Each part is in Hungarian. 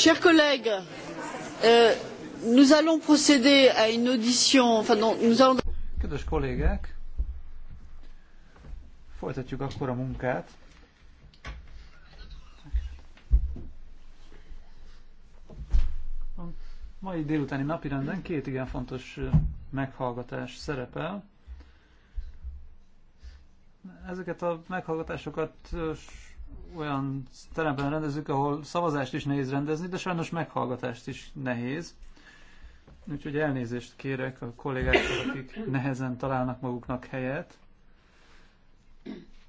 chers collègues euh, nous allons procéder à une audition enfin non, nous allons Kedves kollégák, folytatjuk akkor a munkát. A mai délutáni napirenden két igen fontos meghallgatás szerepel. Ezeket a meghallgatásokat olyan teremben rendezünk, ahol szavazást is nehéz rendezni, de sajnos meghallgatást is nehéz. Úgyhogy elnézést kérek a kollégáktól, akik nehezen találnak maguknak helyet.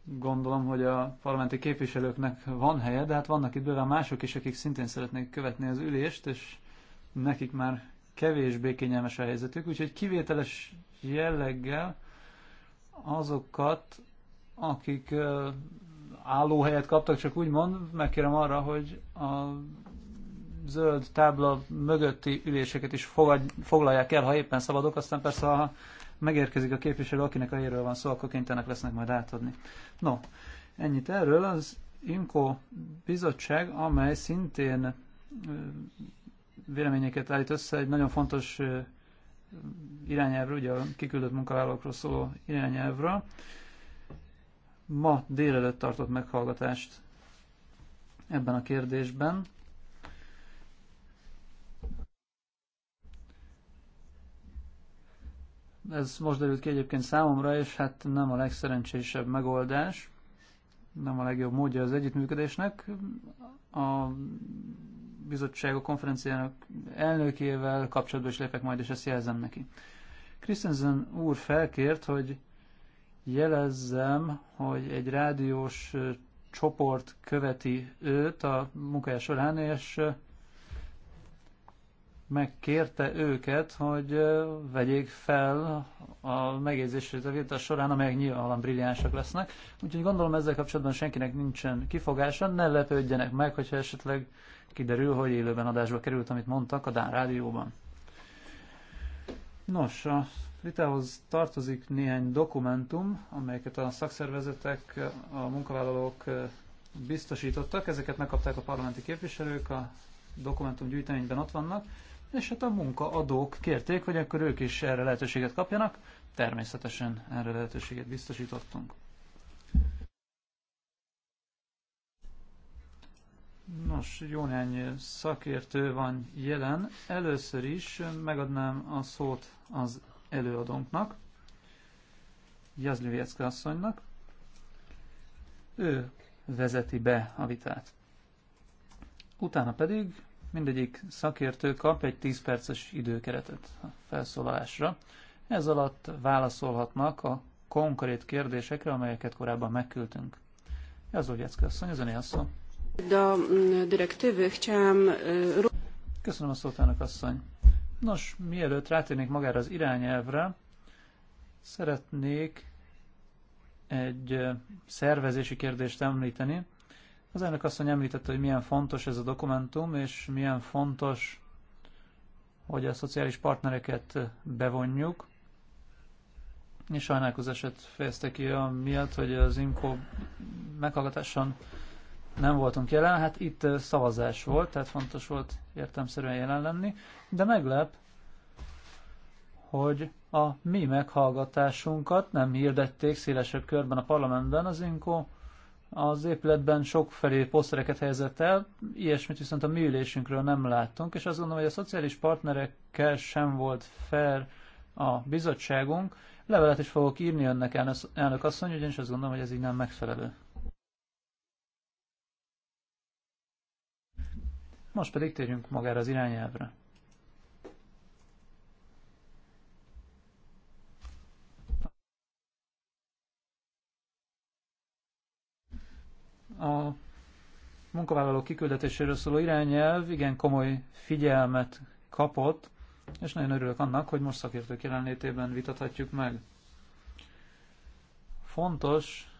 Gondolom, hogy a parlamenti képviselőknek van helye, de hát vannak itt bőven mások is, akik szintén szeretnék követni az ülést, és nekik már kevésbé kényelmes a helyzetük, úgyhogy kivételes jelleggel azokat, akik állóhelyet kaptak, csak úgy mond, megkérem arra, hogy a zöld tábla mögötti üléseket is fogad, foglalják el, ha éppen szabadok, aztán persze, ha megérkezik a képviselő, akinek a helyéről van szó, akkor kénytelenek lesznek majd átadni. No, ennyit erről. Az INKO bizottság, amely szintén véleményeket állít össze, egy nagyon fontos irányelvről, ugye a kiküldött munkavállalókról szóló irányelvről ma délelőtt tartott meghallgatást ebben a kérdésben. Ez most derült ki egyébként számomra, és hát nem a legszerencsésebb megoldás, nem a legjobb módja az együttműködésnek. A bizottság a konferenciának elnökével kapcsolatban is lépek majd, és ezt jelzem neki. Christensen úr felkért, hogy Jelezzem, hogy egy rádiós csoport követi őt a munkája során, és megkérte őket, hogy vegyék fel a megjegyzését a vita során, amelyek nyilvánvalóan brilliánsak lesznek. Úgyhogy gondolom ezzel kapcsolatban senkinek nincsen kifogása, ne lepődjenek meg, hogyha esetleg kiderül, hogy élőben adásba került, amit mondtak a Dán rádióban. Nos, a vitához tartozik néhány dokumentum, amelyeket a szakszervezetek, a munkavállalók biztosítottak. Ezeket megkapták a parlamenti képviselők, a dokumentum gyűjteményben ott vannak, és hát a munkaadók kérték, hogy akkor ők is erre lehetőséget kapjanak. Természetesen erre lehetőséget biztosítottunk. Nos, jó néhány szakértő van jelen. Először is megadnám a szót az előadónknak, Jazlőjecke asszonynak. Ő vezeti be a vitát. Utána pedig mindegyik szakértő kap egy 10 perces időkeretet a felszólalásra. Ez alatt válaszolhatnak a konkrét kérdésekre, amelyeket korábban megküldtünk. Jazlójecke asszony, ez a néha szó. Do e, Köszönöm a szótának asszony. Nos, mielőtt rátérnék magára az irányelvre, szeretnék egy szervezési kérdést említeni. Az elnök asszony említette, hogy milyen fontos ez a dokumentum, és milyen fontos, hogy a szociális partnereket bevonjuk. És sajnálkozását fejezte ki amiatt, hogy az IMCO meghallgatáson nem voltunk jelen, hát itt szavazás volt, tehát fontos volt értelmszerűen jelen lenni, de meglep, hogy a mi meghallgatásunkat nem hirdették szélesebb körben a parlamentben, az Inko az épületben sokfelé posztereket helyezett el, ilyesmit viszont a mi ülésünkről nem láttunk, és azt gondolom, hogy a szociális partnerekkel sem volt fair a bizottságunk. Levelet is fogok írni önnek, elnök asszony, ugyanis azt gondolom, hogy ez így nem megfelelő. Most pedig térjünk magára az irányelvre. A munkavállalók kiküldetéséről szóló irányelv igen komoly figyelmet kapott, és nagyon örülök annak, hogy most szakértők jelenlétében vitathatjuk meg. Fontos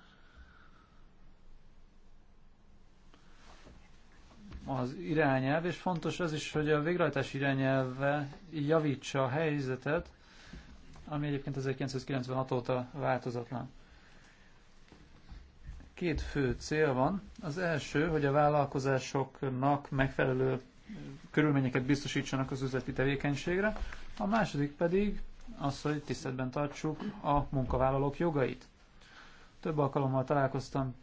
az irányelv, és fontos az is, hogy a végrehajtás irányelve javítsa a helyzetet, ami egyébként 1996 óta változatlan. Két fő cél van. Az első, hogy a vállalkozásoknak megfelelő körülményeket biztosítsanak az üzleti tevékenységre, a második pedig az, hogy tiszteletben tartsuk a munkavállalók jogait. Több alkalommal találkoztam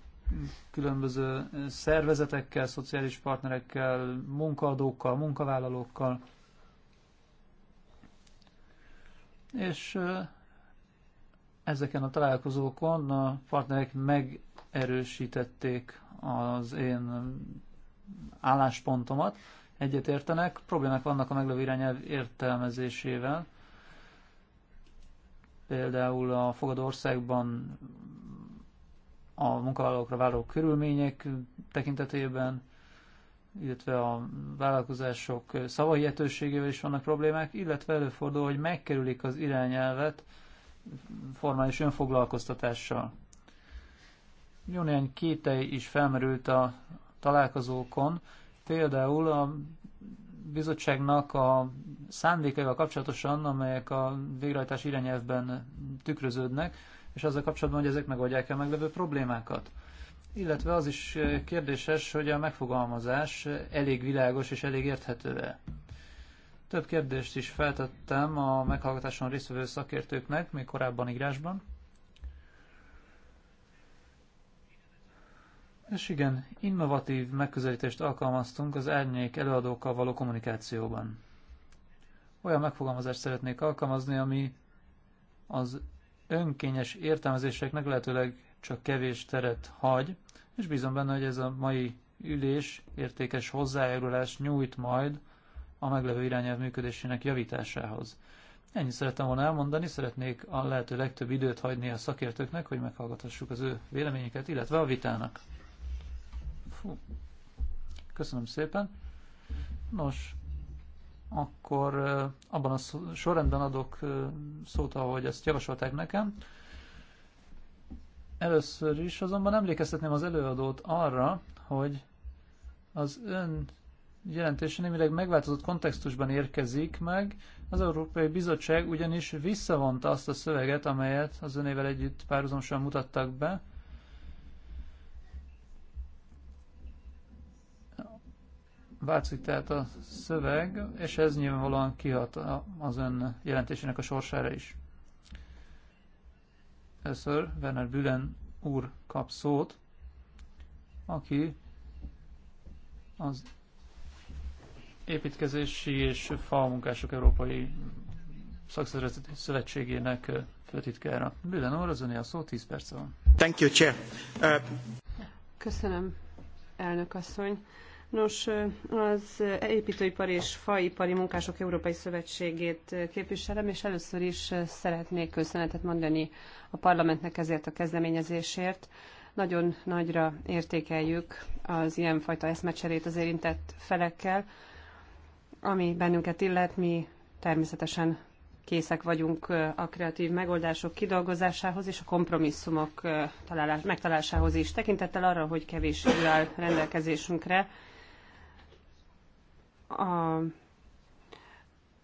különböző szervezetekkel, szociális partnerekkel, munkaadókkal, munkavállalókkal. És ezeken a találkozókon a partnerek megerősítették az én álláspontomat, egyetértenek, problémák vannak a meglevő irányelv értelmezésével. Például a fogadó országban a munkavállalókra váló körülmények tekintetében, illetve a vállalkozások szavahihetőségével is vannak problémák, illetve előfordul, hogy megkerülik az irányelvet formális önfoglalkoztatással. Jó néhány kétei is felmerült a találkozókon, például a bizottságnak a szándékaival kapcsolatosan, amelyek a végrehajtás irányelvben tükröződnek, és azzal kapcsolatban, hogy ezek megoldják-e meglevő problémákat. Illetve az is eh, kérdéses, hogy a megfogalmazás elég világos és elég érthető-e. Több kérdést is feltettem a meghallgatáson résztvevő szakértőknek, még korábban írásban. És igen, innovatív megközelítést alkalmaztunk az árnyék előadókkal való kommunikációban. Olyan megfogalmazást szeretnék alkalmazni, ami az önkényes értelmezéseknek lehetőleg csak kevés teret hagy, és bízom benne, hogy ez a mai ülés értékes hozzájárulás nyújt majd a meglevő irányelv működésének javításához. Ennyit szerettem volna elmondani, szeretnék a lehető legtöbb időt hagyni a szakértőknek, hogy meghallgathassuk az ő véleményeket, illetve a vitának. Fú. Köszönöm szépen. Nos, akkor abban a sorrendben adok szót, ahogy ezt javasolták nekem. Először is azonban emlékeztetném az előadót arra, hogy az ön jelentése némileg megváltozott kontextusban érkezik meg, az Európai Bizottság ugyanis visszavonta azt a szöveget, amelyet az önével együtt párhuzamosan mutattak be, Változik tehát a szöveg, és ez nyilvánvalóan kihat az ön jelentésének a sorsára is. Először Werner Bülen úr kap szót, aki az építkezési és falmunkások európai szakszervezeti szövetségének főtitkára. Bülen úr, az a szó, 10 perc van. Thank you, Chair. Uh... Köszönöm, elnök asszony. Nos, az építőipari és faipari munkások Európai Szövetségét képviselem, és először is szeretnék köszönetet mondani a parlamentnek ezért a kezdeményezésért. Nagyon nagyra értékeljük az ilyenfajta eszmecserét az érintett felekkel, ami bennünket illet, mi természetesen készek vagyunk a kreatív megoldások kidolgozásához és a kompromisszumok megtalálásához is. Tekintettel arra, hogy kevés idő áll rendelkezésünkre, a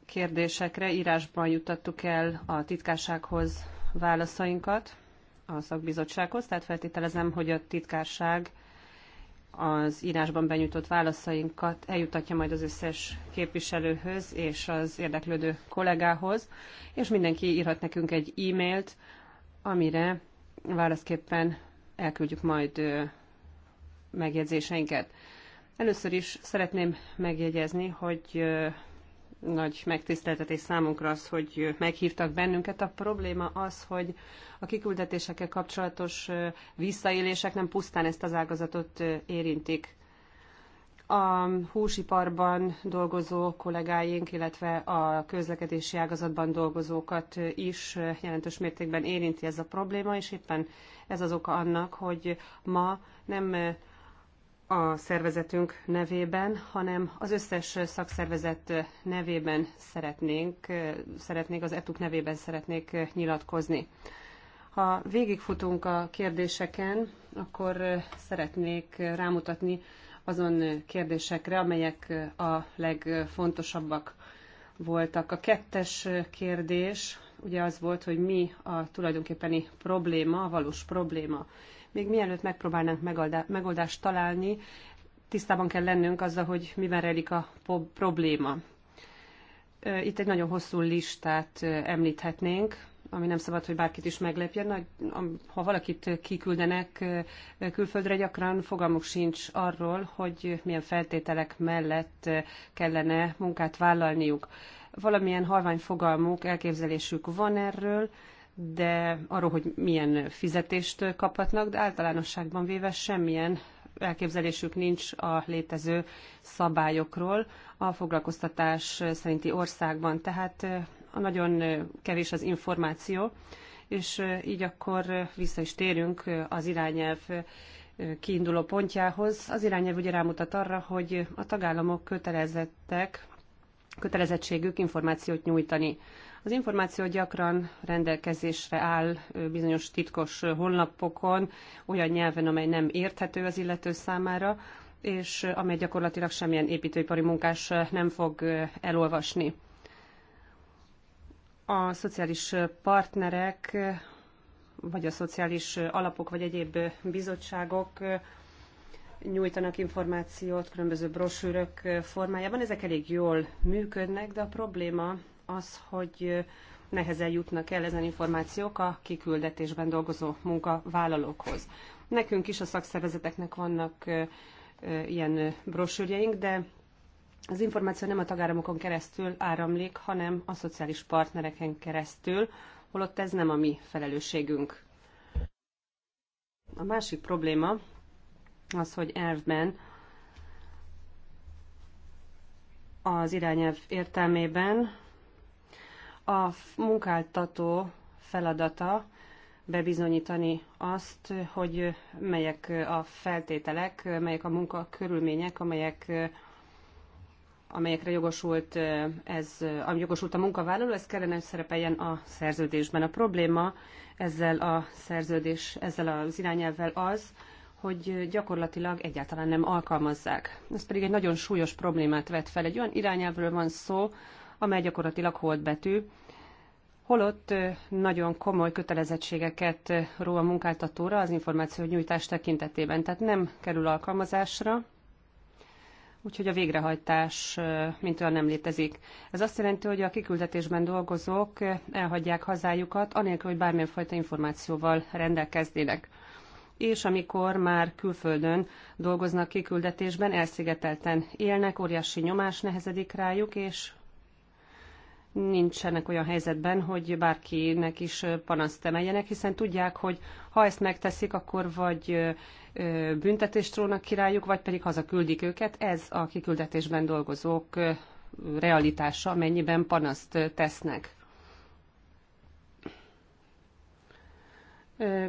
kérdésekre írásban juttattuk el a titkársághoz válaszainkat, a szakbizottsághoz, tehát feltételezem, hogy a titkárság az írásban benyújtott válaszainkat eljutatja majd az összes képviselőhöz és az érdeklődő kollégához, és mindenki írhat nekünk egy e-mailt, amire válaszképpen elküldjük majd megjegyzéseinket. Először is szeretném megjegyezni, hogy nagy megtiszteltetés számunkra az, hogy meghívtak bennünket. A probléma az, hogy a kiküldetésekkel kapcsolatos visszaélések nem pusztán ezt az ágazatot érintik. A húsiparban dolgozó kollégáink, illetve a közlekedési ágazatban dolgozókat is jelentős mértékben érinti ez a probléma, és éppen ez az oka annak, hogy ma nem a szervezetünk nevében, hanem az összes szakszervezet nevében szeretnénk, szeretnék, az ETUK nevében szeretnék nyilatkozni. Ha végigfutunk a kérdéseken, akkor szeretnék rámutatni azon kérdésekre, amelyek a legfontosabbak voltak. A kettes kérdés ugye az volt, hogy mi a tulajdonképpeni probléma, a valós probléma még mielőtt megpróbálnánk megoldást találni, tisztában kell lennünk azzal, hogy miben rejlik a probléma. Itt egy nagyon hosszú listát említhetnénk, ami nem szabad, hogy bárkit is meglepjen. ha valakit kiküldenek külföldre, gyakran fogalmuk sincs arról, hogy milyen feltételek mellett kellene munkát vállalniuk. Valamilyen halvány fogalmuk, elképzelésük van erről, de arról, hogy milyen fizetést kaphatnak, de általánosságban véve semmilyen elképzelésük nincs a létező szabályokról a foglalkoztatás szerinti országban. Tehát nagyon kevés az információ, és így akkor vissza is térünk az irányelv kiinduló pontjához. Az irányelv ugye rámutat arra, hogy a tagállamok kötelezettek, kötelezettségük információt nyújtani az információ gyakran rendelkezésre áll bizonyos titkos honlapokon, olyan nyelven, amely nem érthető az illető számára, és amely gyakorlatilag semmilyen építőipari munkás nem fog elolvasni. A szociális partnerek, vagy a szociális alapok, vagy egyéb bizottságok nyújtanak információt különböző brosűrök formájában. Ezek elég jól működnek, de a probléma az, hogy nehezen jutnak el ezen információk a kiküldetésben dolgozó munkavállalókhoz. Nekünk is a szakszervezeteknek vannak ilyen brosűrjeink, de az információ nem a tagáramokon keresztül áramlik, hanem a szociális partnereken keresztül, holott ez nem a mi felelősségünk. A másik probléma az, hogy elvben az irányelv értelmében a munkáltató feladata bebizonyítani azt, hogy melyek a feltételek, melyek a munkakörülmények, amelyek amelyekre jogosult, ez, ami jogosult a munkavállaló, ez kellene, hogy szerepeljen a szerződésben. A probléma ezzel a szerződés, ezzel az irányelvvel az, hogy gyakorlatilag egyáltalán nem alkalmazzák. Ez pedig egy nagyon súlyos problémát vet fel. Egy olyan irányelvről van szó, amely gyakorlatilag holdbetű, holott nagyon komoly kötelezettségeket ró a munkáltatóra az információ nyújtás tekintetében, tehát nem kerül alkalmazásra, úgyhogy a végrehajtás mint olyan nem létezik. Ez azt jelenti, hogy a kiküldetésben dolgozók elhagyják hazájukat, anélkül, hogy bármilyen fajta információval rendelkeznének. És amikor már külföldön dolgoznak kiküldetésben, elszigetelten élnek, óriási nyomás nehezedik rájuk, és nincsenek olyan helyzetben, hogy bárkinek is panaszt emeljenek, hiszen tudják, hogy ha ezt megteszik, akkor vagy büntetést rónak királyuk, vagy pedig hazaküldik őket. Ez a kiküldetésben dolgozók realitása, amennyiben panaszt tesznek.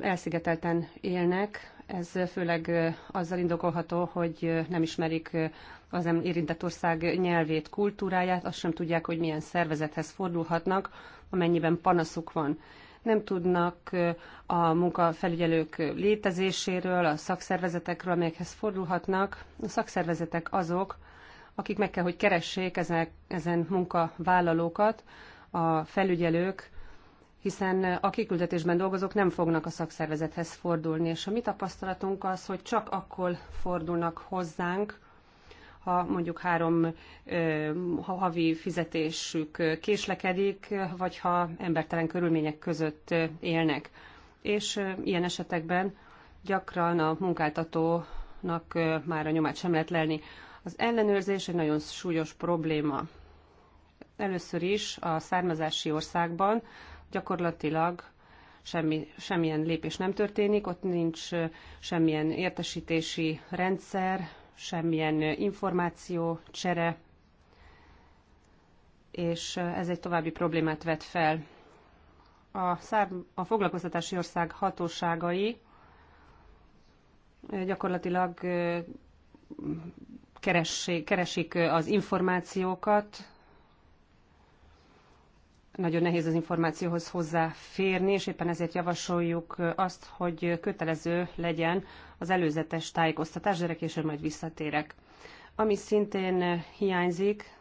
Elszigetelten élnek, ez főleg azzal indokolható, hogy nem ismerik az nem érintett ország nyelvét, kultúráját, azt sem tudják, hogy milyen szervezethez fordulhatnak, amennyiben panaszuk van. Nem tudnak a munkafelügyelők létezéséről, a szakszervezetekről, amelyekhez fordulhatnak. A szakszervezetek azok, akik meg kell, hogy keressék ezen, ezen munkavállalókat, a felügyelők hiszen a kiküldetésben dolgozók nem fognak a szakszervezethez fordulni, és a mi tapasztalatunk az, hogy csak akkor fordulnak hozzánk, ha mondjuk három ö, ha havi fizetésük késlekedik, vagy ha embertelen körülmények között élnek. És ilyen esetekben gyakran a munkáltatónak már a nyomát sem lehet lelni. Az ellenőrzés egy nagyon súlyos probléma. Először is a származási országban gyakorlatilag semmi, semmilyen lépés nem történik, ott nincs semmilyen értesítési rendszer, semmilyen információ, csere, és ez egy további problémát vet fel. A, szár, a foglalkoztatási ország hatóságai gyakorlatilag keressék, keresik az információkat, nagyon nehéz az információhoz hozzáférni, és éppen ezért javasoljuk azt, hogy kötelező legyen az előzetes tájékoztatás, de később majd visszatérek. Ami szintén hiányzik,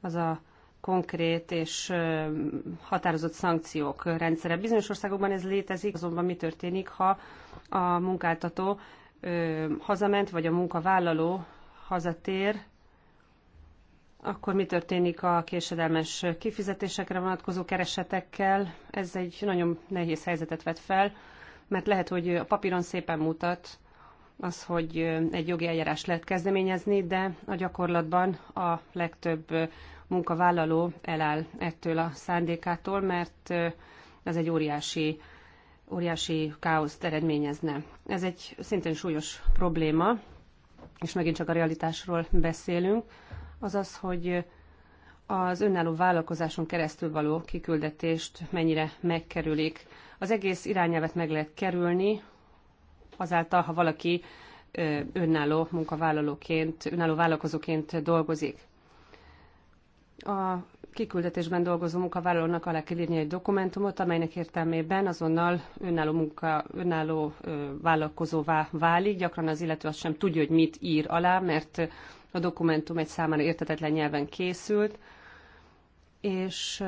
az a konkrét és határozott szankciók rendszere. Bizonyos országokban ez létezik, azonban mi történik, ha a munkáltató hazament, vagy a munkavállaló hazatér, akkor mi történik a késedelmes kifizetésekre vonatkozó keresetekkel? Ez egy nagyon nehéz helyzetet vet fel, mert lehet, hogy a papíron szépen mutat az, hogy egy jogi eljárás lehet kezdeményezni, de a gyakorlatban a legtöbb munkavállaló eláll ettől a szándékától, mert ez egy óriási, óriási káoszt eredményezne. Ez egy szintén súlyos probléma, és megint csak a realitásról beszélünk az az, hogy az önálló vállalkozáson keresztül való kiküldetést mennyire megkerülik. Az egész irányelvet meg lehet kerülni, azáltal, ha valaki önálló munkavállalóként, önálló vállalkozóként dolgozik. A kiküldetésben dolgozó munkavállalónak alá kell írni egy dokumentumot, amelynek értelmében azonnal önálló, munka, önálló vállalkozóvá válik. Gyakran az illető azt sem tudja, hogy mit ír alá, mert a dokumentum egy számára értetetlen nyelven készült, és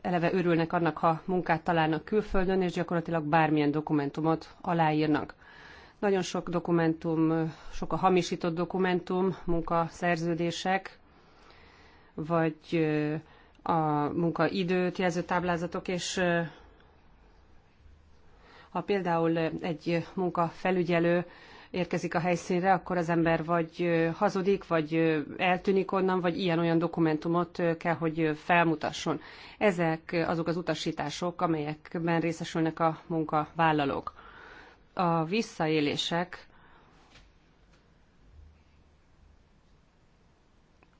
eleve örülnek annak, ha munkát találnak külföldön, és gyakorlatilag bármilyen dokumentumot aláírnak. Nagyon sok dokumentum, sok a hamisított dokumentum, munkaszerződések, vagy a munkaidőt jelző táblázatok, és ha például egy munkafelügyelő érkezik a helyszínre, akkor az ember vagy hazudik, vagy eltűnik onnan, vagy ilyen-olyan dokumentumot kell, hogy felmutasson. Ezek azok az utasítások, amelyekben részesülnek a munkavállalók. A visszaélések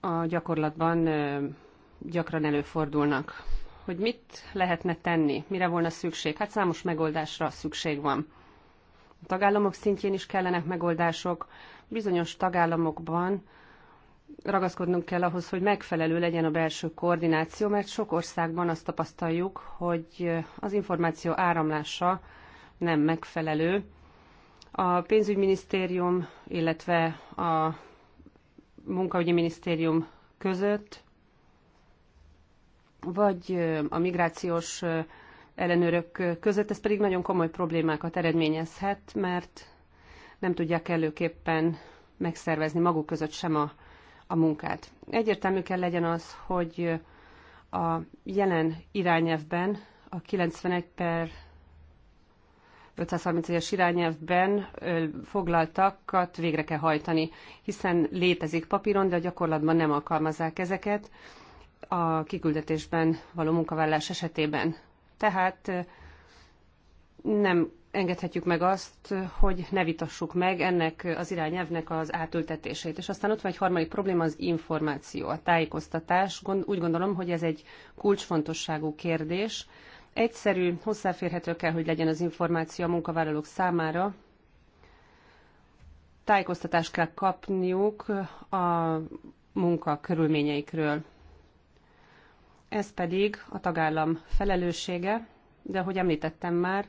a gyakorlatban gyakran előfordulnak. Hogy mit lehetne tenni, mire volna szükség? Hát számos megoldásra szükség van a tagállamok szintjén is kellenek megoldások. Bizonyos tagállamokban ragaszkodnunk kell ahhoz, hogy megfelelő legyen a belső koordináció, mert sok országban azt tapasztaljuk, hogy az információ áramlása nem megfelelő. A pénzügyminisztérium, illetve a munkaügyi minisztérium között, vagy a migrációs ellenőrök között, ez pedig nagyon komoly problémákat eredményezhet, mert nem tudják előképpen megszervezni maguk között sem a, a munkát. Egyértelmű kell legyen az, hogy a jelen irányelvben, a 91 per 531-es irányelvben foglaltakat végre kell hajtani, hiszen létezik papíron, de a gyakorlatban nem alkalmazzák ezeket a kiküldetésben való munkavállalás esetében. Tehát nem engedhetjük meg azt, hogy ne vitassuk meg ennek az irányelvnek az átültetését. És aztán ott van egy harmadik probléma, az információ, a tájékoztatás. Úgy gondolom, hogy ez egy kulcsfontosságú kérdés. Egyszerű, hozzáférhető kell, hogy legyen az információ a munkavállalók számára. Tájékoztatást kell kapniuk a munka körülményeikről. Ez pedig a tagállam felelőssége, de ahogy említettem már,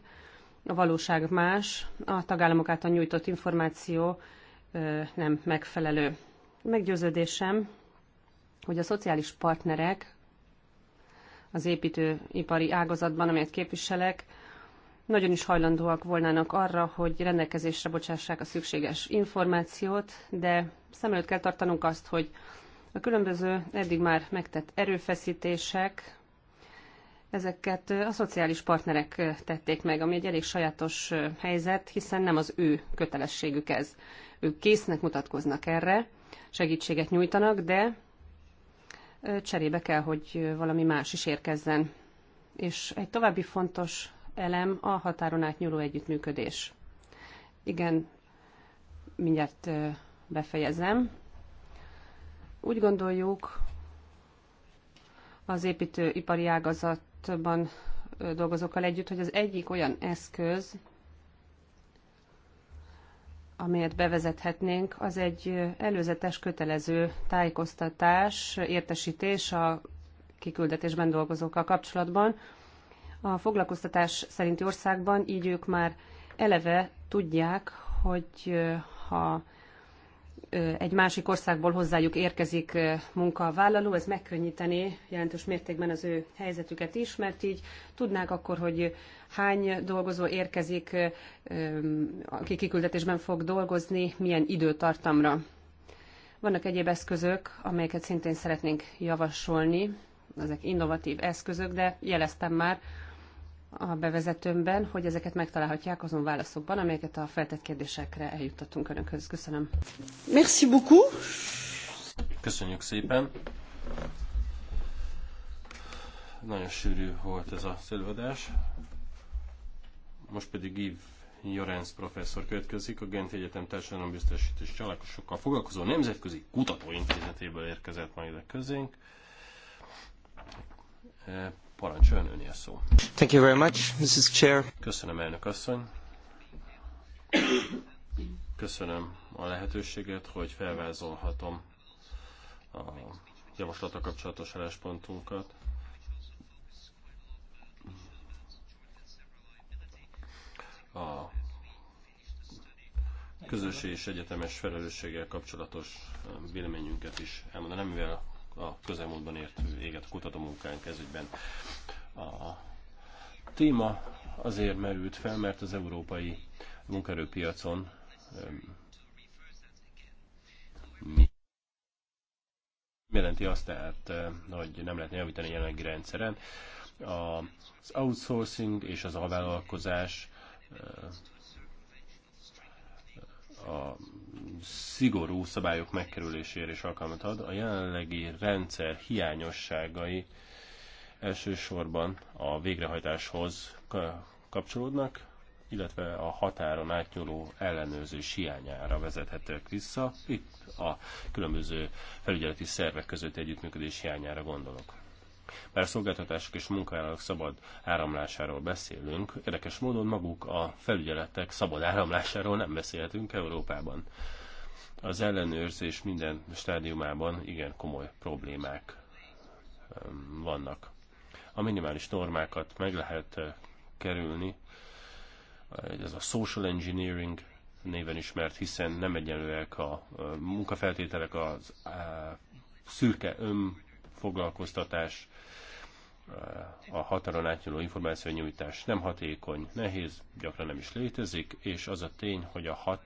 a valóság más, a tagállamok által nyújtott információ nem megfelelő. Meggyőződésem, hogy a szociális partnerek az építőipari ágazatban, amelyet képviselek, nagyon is hajlandóak volnának arra, hogy rendelkezésre bocsássák a szükséges információt, de szem előtt kell tartanunk azt, hogy a különböző eddig már megtett erőfeszítések, ezeket a szociális partnerek tették meg, ami egy elég sajátos helyzet, hiszen nem az ő kötelességük ez. Ők késznek mutatkoznak erre, segítséget nyújtanak, de cserébe kell, hogy valami más is érkezzen. És egy további fontos elem a határon átnyúló együttműködés. Igen, mindjárt befejezem. Úgy gondoljuk, az építőipari ágazatban dolgozókkal együtt, hogy az egyik olyan eszköz, amelyet bevezethetnénk, az egy előzetes kötelező tájékoztatás, értesítés a kiküldetésben dolgozókkal kapcsolatban. A foglalkoztatás szerinti országban így ők már eleve tudják, hogy ha egy másik országból hozzájuk érkezik munkavállaló, ez megkönnyíteni jelentős mértékben az ő helyzetüket is, mert így tudnák akkor, hogy hány dolgozó érkezik, aki kiküldetésben fog dolgozni, milyen időtartamra. Vannak egyéb eszközök, amelyeket szintén szeretnénk javasolni, ezek innovatív eszközök, de jeleztem már, a bevezetőmben, hogy ezeket megtalálhatják azon válaszokban, amelyeket a feltett kérdésekre eljuttatunk Önökhöz. Köszönöm. Merci beaucoup. Köszönjük szépen. Nagyon sűrű volt ez a előadás. Most pedig Yves Jorenz professzor következik, a Gent Egyetem Társadalombiztosítás csalákosokkal foglalkozó Nemzetközi Kutatóintézetéből érkezett ma ide közénk. Parancsoljon öné szó. Thank you very much, Mrs. Chair. Köszönöm, elnök asszony. Köszönöm a lehetőséget, hogy felvázolhatom a javaslata kapcsolatos álláspontunkat. a közös és egyetemes felelősséggel kapcsolatos véleményünket is elmondanám, mivel a közelmúltban ért véget a kutatómunkánk ezügyben. A téma azért merült fel, mert az európai munkaerőpiacon mi jelenti azt tehát, hogy nem lehetne javítani a jelenlegi rendszeren. Az outsourcing és az alvállalkozás a szigorú szabályok megkerülésére is alkalmat ad. A jelenlegi rendszer hiányosságai elsősorban a végrehajtáshoz kapcsolódnak, illetve a határon átnyúló ellenőrzés hiányára vezethetők vissza. Itt a különböző felügyeleti szervek közötti együttműködés hiányára gondolok. Bár a szolgáltatások és munkájának szabad áramlásáról beszélünk, érdekes módon maguk a felügyeletek szabad áramlásáról nem beszélhetünk Európában. Az ellenőrzés minden stádiumában igen komoly problémák vannak. A minimális normákat meg lehet kerülni, ez a social engineering néven ismert, hiszen nem egyenlőek a munkafeltételek, az a szürke önfoglalkoztatás, a határon átnyúló információnyújtás nem hatékony, nehéz, gyakran nem is létezik, és az a tény, hogy a, hat,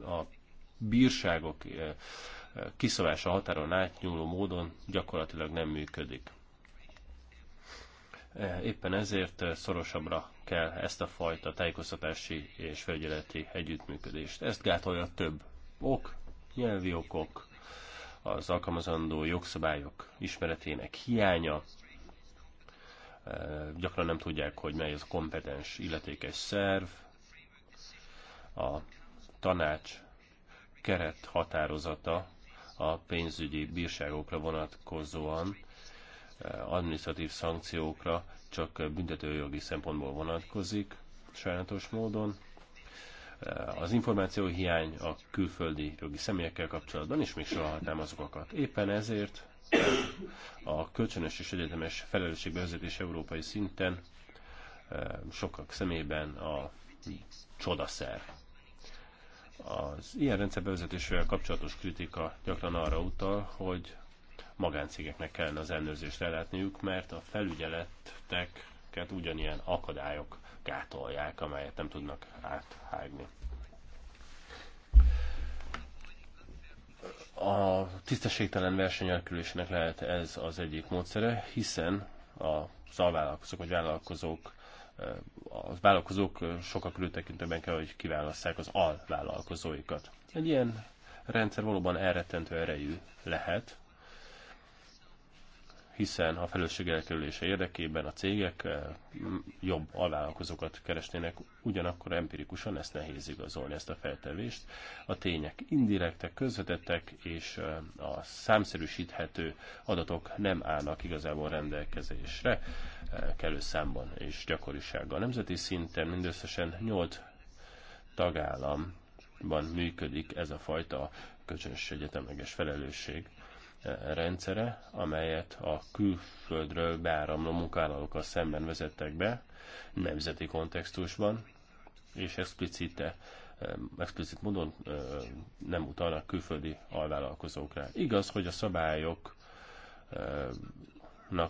a bírságok eh, eh, kiszavása határon átnyúló módon gyakorlatilag nem működik. Eh, éppen ezért szorosabbra kell ezt a fajta tájékoztatási és felügyeleti együttműködést. Ezt gátolja több ok, nyelvi okok, az alkalmazandó jogszabályok ismeretének hiánya, gyakran nem tudják, hogy mely az a kompetens illetékes szerv, a tanács keret határozata a pénzügyi bírságokra vonatkozóan eh, administratív szankciókra csak büntetőjogi szempontból vonatkozik, sajátos módon. Eh, az információ hiány, a külföldi jogi személyekkel kapcsolatban is még soha nem azokat. Éppen ezért a kölcsönös és egyetemes felelősségbevezetés európai szinten eh, sokak szemében a csodaszer. Az ilyen rendszer kapcsolatos kritika gyakran arra utal, hogy magáncégeknek kellene az ellenőrzést ellátniuk, mert a felügyeleteket ugyanilyen akadályok gátolják, amelyet nem tudnak áthágni. A tisztességtelen versenyelkülésnek lehet ez az egyik módszere, hiszen a szalvállalkozók vagy vállalkozók eh, a vállalkozók sokkal különtekintőben kell, hogy kiválasszák az alvállalkozóikat. Egy ilyen rendszer valóban elrettentő erejű lehet, hiszen a felelősség elkerülése érdekében a cégek eh, jobb alvállalkozókat keresnének, ugyanakkor empirikusan ezt nehéz igazolni, ezt a feltevést. A tények indirektek, közvetettek, és eh, a számszerűsíthető adatok nem állnak igazából rendelkezésre eh, kellő számban és gyakorisággal. Nemzeti szinten mindösszesen 8 tagállamban működik ez a fajta kölcsönös egyetemleges felelősség rendszere, amelyet a külföldről beáramló munkavállalókkal szemben vezettek be nemzeti kontextusban, és explicite explicit módon nem utalnak külföldi alvállalkozókra. Igaz, hogy a szabályoknak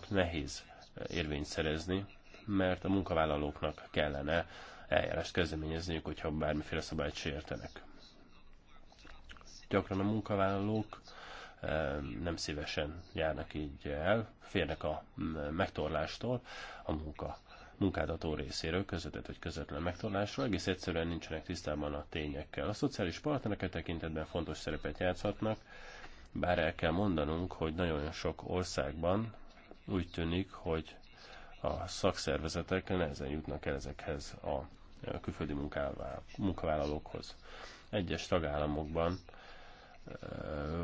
nehéz érvényt szerezni, mert a munkavállalóknak kellene eljárást kezdeményezniük, hogyha bármiféle szabályt sértenek. Gyakran a munkavállalók nem szívesen járnak így el, férnek a megtorlástól a munka munkáltató részéről, közvetett vagy közvetlen megtorlásról, egész egyszerűen nincsenek tisztában a tényekkel. A szociális partnereket tekintetben fontos szerepet játszhatnak, bár el kell mondanunk, hogy nagyon sok országban úgy tűnik, hogy a szakszervezetek nehezen jutnak el ezekhez a külföldi munkavállalókhoz. Egyes tagállamokban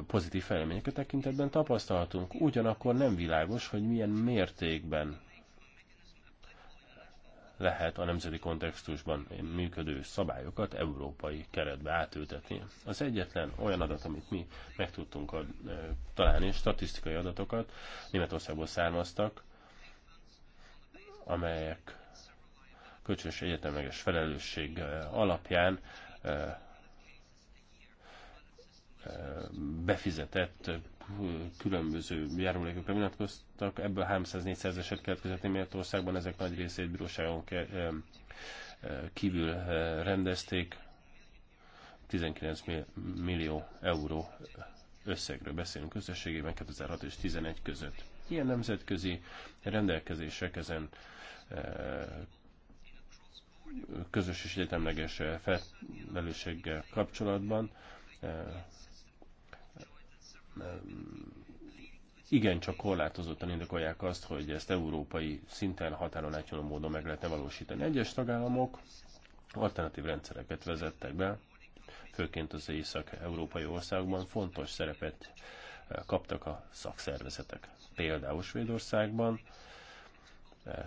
pozitív fejleményeket tekintetben tapasztaltunk. Ugyanakkor nem világos, hogy milyen mértékben lehet a nemzeti kontextusban működő szabályokat európai keretbe átültetni. Az egyetlen olyan adat, amit mi meg tudtunk ad, találni, statisztikai adatokat Németországból származtak, amelyek kölcsönös egyetemleges felelősség alapján befizetett különböző járulékokra vonatkoztak, ebből 300-400 eset keletkezett országban ezek nagy részét bíróságon kívül rendezték, 19 millió euró összegről beszélünk összességében 2006 és 2011 között. Ilyen nemzetközi rendelkezések ezen közös és egyetemleges felelősséggel kapcsolatban igen, csak korlátozottan indokolják azt, hogy ezt európai szinten határon átnyúló módon meg lehetne valósítani. Egyes tagállamok alternatív rendszereket vezettek be, főként az észak-európai országokban fontos szerepet eh, kaptak a szakszervezetek. Például Svédországban eh,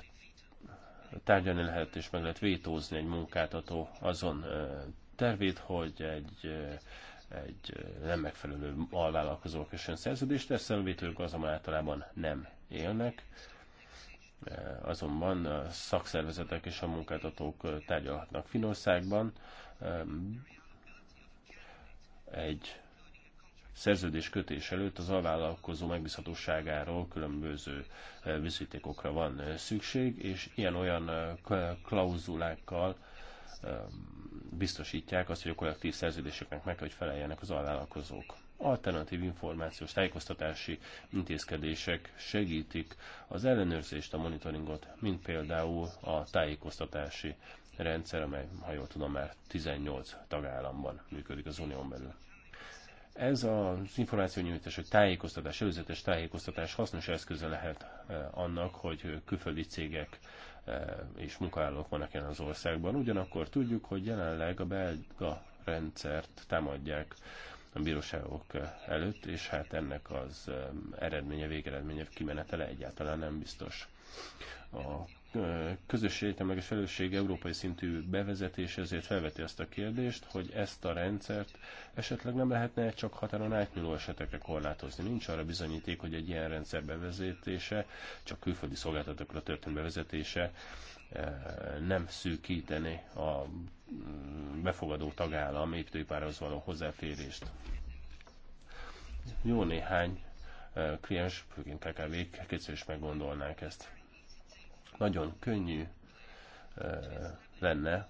tárgyalni lehet és meg lehet vétózni egy munkáltató azon eh, tervét, hogy egy egy nem megfelelő alvállalkozók kössön szerződést, de szemvétők azon általában nem élnek. Azonban a szakszervezetek és a munkáltatók tárgyalhatnak Finországban. Egy szerződés kötés előtt az alvállalkozó megbízhatóságáról különböző bizonyítékokra van szükség, és ilyen-olyan klauzulákkal biztosítják azt, hogy a kollektív szerződéseknek meg kell, hogy feleljenek az alvállalkozók. Alternatív információs tájékoztatási intézkedések segítik az ellenőrzést, a monitoringot, mint például a tájékoztatási rendszer, amely, ha jól tudom, már 18 tagállamban működik az unión belül. Ez az információnyújtás, hogy tájékoztatás, előzetes tájékoztatás hasznos eszköze lehet eh, annak, hogy külföldi cégek E, és munkavállalók vannak jelen az országban. Ugyanakkor tudjuk, hogy jelenleg a belga rendszert támadják a bíróságok előtt, és hát ennek az e, eredménye, végeredménye, kimenetele egyáltalán nem biztos. A közös a felelősség európai szintű bevezetése, ezért felveti azt a kérdést, hogy ezt a rendszert esetleg nem lehetne csak határon átnyúló esetekre korlátozni. Nincs arra bizonyíték, hogy egy ilyen rendszer bevezetése, csak külföldi szolgáltatókra történő bevezetése nem szűkíteni a mm, befogadó tagállam építőipárhoz való hozzáférést. Jó néhány kliens, főként KKV-k, kétszer is meggondolnák ezt. Nagyon könnyű eh, lenne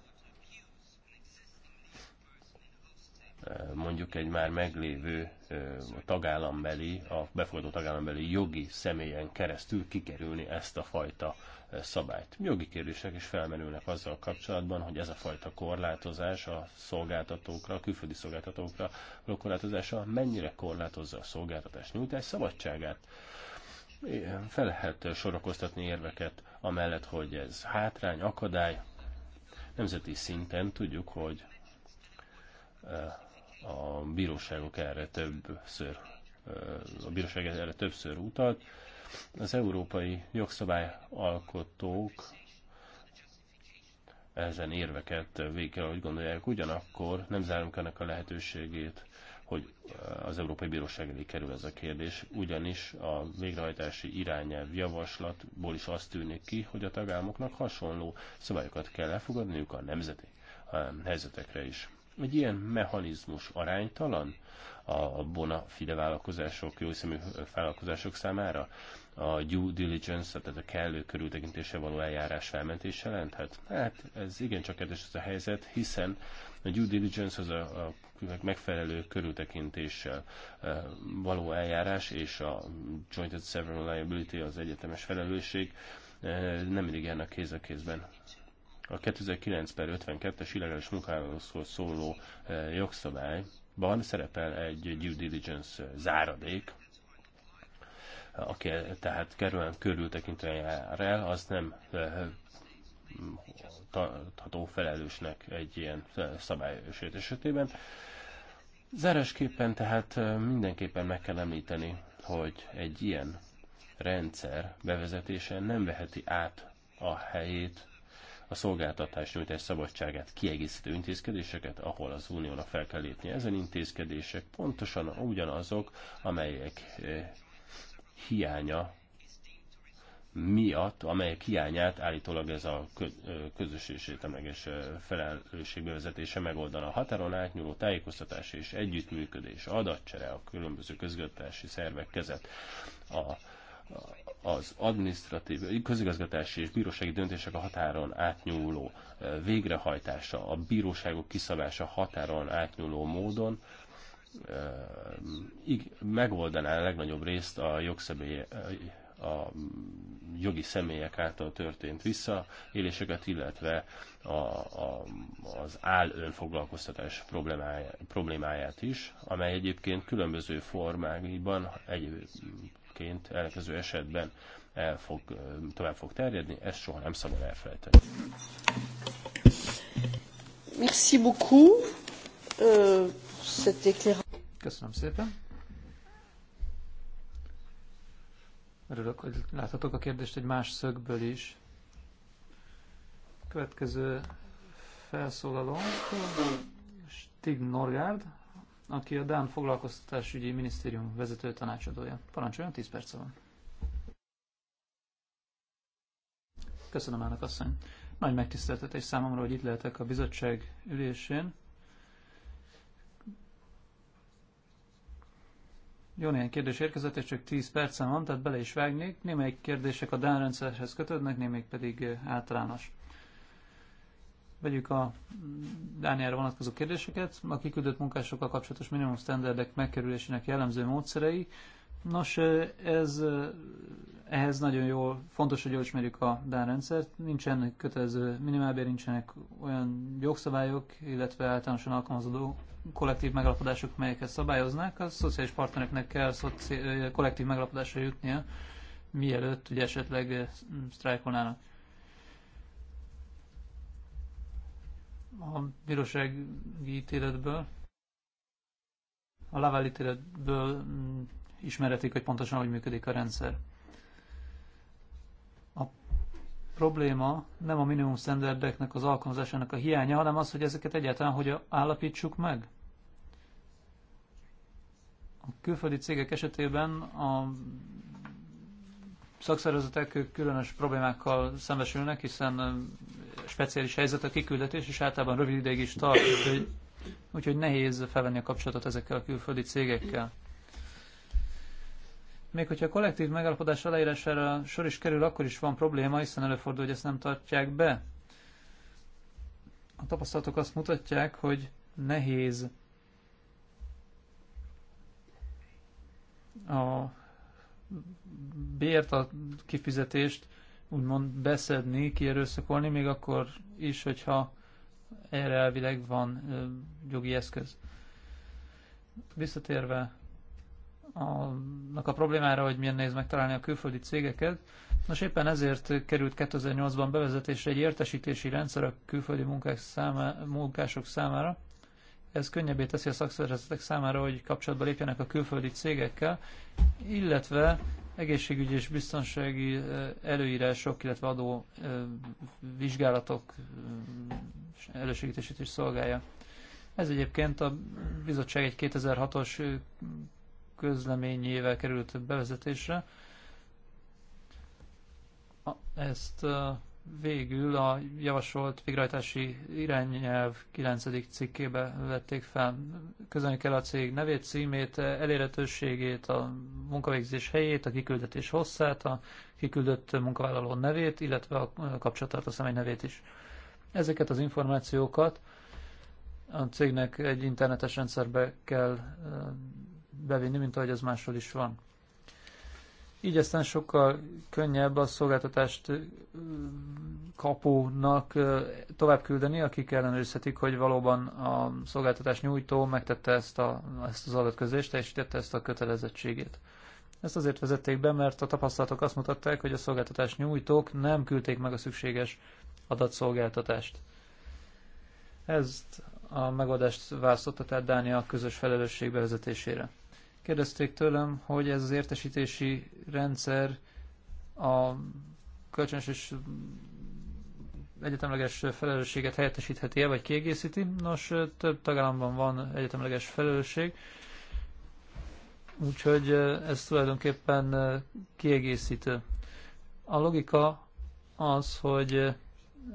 eh, mondjuk egy már meglévő eh, tagállambeli, a befogadó tagállambeli jogi személyen keresztül kikerülni ezt a fajta szabályt. Jogi kérdések is felmerülnek azzal kapcsolatban, hogy ez a fajta korlátozás a szolgáltatókra, a külföldi szolgáltatókra a korlátozása mennyire korlátozza a szolgáltatás nyújtás szabadságát. Fel lehet sorakoztatni érveket amellett, hogy ez hátrány, akadály. Nemzeti szinten tudjuk, hogy eh, a bíróságok erre többször eh, a bíróság erre többször utalt. Az európai jogszabályalkotók ezen érveket végig kell, hogy gondolják, ugyanakkor nem zárunk ennek a lehetőségét hogy az Európai Bíróság elé kerül ez a kérdés, ugyanis a végrehajtási irányelv javaslatból is azt tűnik ki, hogy a tagállamoknak hasonló szabályokat kell elfogadniuk a nemzeti helyzetekre is. Egy ilyen mechanizmus aránytalan a bona fide vállalkozások, jó hiszemű vállalkozások számára a due diligence, tehát a kellő körültekintése való eljárás felmentése lenthet? Hát ez igencsak kedves ez a helyzet, hiszen a due diligence az a, a megfelelő körültekintéssel eh, való eljárás és a Joint and Several Liability, az egyetemes felelősség eh, nem mindig járnak kéz a kézben. A 2009 per 52-es illegális munkálatról szóló eh, jogszabályban szerepel egy due diligence záradék, aki tehát kerülően körültekintően jár el, az nem tartható felelősnek egy ilyen szabály esetében. Zárásképpen tehát mindenképpen meg kell említeni, hogy egy ilyen rendszer bevezetése nem veheti át a helyét a szolgáltatás nyújtás szabadságát kiegészítő intézkedéseket, ahol az uniónak fel kell lépni. Ezen intézkedések pontosan ugyanazok, amelyek hiánya miatt, amelyek hiányát állítólag ez a közös és értemleges felelősségbevezetése megoldana. A határon átnyúló tájékoztatás és együttműködés, adatcsere a különböző közgazdasági szervek kezett a az administratív, közigazgatási és bírósági döntések a határon átnyúló végrehajtása, a bíróságok kiszabása határon átnyúló módon megoldaná a legnagyobb részt a jogszabály a jogi személyek által történt visszaéléseket, illetve a, a, az áll önfoglalkoztatás problémáját, problémáját is, amely egyébként különböző formáiban egyébként elkező esetben el fog, tovább fog terjedni, ezt soha nem szabad elfelejteni. Merci beaucoup. Euh, Köszönöm szépen. Örülök, hogy láthatok a kérdést egy más szögből is. Következő felszólalónk Stig Norgard, aki a Dán foglalkoztatásügyi minisztérium vezető tanácsadója. Parancsoljon, 10 perc van. Köszönöm, elnök asszony. Nagy megtiszteltetés számomra, hogy itt lehetek a bizottság ülésén. Jó néhány kérdés érkezett, és csak 10 percen van, tehát bele is vágnék. Némelyik kérdések a Dán rendszerhez kötődnek, némelyik pedig általános. Vegyük a Dániára vonatkozó kérdéseket. A kiküldött munkásokkal kapcsolatos minimum standardek megkerülésének jellemző módszerei. Nos, ez, ehhez nagyon jól, fontos, hogy jól ismerjük a Dán rendszert. Nincsen kötelező minimálbér, nincsenek olyan jogszabályok, illetve általánosan alkalmazódó kollektív megalapodások, melyeket szabályoznák, a szociális partnereknek kell szoci- kollektív megalapodásra jutnia, mielőtt ugye esetleg sztrájkolnának. A bírósági ítéletből, a Laval ítéletből mm, ismeretik, hogy pontosan hogy működik a rendszer. A probléma nem a minimum standardeknek az alkalmazásának a hiánya, hanem az, hogy ezeket egyáltalán hogy állapítsuk meg. A külföldi cégek esetében a szakszervezetek különös problémákkal szembesülnek, hiszen speciális helyzet a kiküldetés, és általában rövid ideig is tart, úgyhogy, úgyhogy nehéz felvenni a kapcsolatot ezekkel a külföldi cégekkel. Még hogyha a kollektív megállapodás aláírására sor is kerül, akkor is van probléma, hiszen előfordul, hogy ezt nem tartják be. A tapasztalatok azt mutatják, hogy nehéz a bért, a kifizetést úgymond beszedni, kierőszakolni, még akkor is, hogyha erre elvileg van jogi eszköz. Visszatérve annak a problémára, hogy milyen néz megtalálni a külföldi cégeket. Nos, éppen ezért került 2008-ban bevezetésre egy értesítési rendszer a külföldi munkások számára, ez könnyebbé teszi a szakszervezetek számára, hogy kapcsolatba lépjenek a külföldi cégekkel, illetve egészségügyi és biztonsági eh, előírások, illetve adó eh, vizsgálatok eh, elősegítését is szolgálja. Ez egyébként a bizottság egy 2006-os közleményével került bevezetésre. Ezt végül a javasolt végrehajtási irányelv 9. cikkébe vették fel. közölni kell a cég nevét, címét, elérhetőségét, a munkavégzés helyét, a kiküldetés hosszát, a kiküldött munkavállaló nevét, illetve a a személy nevét is. Ezeket az információkat a cégnek egy internetes rendszerbe kell bevinni, mint ahogy az máshol is van. Így aztán sokkal könnyebb a szolgáltatást kapónak tovább küldeni, akik ellenőrizhetik, hogy valóban a szolgáltatás nyújtó megtette ezt, a, ezt az adatközést, teljesítette ezt a kötelezettségét. Ezt azért vezették be, mert a tapasztalatok azt mutatták, hogy a szolgáltatás nyújtók nem küldték meg a szükséges adatszolgáltatást. Ezt a megoldást választotta tehát Dánia a közös felelősség bevezetésére. Kérdezték tőlem, hogy ez az értesítési rendszer a kölcsönös és egyetemleges felelősséget helyettesítheti-e, vagy kiegészíti. Nos, több tagállamban van egyetemleges felelősség, úgyhogy ez tulajdonképpen kiegészítő. A logika az, hogy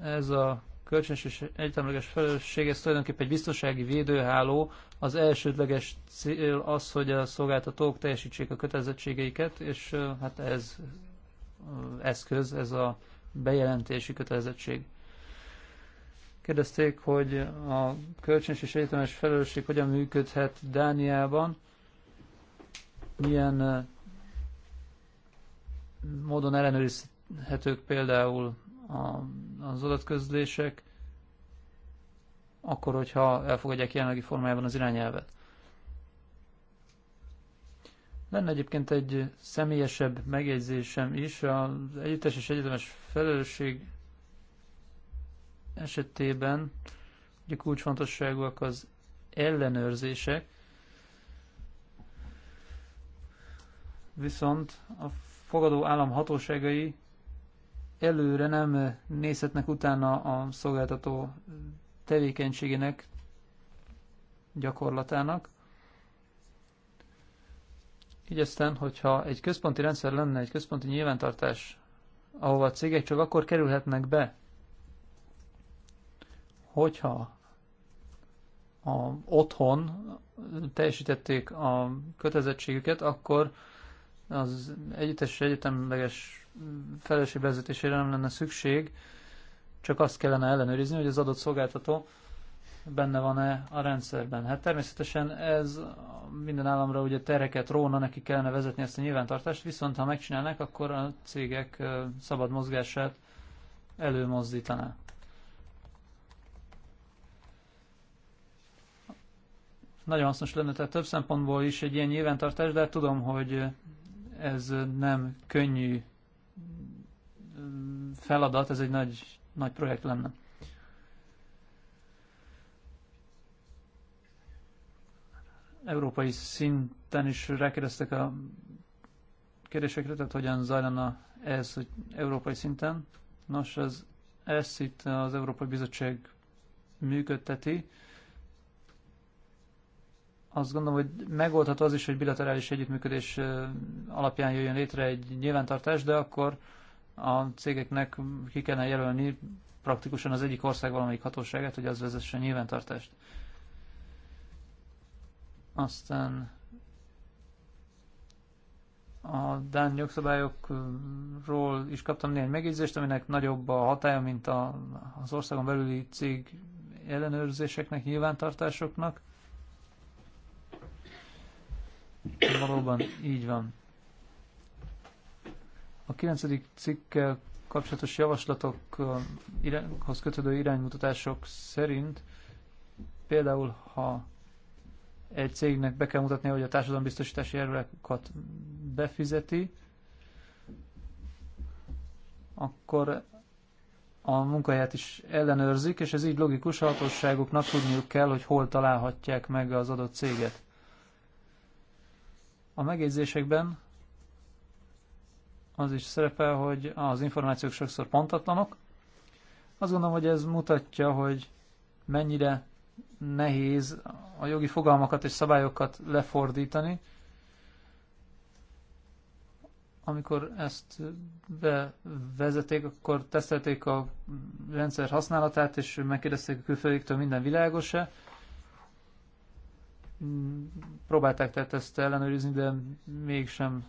ez a kölcsönös és egyetemleges felelősség, ez tulajdonképpen egy biztonsági védőháló az elsődleges cél az, hogy a szolgáltatók teljesítsék a kötelezettségeiket, és hát ez eszköz, ez a bejelentési kötelezettség. Kérdezték, hogy a kölcsönös és egyetemes felelősség hogyan működhet Dániában, milyen módon ellenőrizhetők például az adatközlések, akkor, hogyha elfogadják jelenlegi formájában az irányelvet. Lenne egyébként egy személyesebb megjegyzésem is. Az együttes és egyetemes felelősség esetében ugye kulcsfontosságúak az ellenőrzések, viszont a fogadó állam hatóságai előre nem nézhetnek utána a szolgáltató tevékenységének, gyakorlatának. Így aztán, hogyha egy központi rendszer lenne, egy központi nyilvántartás, ahova a cégek csak akkor kerülhetnek be, hogyha a, otthon teljesítették a kötelezettségüket, akkor az együttes egyetemleges felelősség nem lenne szükség, csak azt kellene ellenőrizni, hogy az adott szolgáltató benne van-e a rendszerben. Hát természetesen ez minden államra ugye tereket róna, neki kellene vezetni ezt a nyilvántartást, viszont ha megcsinálnak, akkor a cégek szabad mozgását előmozdítaná. Nagyon hasznos lenne, tehát több szempontból is egy ilyen nyilvántartás, de tudom, hogy ez nem könnyű feladat, ez egy nagy nagy projekt lenne. Európai szinten is rákérdeztek a kérdésekre, tehát hogyan zajlana ez hogy európai szinten. Nos, ez, ezt itt az Európai Bizottság működteti. Azt gondolom, hogy megoldható az is, hogy bilaterális együttműködés alapján jöjjön létre egy nyilvántartás, de akkor a cégeknek ki kellene jelölni praktikusan az egyik ország valamelyik hatóságát, hogy az vezesse nyilvántartást. Aztán a Dán jogszabályokról is kaptam néhány megjegyzést, aminek nagyobb a hatája, mint a, az országon belüli cég ellenőrzéseknek, nyilvántartásoknak. Valóban így van. A 9. cikkel kapcsolatos javaslatokhoz kötődő iránymutatások szerint például, ha egy cégnek be kell mutatnia, hogy a társadalombiztosítási járulékokat befizeti, akkor a munkáját is ellenőrzik, és ez így logikus, a hatóságoknak tudniuk kell, hogy hol találhatják meg az adott céget. A megjegyzésekben az is szerepel, hogy az információk sokszor pontatlanok. Azt gondolom, hogy ez mutatja, hogy mennyire nehéz a jogi fogalmakat és szabályokat lefordítani, amikor ezt bevezeték, akkor tesztelték a rendszer használatát, és megkérdezték a külföldiktől minden világos-e. Próbálták tehát ezt ellenőrizni, de mégsem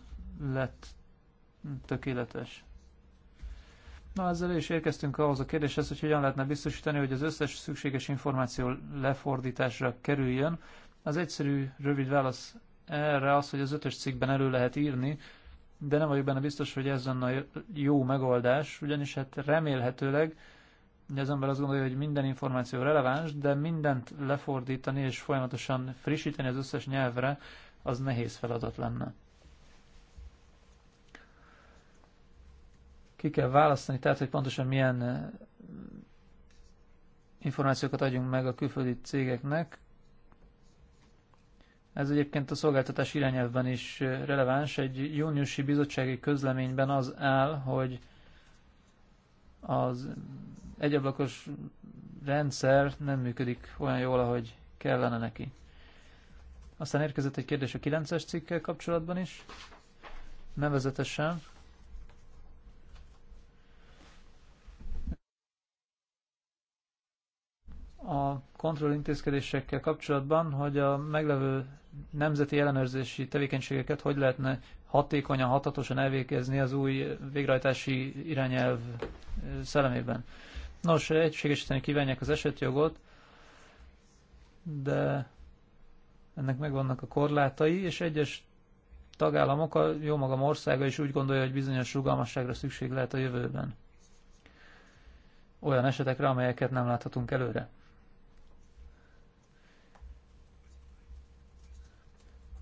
lett tökéletes. Na, ezzel is érkeztünk ahhoz a kérdéshez, hogy hogyan lehetne biztosítani, hogy az összes szükséges információ lefordításra kerüljön. Az egyszerű, rövid válasz erre az, hogy az ötös cikkben elő lehet írni, de nem vagyok benne biztos, hogy ez lenne a jó megoldás, ugyanis hát remélhetőleg hogy az ember azt gondolja, hogy minden információ releváns, de mindent lefordítani és folyamatosan frissíteni az összes nyelvre, az nehéz feladat lenne. Ki kell választani, tehát hogy pontosan milyen eh, információkat adjunk meg a külföldi cégeknek. Ez egyébként a szolgáltatás irányelvben is eh, releváns. Egy júniusi bizottsági közleményben az áll, hogy az egyablakos rendszer nem működik olyan jól, ahogy kellene neki. Aztán érkezett egy kérdés a 9-es cikkel kapcsolatban is, nevezetesen, a kontrollintézkedésekkel kapcsolatban, hogy a meglevő nemzeti ellenőrzési tevékenységeket hogy lehetne hatékonyan, hatatosan elvégezni az új végrehajtási irányelv szellemében. Nos, egységesíteni kívánják az esetjogot, de ennek megvannak a korlátai, és egyes tagállamok, a jó magam országa is úgy gondolja, hogy bizonyos rugalmasságra szükség lehet a jövőben. Olyan esetekre, amelyeket nem láthatunk előre.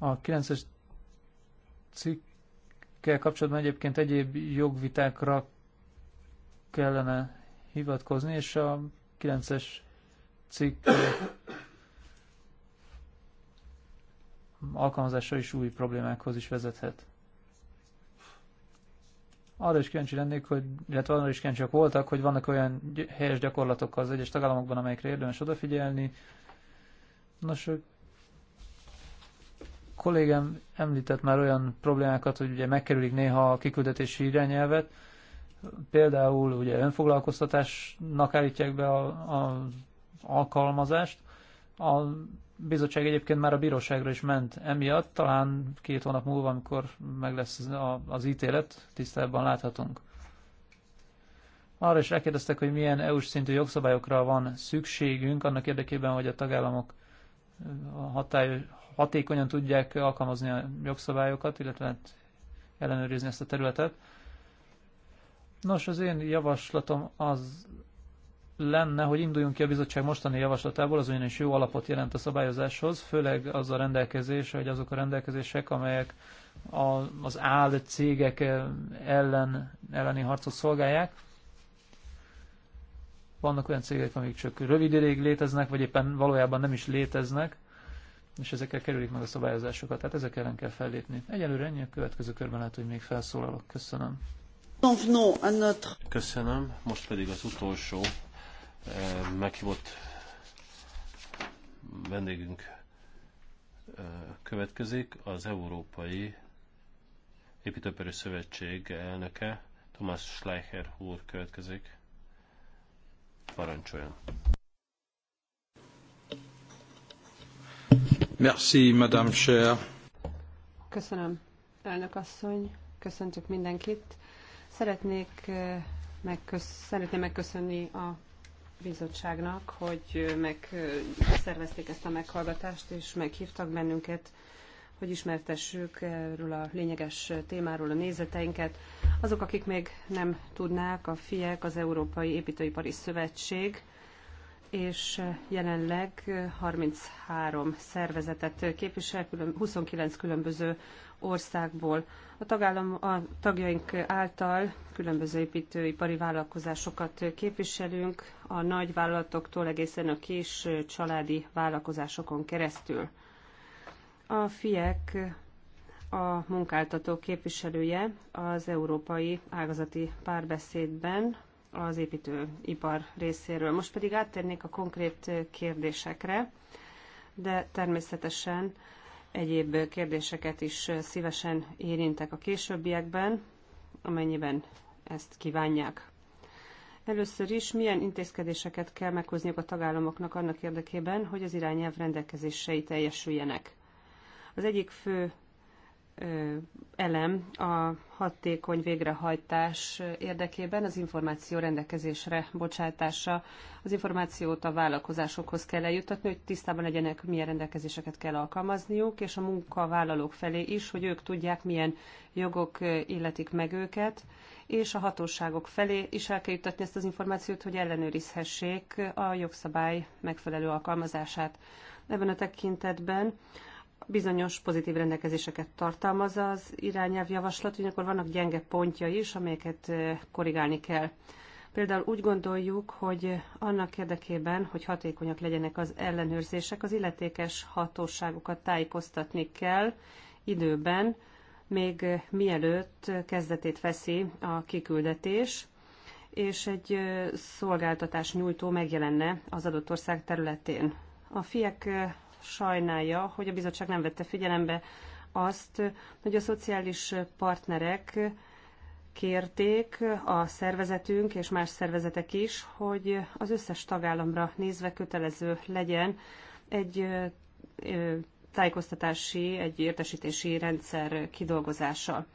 A 9-es cikkkel kapcsolatban egyébként egyéb jogvitákra kellene hivatkozni, és a 9-es cikk alkalmazása is új problémákhoz is vezethet. Arra is kíváncsi lennék, hogy, illetve arra is kíváncsiak voltak, hogy vannak olyan helyes gyakorlatok az egyes tagállamokban, amelyekre érdemes odafigyelni. Nos, kollégám említett már olyan problémákat, hogy ugye megkerülik néha a kiküldetési irányelvet, például ugye önfoglalkoztatásnak állítják be az alkalmazást. A bizottság egyébként már a bíróságra is ment emiatt, talán két hónap múlva, amikor meg lesz az, ítélet, tisztában láthatunk. Arra is rákérdeztek, hogy milyen EU-s szintű jogszabályokra van szükségünk annak érdekében, hogy a tagállamok hatékonyan tudják alkalmazni a jogszabályokat, illetve hát ellenőrizni ezt a területet. Nos, az én javaslatom az lenne, hogy induljunk ki a bizottság mostani javaslatából, az ugyanis jó alapot jelent a szabályozáshoz, főleg az a rendelkezés, hogy azok a rendelkezések, amelyek a, az áll cégek ellen, elleni harcot szolgálják. Vannak olyan cégek, amik csak rövid ideig léteznek, vagy éppen valójában nem is léteznek és ezekkel kerülik meg a szabályozásokat, tehát ezek ellen kell fellépni. Egyelőre ennyi, a következő körben lehet, hogy még felszólalok. Köszönöm. Köszönöm, most pedig az utolsó eh, meghívott vendégünk eh, következik, az Európai Építőipari Szövetség elnöke, Thomas Schleicher úr következik. Parancsoljon! Köszönöm, elnök asszony. Köszöntök mindenkit. Szeretnék eh, megkösz, szeretném megköszönni a bizottságnak, hogy eh, megszervezték ezt a meghallgatást, és meghívtak bennünket, hogy ismertessük erről a lényeges témáról a nézeteinket. Azok, akik még nem tudnák, a FIEK, az Európai Építőipari Szövetség, és jelenleg 33 szervezetet képvisel, 29 különböző országból. A, tagállam, a tagjaink által különböző építőipari vállalkozásokat képviselünk, a nagy vállalatoktól egészen a kis családi vállalkozásokon keresztül. A FIEK a munkáltató képviselője az Európai Ágazati Párbeszédben az építőipar részéről. Most pedig áttérnék a konkrét kérdésekre, de természetesen egyéb kérdéseket is szívesen érintek a későbbiekben, amennyiben ezt kívánják. Először is milyen intézkedéseket kell meghozniuk a tagállamoknak annak érdekében, hogy az irányelv rendelkezései teljesüljenek. Az egyik fő elem a hatékony végrehajtás érdekében az információ rendelkezésre bocsátása. Az információt a vállalkozásokhoz kell eljutatni, hogy tisztában legyenek, milyen rendelkezéseket kell alkalmazniuk, és a munkavállalók felé is, hogy ők tudják, milyen jogok illetik meg őket, és a hatóságok felé is el kell juttatni ezt az információt, hogy ellenőrizhessék a jogszabály megfelelő alkalmazását. Ebben a tekintetben bizonyos pozitív rendelkezéseket tartalmaz az irányelv javaslat, ugyanakkor vannak gyenge pontjai is, amelyeket korrigálni kell. Például úgy gondoljuk, hogy annak érdekében, hogy hatékonyak legyenek az ellenőrzések, az illetékes hatóságokat tájékoztatni kell időben, még mielőtt kezdetét veszi a kiküldetés, és egy szolgáltatás nyújtó megjelenne az adott ország területén. A fiek sajnálja, hogy a bizottság nem vette figyelembe azt, hogy a szociális partnerek kérték a szervezetünk és más szervezetek is, hogy az összes tagállamra nézve kötelező legyen egy tájékoztatási, egy értesítési rendszer kidolgozása.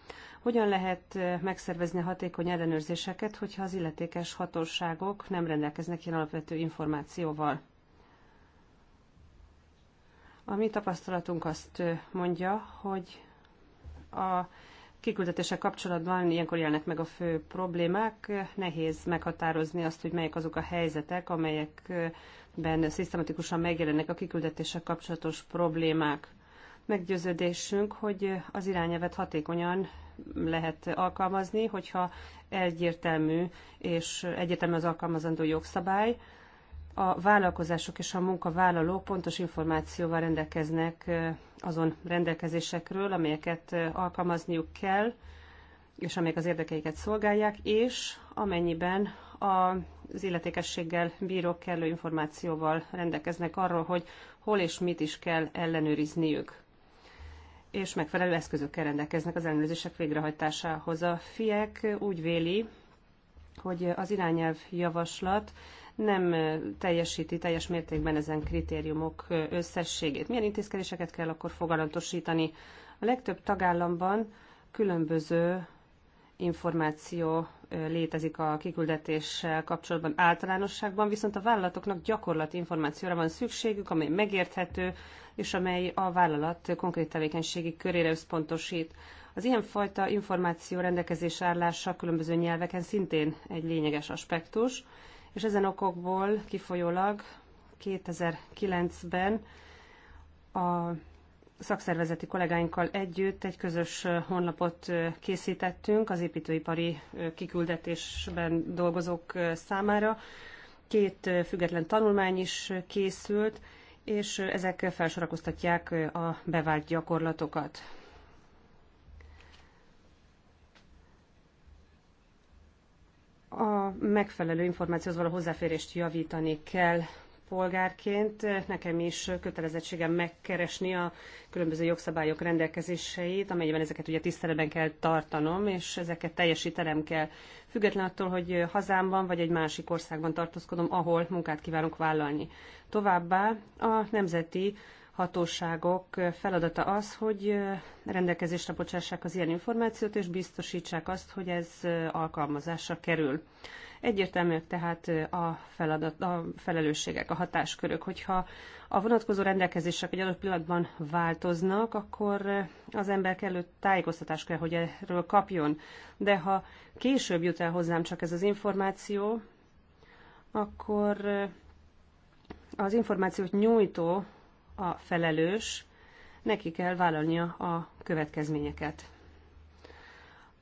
Hogyan lehet megszervezni hatékony ellenőrzéseket, hogyha az illetékes hatóságok nem rendelkeznek ilyen alapvető információval? A mi tapasztalatunk azt mondja, hogy a kiküldetések kapcsolatban ilyenkor jelnek meg a fő problémák. Nehéz meghatározni azt, hogy melyek azok a helyzetek, amelyekben szisztematikusan megjelennek a kiküldetések kapcsolatos problémák. Meggyőződésünk, hogy az irányelvet hatékonyan lehet alkalmazni, hogyha egyértelmű és egyértelmű az alkalmazandó jogszabály, a vállalkozások és a munkavállalók pontos információval rendelkeznek azon rendelkezésekről, amelyeket alkalmazniuk kell, és amelyek az érdekeiket szolgálják, és amennyiben az illetékességgel bíró kellő információval rendelkeznek arról, hogy hol és mit is kell ellenőrizniük és megfelelő eszközökkel rendelkeznek az ellenőrzések végrehajtásához. A FIEK úgy véli, hogy az irányelv javaslat nem teljesíti teljes mértékben ezen kritériumok összességét. Milyen intézkedéseket kell akkor fogalatosítani? A legtöbb tagállamban különböző információ létezik a kiküldetéssel kapcsolatban általánosságban, viszont a vállalatoknak gyakorlati információra van szükségük, amely megérthető, és amely a vállalat konkrét tevékenységi körére összpontosít. Az ilyenfajta információ rendelkezés állása különböző nyelveken szintén egy lényeges aspektus és ezen okokból kifolyólag 2009-ben a szakszervezeti kollégáinkkal együtt egy közös honlapot készítettünk az építőipari kiküldetésben dolgozók számára. Két független tanulmány is készült, és ezek felsorakoztatják a bevált gyakorlatokat. A megfelelő információhoz való hozzáférést javítani kell polgárként. Nekem is kötelezettségem megkeresni a különböző jogszabályok rendelkezéseit, amelyben ezeket ugye tiszteletben kell tartanom, és ezeket teljesítenem kell. Független attól, hogy hazámban vagy egy másik országban tartózkodom, ahol munkát kívánok vállalni. Továbbá a nemzeti hatóságok feladata az, hogy rendelkezésre bocsássák az ilyen információt, és biztosítsák azt, hogy ez alkalmazásra kerül. Egyértelműek tehát a, feladat, a felelősségek, a hatáskörök. Hogyha a vonatkozó rendelkezések egy adott pillanatban változnak, akkor az ember kellő tájékoztatást kell, hogy erről kapjon. De ha később jut el hozzám csak ez az információ, akkor az információt nyújtó a felelős, neki kell vállalnia a következményeket.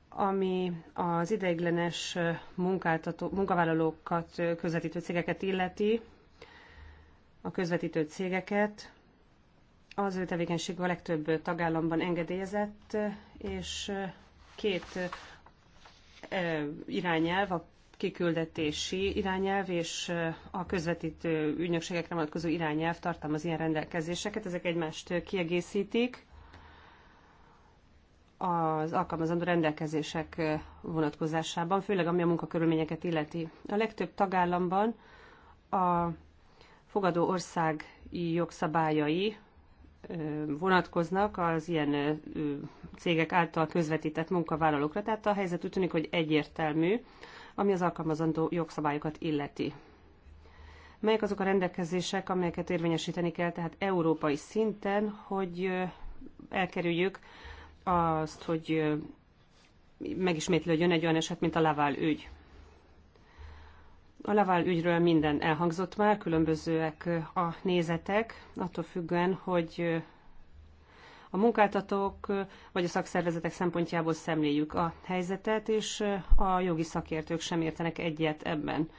Ami az ideiglenes munkáltató, munkavállalókat közvetítő cégeket illeti, a közvetítő cégeket, az ő tevékenység a legtöbb tagállamban engedélyezett, és két e, irányelv, a kiküldetési irányelv és eh, a közvetítő ügynökségekre vonatkozó irányelv tartalmaz ilyen rendelkezéseket, ezek egymást eh, kiegészítik. Az alkalmazandó rendelkezések eh, vonatkozásában, főleg ami a munkakörülményeket illeti. A legtöbb tagállamban a fogadó ország jogszabályai vonatkoznak az ilyen cégek által közvetített munkavállalókra, tehát a helyzet úgy tűnik, hogy egyértelmű ami az alkalmazandó jogszabályokat illeti. Melyek azok a rendelkezések, amelyeket érvényesíteni kell, tehát európai szinten, hogy elkerüljük azt, hogy megismétlődjön egy olyan eset, mint a Laval ügy. A Laval ügyről minden elhangzott már, különbözőek a nézetek, attól függően, hogy a munkáltatók vagy a szakszervezetek szempontjából szemléljük a helyzetet, és a jogi szakértők sem értenek egyet ebben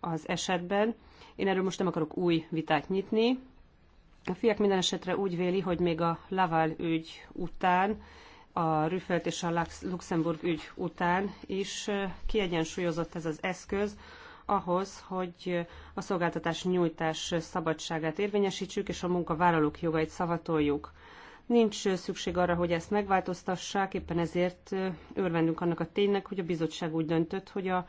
az esetben. Én erről most nem akarok új vitát nyitni. A fiak minden esetre úgy véli, hogy még a Laval ügy után, a Rüffelt és a Luxemburg ügy után is kiegyensúlyozott ez az eszköz, ahhoz, hogy a szolgáltatás nyújtás szabadságát érvényesítsük, és a munkavállalók jogait szavatoljuk. Nincs szükség arra, hogy ezt megváltoztassák, éppen ezért örvendünk annak a ténynek, hogy a bizottság úgy döntött, hogy a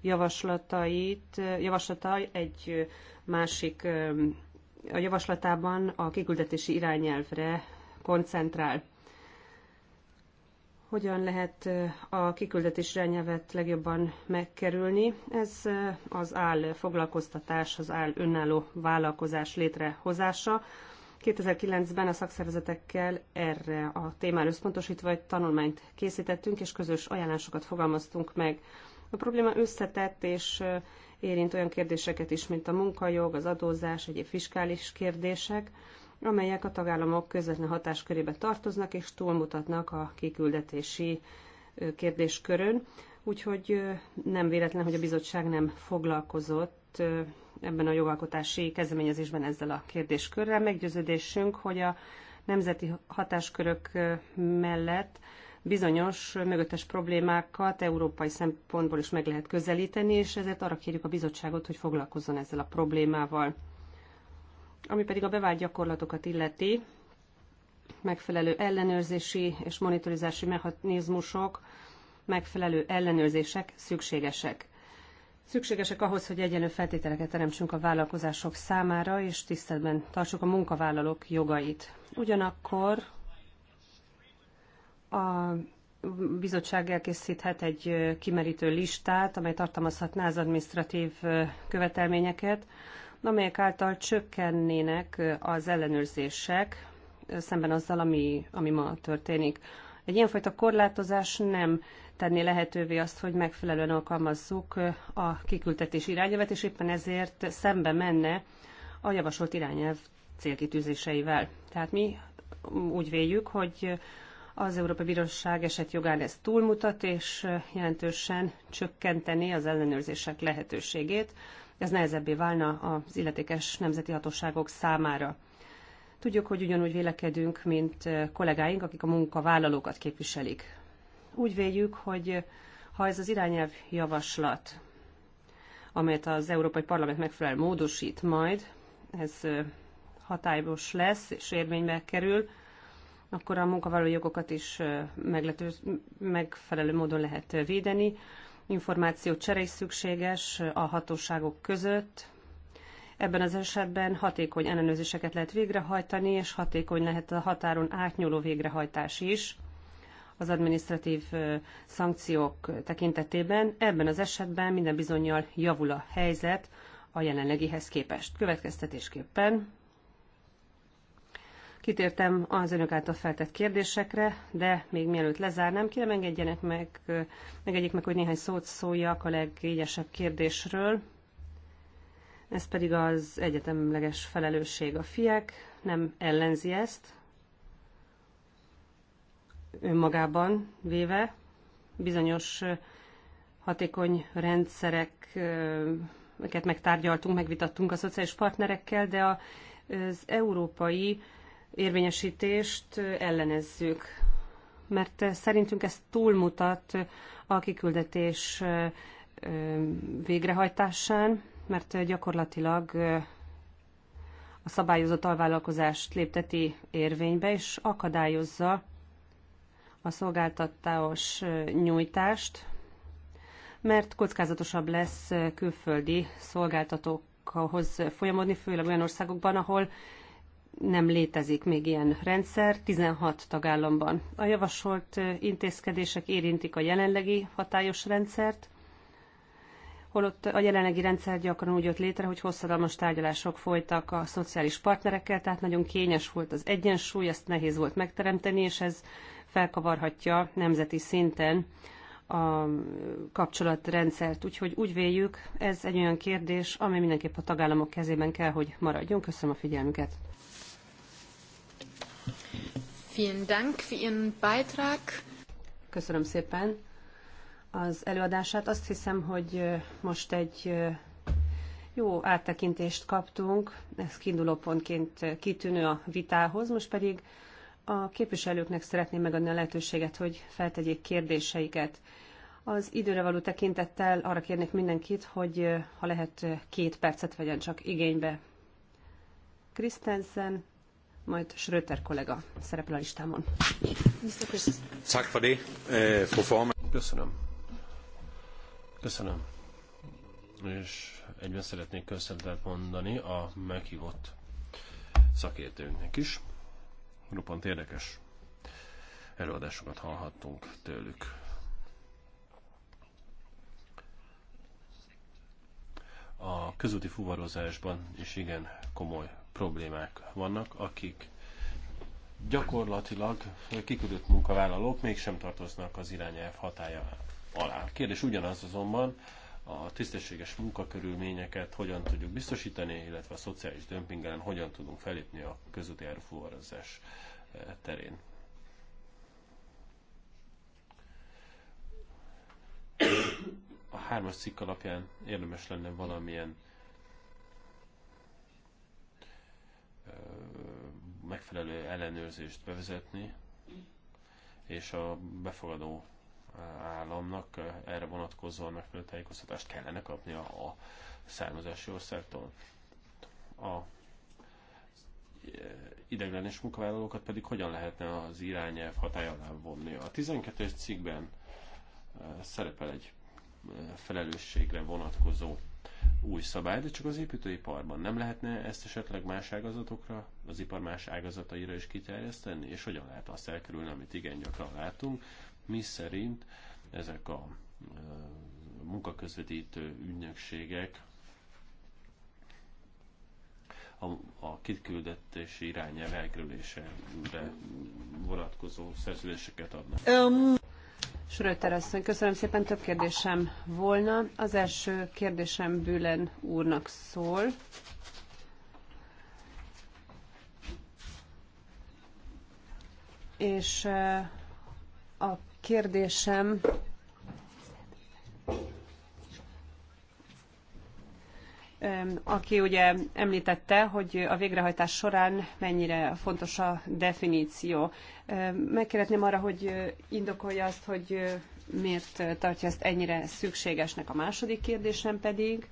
javaslatait, javaslata egy másik a javaslatában a kiküldetési irányelvre koncentrál. Hogyan lehet a kiküldetés irányelvet legjobban megkerülni? Ez az áll foglalkoztatás, az áll önálló vállalkozás létrehozása, 2009-ben a szakszervezetekkel erre a témára összpontosítva egy tanulmányt készítettünk, és közös ajánlásokat fogalmaztunk meg. A probléma összetett és érint olyan kérdéseket is, mint a munkajog, az adózás, egyéb fiskális kérdések, amelyek a tagállamok közvetlen hatáskörébe tartoznak és túlmutatnak a kiküldetési kérdéskörön. Úgyhogy nem véletlen, hogy a bizottság nem foglalkozott ebben a jogalkotási kezdeményezésben ezzel a kérdéskörrel. Meggyőződésünk, hogy a nemzeti hatáskörök mellett bizonyos mögöttes problémákat európai szempontból is meg lehet közelíteni, és ezért arra kérjük a bizottságot, hogy foglalkozzon ezzel a problémával. Ami pedig a bevált gyakorlatokat illeti, megfelelő ellenőrzési és monitorizási mechanizmusok, megfelelő ellenőrzések szükségesek szükségesek ahhoz, hogy egyenlő feltételeket teremtsünk a vállalkozások számára, és tiszteletben tartsuk a munkavállalók jogait. Ugyanakkor a bizottság elkészíthet egy kimerítő listát, amely tartalmazhatná az administratív követelményeket, amelyek által csökkennének az ellenőrzések szemben azzal, ami, ami ma történik. Egy ilyenfajta korlátozás nem tenni lehetővé azt, hogy megfelelően alkalmazzuk a kiküldetés irányelvet, és éppen ezért szembe menne a javasolt irányelv célkitűzéseivel. Tehát mi úgy véljük, hogy az Európai Bíróság esetjogán ez túlmutat, és jelentősen csökkenteni az ellenőrzések lehetőségét. Ez nehezebbé válna az illetékes nemzeti hatóságok számára. Tudjuk, hogy ugyanúgy vélekedünk, mint kollégáink, akik a munkavállalókat képviselik. Úgy véljük, hogy ha ez az irányelv javaslat, amelyet az Európai Parlament megfelelő módosít majd, ez hatályos lesz és érvénybe kerül, akkor a munkavállaló jogokat is meglető, megfelelő módon lehet védeni. Információ csere is szükséges a hatóságok között. Ebben az esetben hatékony ellenőrzéseket lehet végrehajtani, és hatékony lehet a határon átnyúló végrehajtás is az administratív szankciók tekintetében. Ebben az esetben minden bizonyal javul a helyzet a jelenlegihez képest. Következtetésképpen kitértem az önök által feltett kérdésekre, de még mielőtt lezárnám, kérem engedjenek meg, megegyék meg, hogy néhány szót szóljak a legégyesebb kérdésről, ez pedig az egyetemleges felelősség. A fiek nem ellenzi ezt, önmagában véve bizonyos hatékony rendszereket megtárgyaltunk, megvitattunk a szociális partnerekkel, de az európai érvényesítést ellenezzük, mert szerintünk ez túlmutat a kiküldetés végrehajtásán, mert gyakorlatilag a szabályozott alvállalkozást lépteti érvénybe, és akadályozza a szolgáltatás nyújtást, mert kockázatosabb lesz külföldi szolgáltatókhoz folyamodni, főleg olyan országokban, ahol nem létezik még ilyen rendszer, 16 tagállamban. A javasolt intézkedések érintik a jelenlegi hatályos rendszert, holott a jelenlegi rendszer gyakran úgy jött létre, hogy hosszadalmas tárgyalások folytak a szociális partnerekkel, tehát nagyon kényes volt az egyensúly, ezt nehéz volt megteremteni, és ez felkavarhatja nemzeti szinten a kapcsolatrendszert. Úgyhogy úgy véljük, ez egy olyan kérdés, amely mindenképp a tagállamok kezében kell, hogy maradjon. Köszönöm a figyelmüket. Vielen Dank für Ihren Beitrag. Köszönöm szépen az előadását. Azt hiszem, hogy most egy jó áttekintést kaptunk, ez kiindulópontként kitűnő a vitához, most pedig a képviselőknek szeretném megadni a lehetőséget, hogy feltegyék kérdéseiket. Az időre való tekintettel arra kérnék mindenkit, hogy ha lehet két percet vegyen csak igénybe. Krisztensen, majd Schröter kollega szerepel a listámon. Eh, Köszönöm. Köszönöm. És egyben szeretnék köszöntet mondani a meghívott szakértőnknek is roppant érdekes előadásokat hallhattunk tőlük. A közúti fuvarozásban is igen komoly problémák vannak, akik gyakorlatilag kiküldött munkavállalók mégsem tartoznak az irányelv hatája alá. Kérdés ugyanaz azonban, a tisztességes munkakörülményeket hogyan tudjuk biztosítani, illetve a szociális dömping ellen hogyan tudunk felépni a közúti árufuvarozás eh, terén. A hármas cikk alapján érdemes lenne valamilyen eh, megfelelő ellenőrzést bevezetni, és a befogadó államnak erre vonatkozóan megfelelő tájékoztatást kellene kapnia a származási országtól. A e, ideglenes munkavállalókat pedig hogyan lehetne az irányelv hatály alá vonni. A 12-es cikkben e, szerepel egy e, felelősségre vonatkozó új szabály, de csak az építőiparban. Nem lehetne ezt esetleg más ágazatokra, az ipar más ágazataira is kiterjeszteni? És hogyan lehet azt elkerülni, amit igen gyakran látunk, mi szerint ezek a munkaközvetítő ügynökségek a, a kiküldetési irányelv elkerülésére vonatkozó szerződéseket adnak. Um. Schröter asszony, köszönöm szépen, több kérdésem volna. Az első kérdésem Bülen úrnak szól. És a kérdésem aki ugye említette, hogy a végrehajtás során mennyire fontos a definíció. Megkérhetném arra, hogy indokolja azt, hogy miért tartja ezt ennyire szükségesnek. A második kérdésem pedig,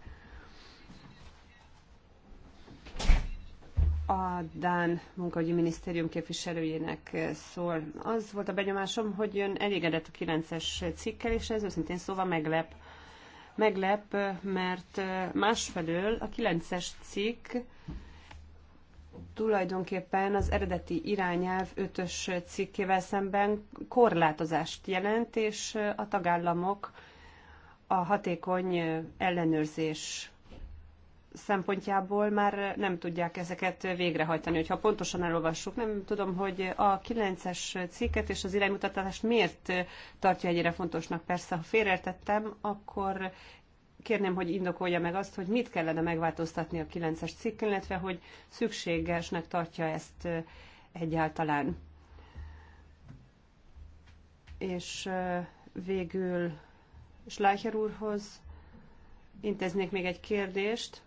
a Dán munkahogyi minisztérium képviselőjének szól. Az volt a benyomásom, hogy ön elégedett a 9-es cikkel, és ez őszintén szóval meglep. Meglep, mert másfelől a 9-es cikk tulajdonképpen az eredeti irányelv 5-ös cikkével szemben korlátozást jelent, és a tagállamok a hatékony ellenőrzés szempontjából már nem tudják ezeket végrehajtani. Hogyha pontosan elolvassuk, nem tudom, hogy a 9-es cikket és az iránymutatást miért tartja egyre fontosnak. Persze, ha félreértettem, akkor kérném, hogy indokolja meg azt, hogy mit kellene megváltoztatni a 9-es cikken, illetve hogy szükségesnek tartja ezt egyáltalán. És végül Schleicher úrhoz intéznék még egy kérdést.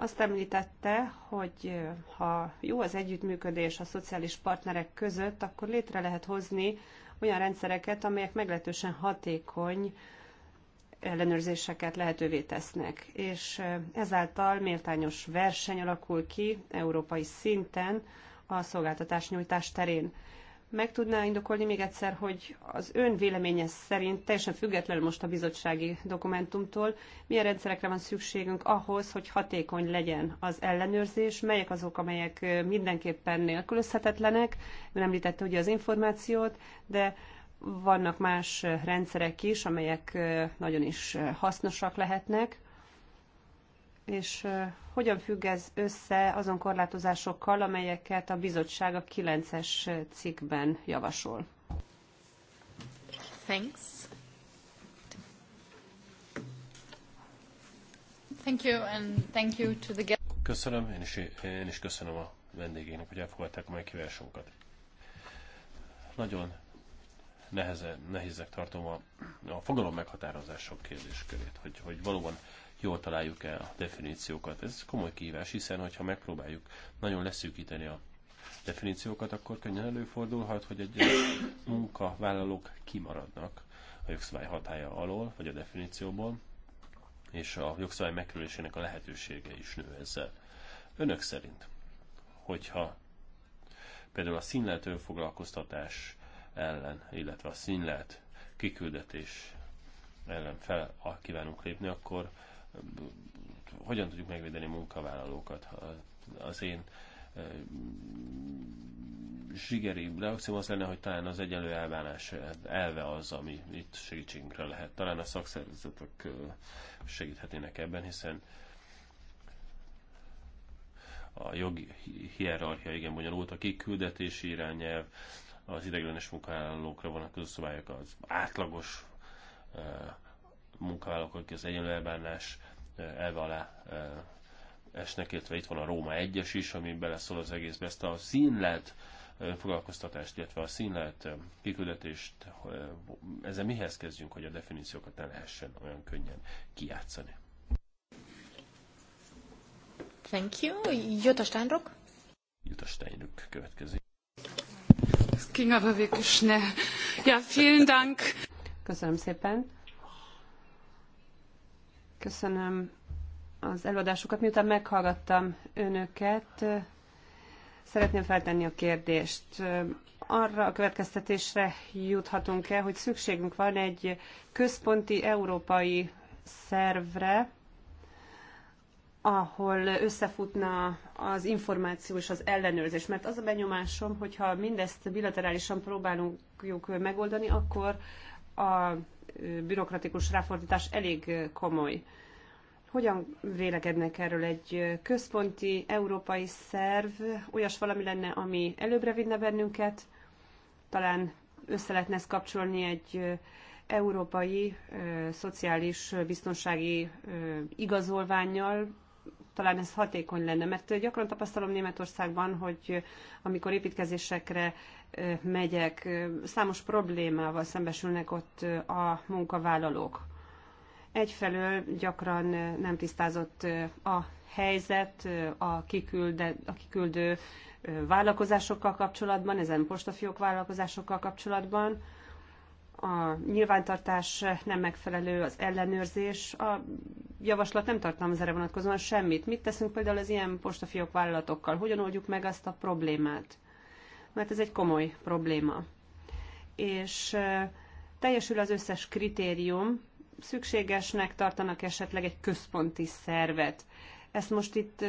Azt említette, hogy ha jó az együttműködés a szociális partnerek között, akkor létre lehet hozni olyan rendszereket, amelyek meglehetősen hatékony ellenőrzéseket lehetővé tesznek. És ezáltal méltányos verseny alakul ki európai szinten a szolgáltatásnyújtás terén. Meg tudná indokolni még egyszer, hogy az ön véleménye szerint, teljesen függetlenül most a bizottsági dokumentumtól, milyen rendszerekre van szükségünk ahhoz, hogy hatékony legyen az ellenőrzés, melyek azok, amelyek mindenképpen nélkülözhetetlenek. Ön említette ugye az információt, de vannak más rendszerek is, amelyek nagyon is hasznosak lehetnek és hogyan függ ez össze azon korlátozásokkal, amelyeket a bizottság a 9-es cikkben javasol? Thanks. Thank you and thank you to the Köszönöm, én is, én is köszönöm a vendégének, hogy elfogadták a meghívásunkat. Nagyon nehezen, nehézek tartom a, a fogalom meghatározások kérdéskörét, hogy, hogy valóban jól találjuk el a definíciókat. Ez komoly kihívás, hiszen ha megpróbáljuk nagyon leszűkíteni a definíciókat, akkor könnyen előfordulhat, hogy egy munkavállalók kimaradnak a jogszabály hatája alól, vagy a definícióból, és a jogszabály megkerülésének a lehetősége is nő ezzel. Önök szerint, hogyha például a színlelt önfoglalkoztatás ellen, illetve a színlelt kiküldetés ellen fel kívánunk lépni, akkor hogyan tudjuk megvédeni munkavállalókat, munkavállalókat. Az én zsigeri reakcióm az lenne, hogy talán az egyenlő elvállás elve az, ami itt segítségünkre lehet. Talán a szakszervezetek segíthetnének ebben, hiszen a jogi hierarchia igen bonyolult, a kiküldetési irányelv, az ideiglenes munkavállalókra vonatkozó szabályok, az átlagos munkavállalók az egyenlő elbánás elve alá esnek, illetve itt van a Róma 1-es is, ami beleszól az egészbe. Ezt a színlet foglalkoztatást, illetve a színlet kiküldetést, ezzel mihez kezdjünk, hogy a definíciókat ne lehessen olyan könnyen kijátszani? Thank you. Jutta Steinrock. Jutta Steinrock következik. Ez ging aber wirklich schnell. Ja, vielen Dank. Köszönöm szépen. Köszönöm az előadásukat. Miután meghallgattam önöket, szeretném feltenni a kérdést. Arra a következtetésre juthatunk-e, hogy szükségünk van egy központi európai szervre, ahol összefutna az információ és az ellenőrzés. Mert az a benyomásom, hogyha mindezt bilaterálisan próbálunk megoldani, akkor a bürokratikus ráfordítás elég komoly. Hogyan vélekednek erről egy központi európai szerv? Olyas valami lenne, ami előbbre vinne bennünket? Talán össze lehetne ezt kapcsolni egy európai szociális biztonsági igazolványjal, talán ez hatékony lenne, mert gyakran tapasztalom Németországban, hogy amikor építkezésekre megyek, számos problémával szembesülnek ott a munkavállalók. Egyfelől gyakran nem tisztázott a helyzet a, kiküld, a kiküldő vállalkozásokkal kapcsolatban, ezen postafiók vállalkozásokkal kapcsolatban. A nyilvántartás nem megfelelő, az ellenőrzés, a javaslat nem tartalmaz erre vonatkozóan semmit. Mit teszünk például az ilyen postafiók vállalatokkal? Hogyan oldjuk meg ezt a problémát? mert ez egy komoly probléma. És teljesül az összes kritérium, szükségesnek tartanak esetleg egy központi szervet. Ezt most itt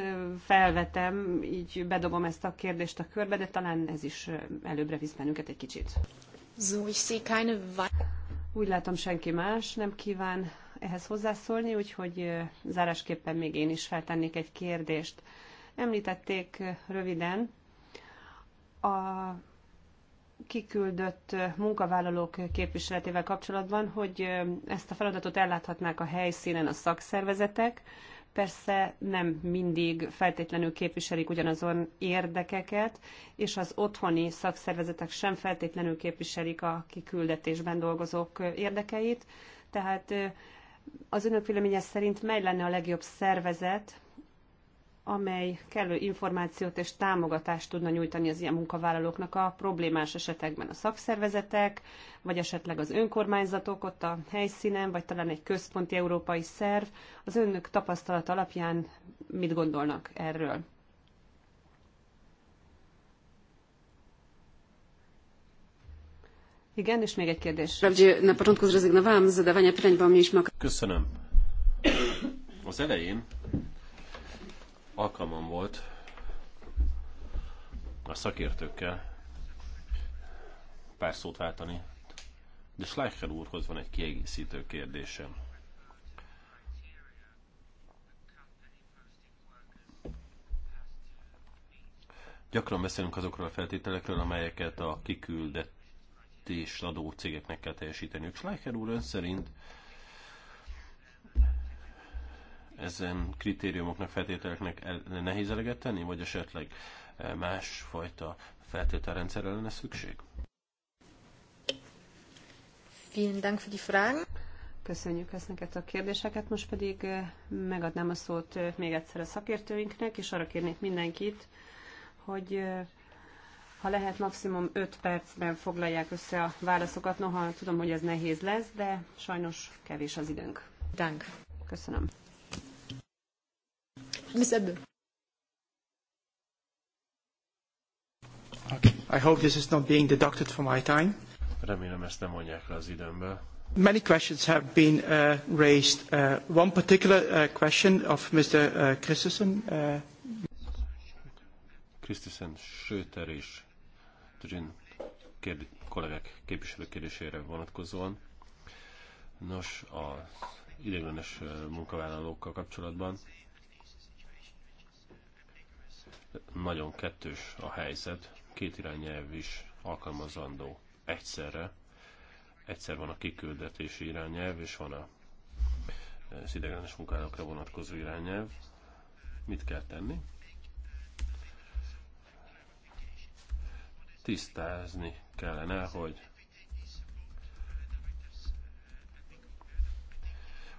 felvetem, így bedobom ezt a kérdést a körbe, de talán ez is előbbre visz bennünket egy kicsit. So, Úgy látom, senki más nem kíván ehhez hozzászólni, úgyhogy zárásképpen még én is feltennék egy kérdést. Említették röviden, a kiküldött munkavállalók képviseletével kapcsolatban, hogy ezt a feladatot elláthatnák a helyszínen a szakszervezetek. Persze nem mindig feltétlenül képviselik ugyanazon érdekeket, és az otthoni szakszervezetek sem feltétlenül képviselik a kiküldetésben dolgozók érdekeit. Tehát az önök véleménye szerint mely lenne a legjobb szervezet, amely kellő információt és támogatást tudna nyújtani az ilyen munkavállalóknak a problémás esetekben a szakszervezetek, vagy esetleg az önkormányzatok ott a helyszínen, vagy talán egy központi európai szerv. Az önök tapasztalat alapján mit gondolnak erről? Igen, és még egy kérdés. Köszönöm. Az elején alkalmam volt a szakértőkkel pár szót váltani, de Schleicher úrhoz van egy kiegészítő kérdésem. Gyakran beszélünk azokról a feltételekről, amelyeket a kiküldetés adó cégeknek kell teljesíteni. Schleicher úr ön szerint ezen kritériumoknak, feltételeknek el, nehéz eleget tenni, vagy esetleg e, másfajta feltételrendszerre lenne szükség? Vielen Dank für die Fragen. Köszönjük ezeket a kérdéseket, most pedig e, megadnám a szót e, még egyszer a szakértőinknek, és arra kérnék mindenkit, hogy ha lehet, maximum 5 percben foglalják össze a válaszokat. Noha tudom, hogy ez nehéz lesz, de sajnos kevés az időnk. Dank. Köszönöm. Okay. I hope this is not being deducted from my time. Remélem ezt nem mondják le az időmből. Many questions have been uh, raised. Uh, one particular uh, question of Mr. Uh, Christensen. Uh, Christensen, Schröter és Trin kérd, kollégák képviselő kérdésére vonatkozóan. Nos, az ideiglenes uh, munkavállalókkal kapcsolatban nagyon kettős a helyzet, két irányelv is alkalmazandó egyszerre. Egyszer van a kiküldetési irányelv, és van a ideglenes munkálatokra vonatkozó irányelv. Mit kell tenni? Tisztázni kellene, hogy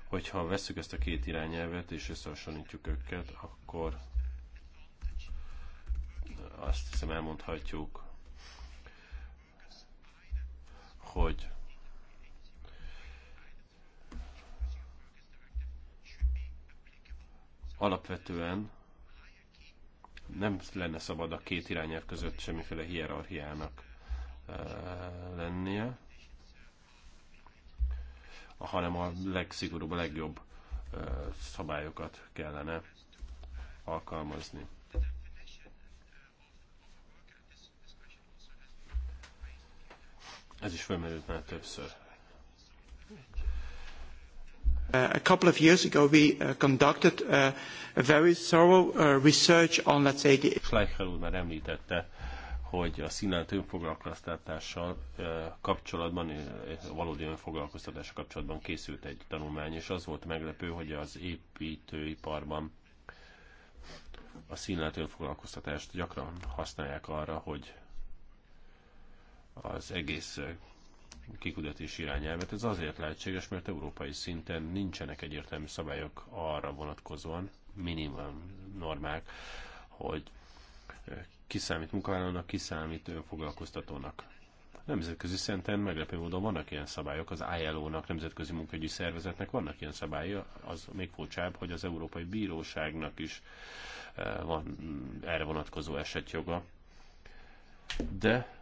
hogyha veszük ezt a két irányelvet és összehasonlítjuk őket, akkor azt hiszem elmondhatjuk, hogy alapvetően nem lenne szabad a két irányelv között semmiféle hierarchiának eh, lennie, hanem a legszigorúbb, a legjobb eh, szabályokat kellene alkalmazni. Ez is felmerült már többször. Uh, a couple of years ago we uh, conducted uh, a very thorough uh, research on, let's say, the... Schleicher úr már említette, hogy a színelt önfoglalkoztatással uh, kapcsolatban, uh, valódi önfoglalkoztatással kapcsolatban készült egy tanulmány, és az volt meglepő, hogy az építőiparban a színlelt önfoglalkoztatást gyakran használják arra, hogy az egész kiküldetés irányelvet. Ez azért lehetséges, mert európai szinten nincsenek egyértelmű szabályok arra vonatkozóan, minimum normák, hogy kiszámít munkavállalónak, kiszámít önfoglalkoztatónak. Nemzetközi szinten meglepő módon vannak ilyen szabályok, az ILO-nak, Nemzetközi Munkaügyi Szervezetnek vannak ilyen szabályok, az még furcsább, hogy az Európai Bíróságnak is eh, van erre vonatkozó esetjoga. De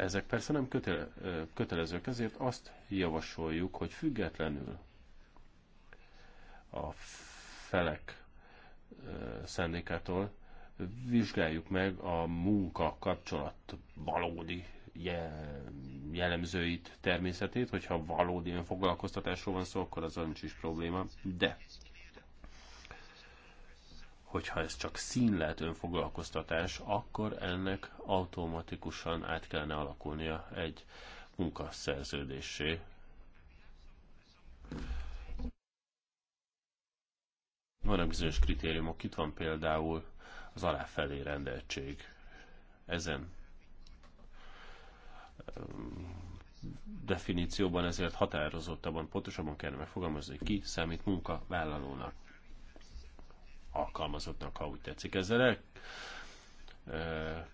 ezek persze nem kötele, kötelezők, ezért azt javasoljuk, hogy függetlenül a felek szendékától vizsgáljuk meg a munka kapcsolat valódi jellemzőit, természetét, hogyha valódi foglalkoztatásról van szó, akkor az nincs is probléma, de hogyha ez csak színlet önfoglalkoztatás, akkor ennek automatikusan át kellene alakulnia egy munkaszerződésé. Vannak bizonyos kritériumok, itt van például az aláfelé rendeltség. Ezen ehm, definícióban ezért határozottabban, pontosabban kellene megfogalmazni, ki számít munkavállalónak alkalmazottnak, ha úgy tetszik. Ezzel el, e,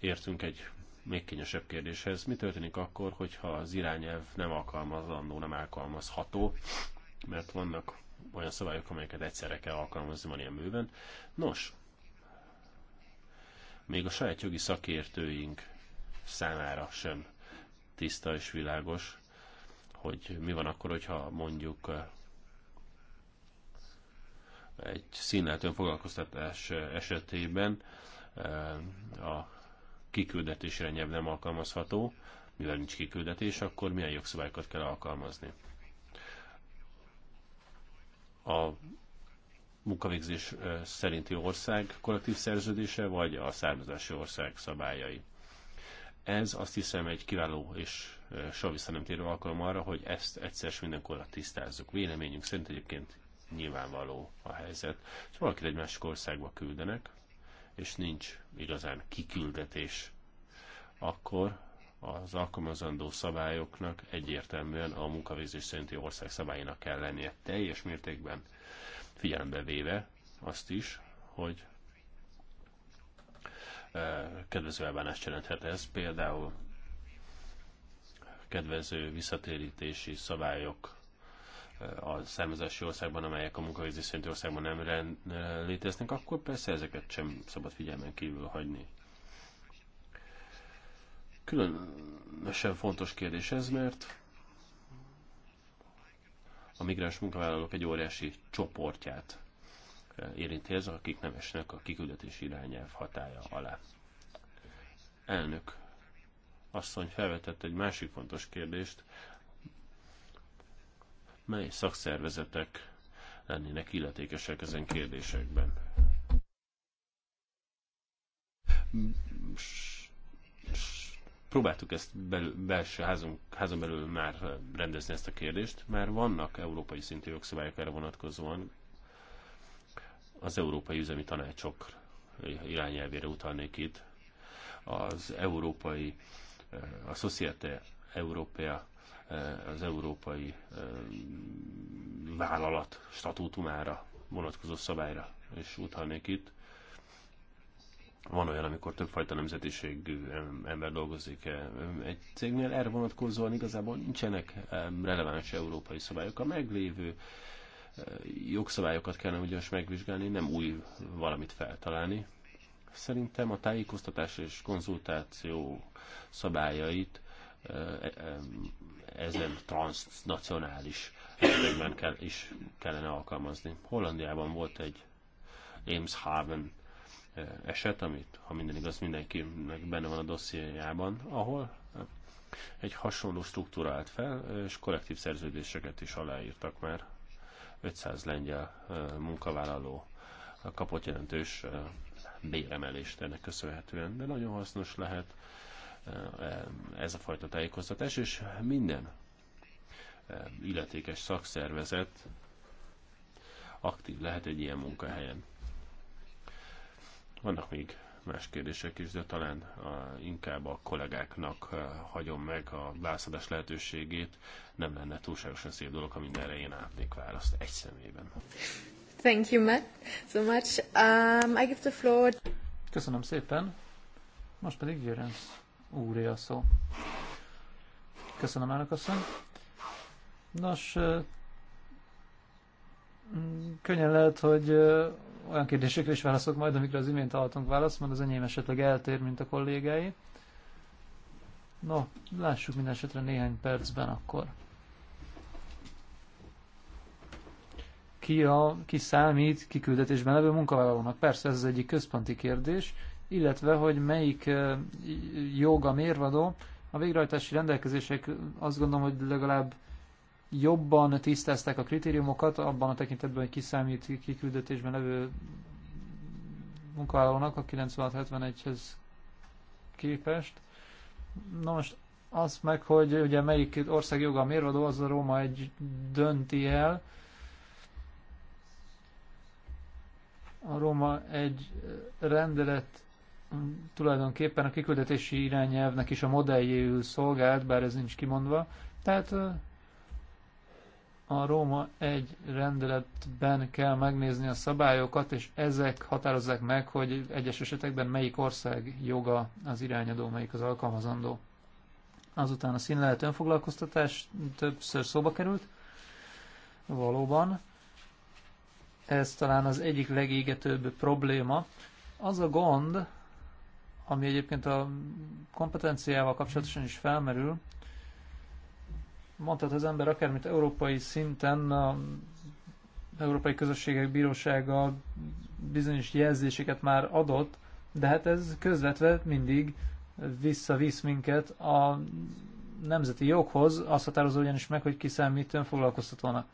értünk egy még kényesebb kérdéshez. Mi történik akkor, hogyha az irányelv nem alkalmazandó, nem alkalmazható, mert vannak olyan szabályok, amelyeket egyszerre kell alkalmazni van ilyen műben. Nos, még a saját jogi szakértőink számára sem tiszta és világos, hogy mi van akkor, hogyha mondjuk egy színlátőn foglalkoztatás esetében e, a kiküldetésre irányelv nem alkalmazható, mivel nincs kiküldetés, akkor milyen jogszabályokat kell alkalmazni. A munkavégzés e, szerinti ország kollektív szerződése, vagy a származási ország szabályai. Ez azt hiszem egy kiváló és e, soha vissza nem térő alkalom arra, hogy ezt egyszer mindenkorra tisztázzuk. Véleményünk szerint egyébként nyilvánvaló a helyzet. Ha valakit egy másik országba küldenek, és nincs igazán kiküldetés, akkor az alkalmazandó szabályoknak egyértelműen a munkavégzés szerinti ország szabályának kell lennie teljes mértékben figyelembe véve azt is, hogy e, kedvező elbánást jelenthet ez, például kedvező visszatérítési szabályok a származási országban, amelyek a munkavégzés szerinti országban nem rend, léteznek, akkor persze ezeket sem szabad figyelmen kívül hagyni. Különösen fontos kérdés ez, mert a migráns munkavállalók egy óriási csoportját érinti ez, akik nem esnek a kiküldetés irányelv hatája alá. Elnök asszony felvetett egy másik fontos kérdést, mely szakszervezetek lennének illetékesek ezen kérdésekben. Próbáltuk ezt bel, belső házunk, házon belül már rendezni ezt a kérdést, már vannak európai szintű jogszabályok erre vonatkozóan. Az Európai Üzemi Tanácsok irányelvére utalnék itt. Az Európai, eh, a Societe Europea Eh, az európai eh, vállalat statútumára vonatkozó szabályra, és utalnék itt. Van olyan, amikor többfajta nemzetiségű eh, ember dolgozik egy cégnél, erre vonatkozóan igazából nincsenek releváns európai szabályok. A meglévő jogszabályokat kellene ugyanis megvizsgálni, nem új valamit feltalálni. Szerintem a tájékoztatás és konzultáció szabályait ezen transnacionális esetekben kell, is kellene alkalmazni. Hollandiában volt egy Ameshaven eh, eset, amit, ha minden igaz, mindenkinek benne van a dossziéjában, ahol eh, egy hasonló struktúra állt fel, eh, és kollektív szerződéseket is aláírtak már. 500 lengyel munkavállaló kapott jelentős béremelést ennek köszönhetően, de nagyon hasznos lehet ez a fajta tájékoztatás, és minden e, illetékes szakszervezet aktív lehet egy ilyen munkahelyen. Vannak még más kérdések is, de talán a, inkább a kollégáknak a, e, hagyom meg a válaszadás lehetőségét. Nem lenne túlságosan szép dolog, ha mindenre én átnék választ egy személyben. Thank you Matt, so much. Um, I give the floor. Köszönöm szépen. Most pedig Jörens úré a szó. Köszönöm, elnök Nos, könnyen lehet, hogy olyan kérdésekre is válaszok majd, amikre az imént hallottunk választ, mert az enyém esetleg eltér, mint a kollégái. No, lássuk minden esetre néhány percben akkor. Ki, a, ki számít kiküldetésben levő munkavállalónak? Persze ez az egyik központi kérdés, illetve hogy melyik joga mérvadó. A végrehajtási rendelkezések azt gondolom, hogy legalább jobban tisztázták a kritériumokat abban a tekintetben, hogy kiszámít kiküldetésben levő munkavállalónak a 9671-hez képest. Na most azt meg, hogy ugye melyik ország joga a mérvadó, az a Róma egy dönti el. A Róma egy rendelet tulajdonképpen a kiküldetési irányelvnek is a modelljéül szolgált, bár ez nincs kimondva. Tehát a Róma egy rendeletben kell megnézni a szabályokat, és ezek határozzák meg, hogy egyes esetekben melyik ország joga az irányadó, melyik az alkalmazandó. Azután a színlelet önfoglalkoztatás többször szóba került. Valóban. Ez talán az egyik legégetőbb probléma. Az a gond, ami egyébként a kompetenciával kapcsolatosan is felmerül, mondhat az ember akármit európai szinten, a Európai Közösségek Bírósága bizonyos jelzéseket már adott, de hát ez közvetve mindig visszavisz minket a nemzeti joghoz, azt határozó ugyanis meg, hogy ki számít önfoglalkoztatónak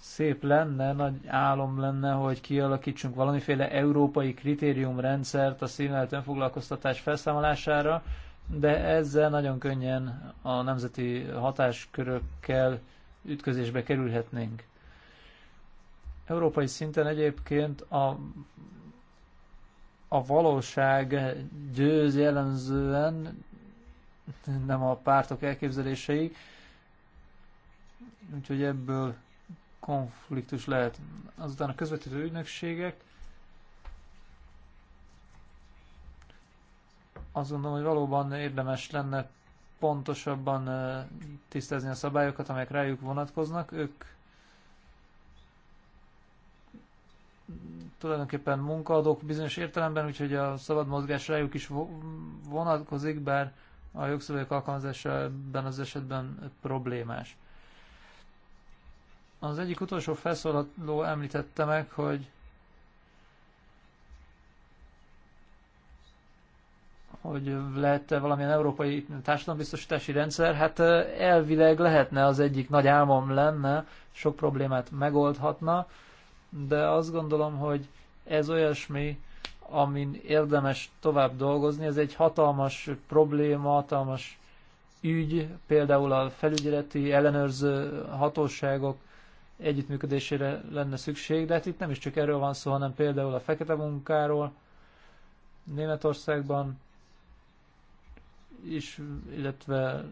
szép lenne, nagy álom lenne, hogy kialakítsunk valamiféle európai kritériumrendszert a színlelt önfoglalkoztatás felszámolására, de ezzel nagyon könnyen a nemzeti hatáskörökkel ütközésbe kerülhetnénk. Európai szinten egyébként a, a valóság győz jellemzően, nem a pártok elképzelései, úgyhogy ebből konfliktus lehet. Azután a közvetítő ügynökségek, azt gondolom, hogy valóban érdemes lenne pontosabban tisztázni a szabályokat, amelyek rájuk vonatkoznak. Ők tulajdonképpen munkaadók bizonyos értelemben, úgyhogy a szabad mozgás rájuk is vonatkozik, bár a jogszabályok alkalmazása ebben az esetben problémás. Az egyik utolsó felszólaló említette meg, hogy hogy lehet-e valamilyen európai társadalombiztosítási rendszer, hát elvileg lehetne, az egyik nagy álmom lenne, sok problémát megoldhatna, de azt gondolom, hogy ez olyasmi, amin érdemes tovább dolgozni, ez egy hatalmas probléma, hatalmas ügy, például a felügyeleti ellenőrző hatóságok együttműködésére lenne szükség, de hát itt nem is csak erről van szó, hanem például a fekete munkáról Németországban is, illetve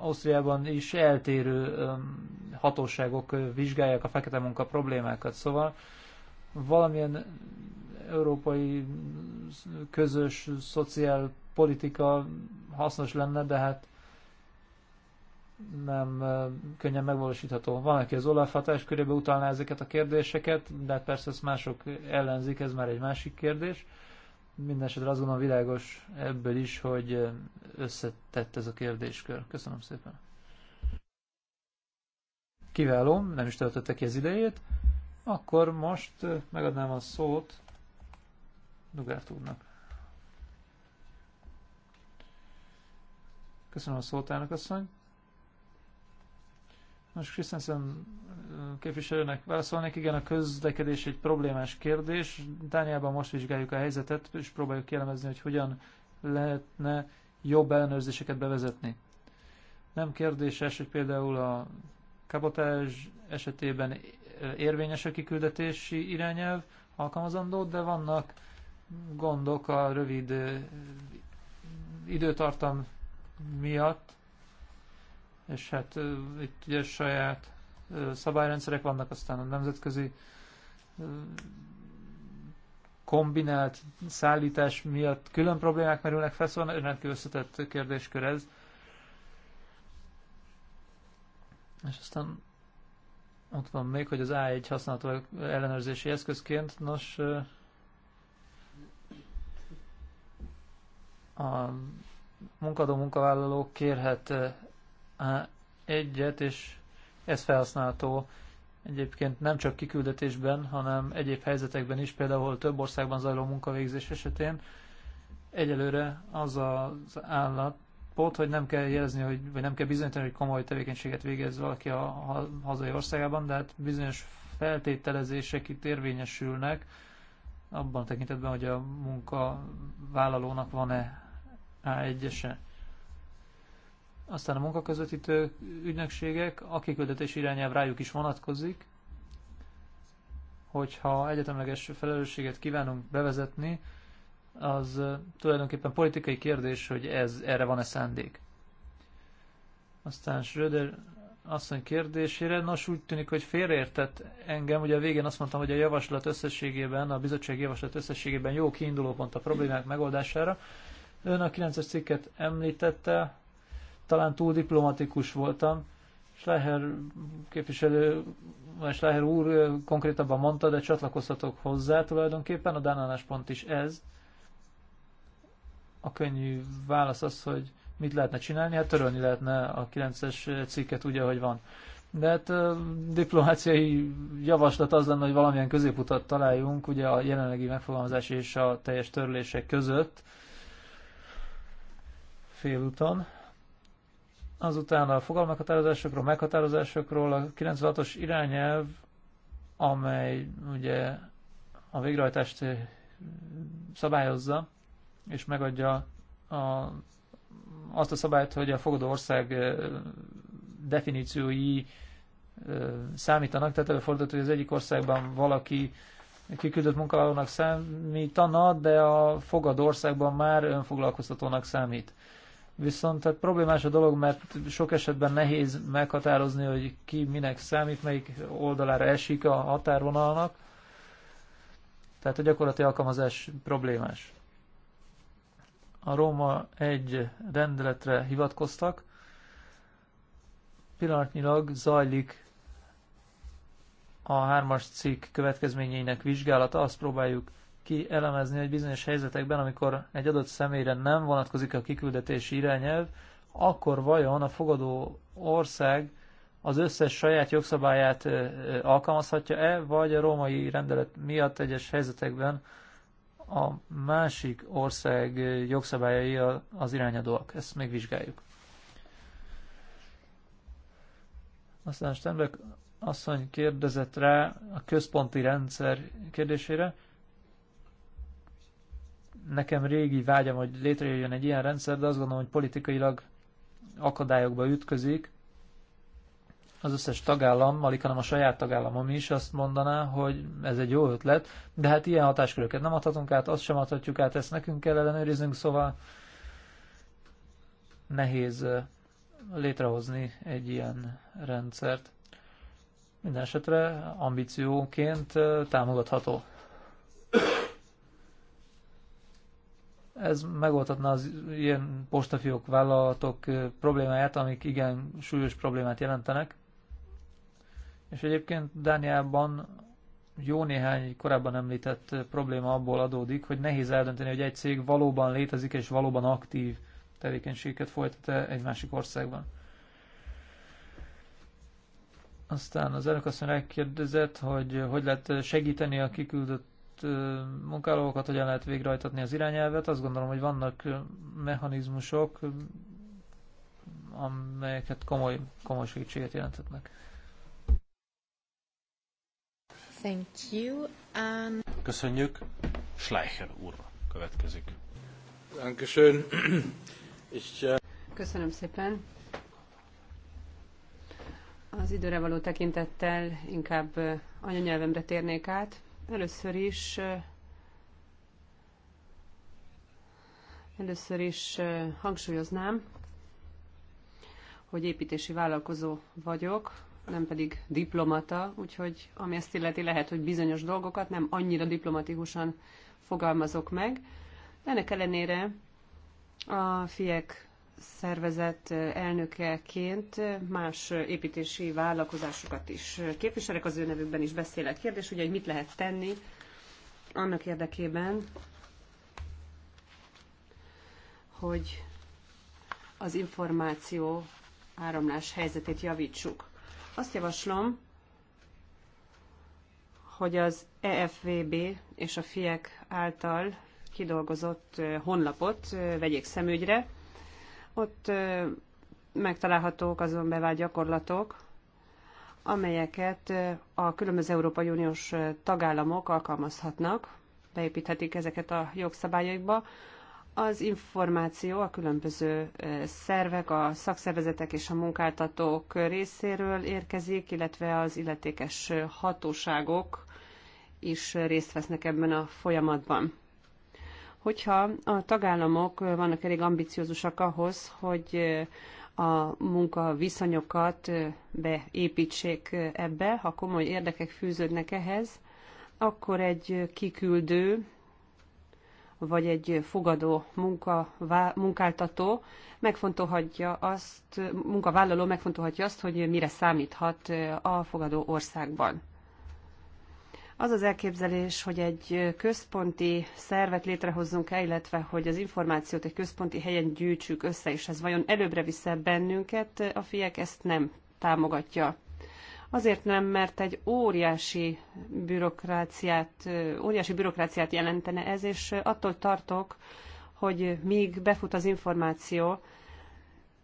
Ausztriában is eltérő hatóságok vizsgálják a fekete munka problémákat, szóval valamilyen európai közös szociálpolitika hasznos lenne, de hát nem könnyen megvalósítható. Van, aki az Olaf körébe utalná ezeket a kérdéseket, de persze ezt mások ellenzik, ez már egy másik kérdés. Mindenesetre azt gondolom világos ebből is, hogy összetett ez a kérdéskör. Köszönöm szépen. Kiváló, nem is töltötte ki az idejét. Akkor most megadnám a szót Dugárt úrnak. Köszönöm a szót, elnök asszony. Nos, Krisztensen képviselőnek válaszolnék. Igen, a közlekedés egy problémás kérdés. Dániában most vizsgáljuk a helyzetet, és próbáljuk kielemezni, hogy hogyan lehetne jobb ellenőrzéseket bevezetni. Nem kérdéses, hogy például a kabotás esetében érvényes a kiküldetési irányelv alkalmazandó, de vannak gondok a rövid időtartam miatt, és hát itt ugye saját szabályrendszerek vannak, aztán a nemzetközi kombinált szállítás miatt külön problémák merülnek fel, szóval rendkívül összetett kérdéskör ez. És aztán ott van még, hogy az A1 használható ellenőrzési eszközként. Nos, a munkadó munkavállaló kérhet egyet, és ez felhasználható egyébként nem csak kiküldetésben, hanem egyéb helyzetekben is, például több országban zajló munkavégzés esetén. Egyelőre az az állapot, hogy nem kell jelezni, hogy, vagy nem kell bizonyítani, hogy komoly tevékenységet végez valaki a hazai országában, de hát bizonyos feltételezések itt érvényesülnek, abban a tekintetben, hogy a munkavállalónak van-e A1-ese. Aztán a munkaközvetítő ügynökségek, a kiküldetés irányelv rájuk is vonatkozik, hogyha egyetemleges felelősséget kívánunk bevezetni, az tulajdonképpen politikai kérdés, hogy ez, erre van-e szándék. Aztán Schröder asszony kérdésére, nos úgy tűnik, hogy félreértett engem, ugye a végén azt mondtam, hogy a javaslat összességében, a bizottság javaslat összességében jó kiinduló pont a problémák megoldására. Ön a 9-es cikket említette, talán túl diplomatikus voltam. Schleher képviselő, és Schleher úr konkrétabban mondta, de csatlakozhatok hozzá tulajdonképpen. A Dánánás pont is ez. A könnyű válasz az, hogy mit lehetne csinálni? Hát törölni lehetne a 9-es cikket úgy, ahogy van. De hát diplomáciai javaslat az lenne, hogy valamilyen középutat találjunk, ugye a jelenlegi megfogalmazás és a teljes törlések között félúton. Azután a fogalmeghatározásokról, meghatározásokról a 96-os irányelv, amely ugye a végrehajtást szabályozza, és megadja a, azt a szabályt, hogy a fogadó ország definíciói számítanak, tehát előfordult, hogy az egyik országban valaki kiküldött munkavállalónak számítana, de a fogadó országban már önfoglalkoztatónak számít. Viszont tehát problémás a dolog, mert sok esetben nehéz meghatározni, hogy ki minek számít, melyik oldalára esik a határvonalnak. Tehát a gyakorlati alkalmazás problémás. A Róma egy rendeletre hivatkoztak. Pillanatnyilag zajlik a hármas cikk következményeinek vizsgálata, azt próbáljuk kielemezni, hogy bizonyos helyzetekben, amikor egy adott személyre nem vonatkozik a kiküldetési irányelv, akkor vajon a fogadó ország az összes saját jogszabályát alkalmazhatja-e, vagy a római rendelet miatt egyes helyzetekben a másik ország jogszabályai az irányadóak. Ezt még vizsgáljuk. Aztán Stenbeck asszony kérdezett rá a központi rendszer kérdésére nekem régi vágyam, hogy létrejöjjön egy ilyen rendszer, de azt gondolom, hogy politikailag akadályokba ütközik. Az összes tagállam, alig hanem a saját tagállamom is azt mondaná, hogy ez egy jó ötlet, de hát ilyen hatásköröket nem adhatunk át, azt sem adhatjuk át, ezt nekünk kell ellenőriznünk, szóval nehéz létrehozni egy ilyen rendszert. Minden esetre ambícióként támogatható. Ez megoldhatna az ilyen postafiók vállalatok problémáját, amik igen súlyos problémát jelentenek. És egyébként Dániában jó néhány korábban említett probléma abból adódik, hogy nehéz eldönteni, hogy egy cég valóban létezik és valóban aktív tevékenységet folytat -e egy másik országban. Aztán az elnök azt megkérdezett, hogy hogy lehet segíteni a kiküldött munkálókat hogyan lehet végrehajtatni az irányelvet. Azt gondolom, hogy vannak mechanizmusok, amelyeket komoly, komoly segítséget jelentetnek. Thank you. Um... Köszönjük. Schleicher úr következik. Dankeschön. Äh, Köszönöm szépen. Az időre való tekintettel inkább anyanyelvemre térnék át. Először is Először is hangsúlyoznám, hogy építési vállalkozó vagyok, nem pedig diplomata, úgyhogy ami ezt illeti lehet, hogy bizonyos dolgokat nem annyira diplomatikusan fogalmazok meg. Ennek ellenére a fiek szervezet elnökeként más építési vállalkozásokat is képviselek, az ő nevükben is beszélek. Kérdés ugye, hogy mit lehet tenni annak érdekében, hogy az információ áramlás helyzetét javítsuk. Azt javaslom, hogy az EFVB és a FIEK által kidolgozott honlapot vegyék szemügyre, ott megtalálhatók azon bevált gyakorlatok, amelyeket a különböző Európai Uniós tagállamok alkalmazhatnak, beépíthetik ezeket a jogszabályaikba. Az információ a különböző szervek, a szakszervezetek és a munkáltatók részéről érkezik, illetve az illetékes hatóságok is részt vesznek ebben a folyamatban. Hogyha a tagállamok vannak elég ambiciózusak ahhoz, hogy a munkaviszonyokat beépítsék ebbe, ha komoly érdekek fűződnek ehhez, akkor egy kiküldő vagy egy fogadó munka, munkáltató megfontolhatja azt, munkavállaló megfontolhatja azt, hogy mire számíthat a fogadó országban. Az az elképzelés, hogy egy központi szervet létrehozzunk el, illetve hogy az információt egy központi helyen gyűjtsük össze, és ez vajon előbbre visze bennünket, a fiek ezt nem támogatja. Azért nem, mert egy óriási bürokráciát, óriási bürokráciát jelentene ez, és attól tartok, hogy míg befut az információ,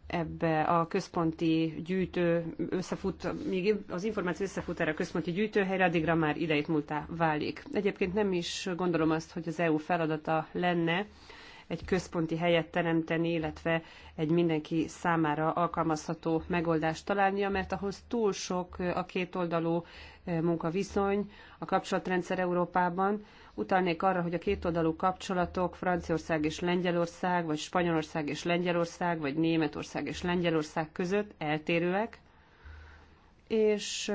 ebbe a központi gyűjtő összefut, még az információ összefut erre a központi gyűjtőhelyre, addigra már idejét múltá válik. Egyébként nem is gondolom azt, hogy az EU feladata lenne egy központi helyet teremteni, illetve egy mindenki számára alkalmazható megoldást találnia, mert ahhoz túl sok a kétoldalú eh, munkaviszony, a kapcsolatrendszer Európában, Utalnék arra, hogy a kétoldalú kapcsolatok Franciaország és Lengyelország, vagy Spanyolország és Lengyelország, vagy Németország és Lengyelország között eltérőek, és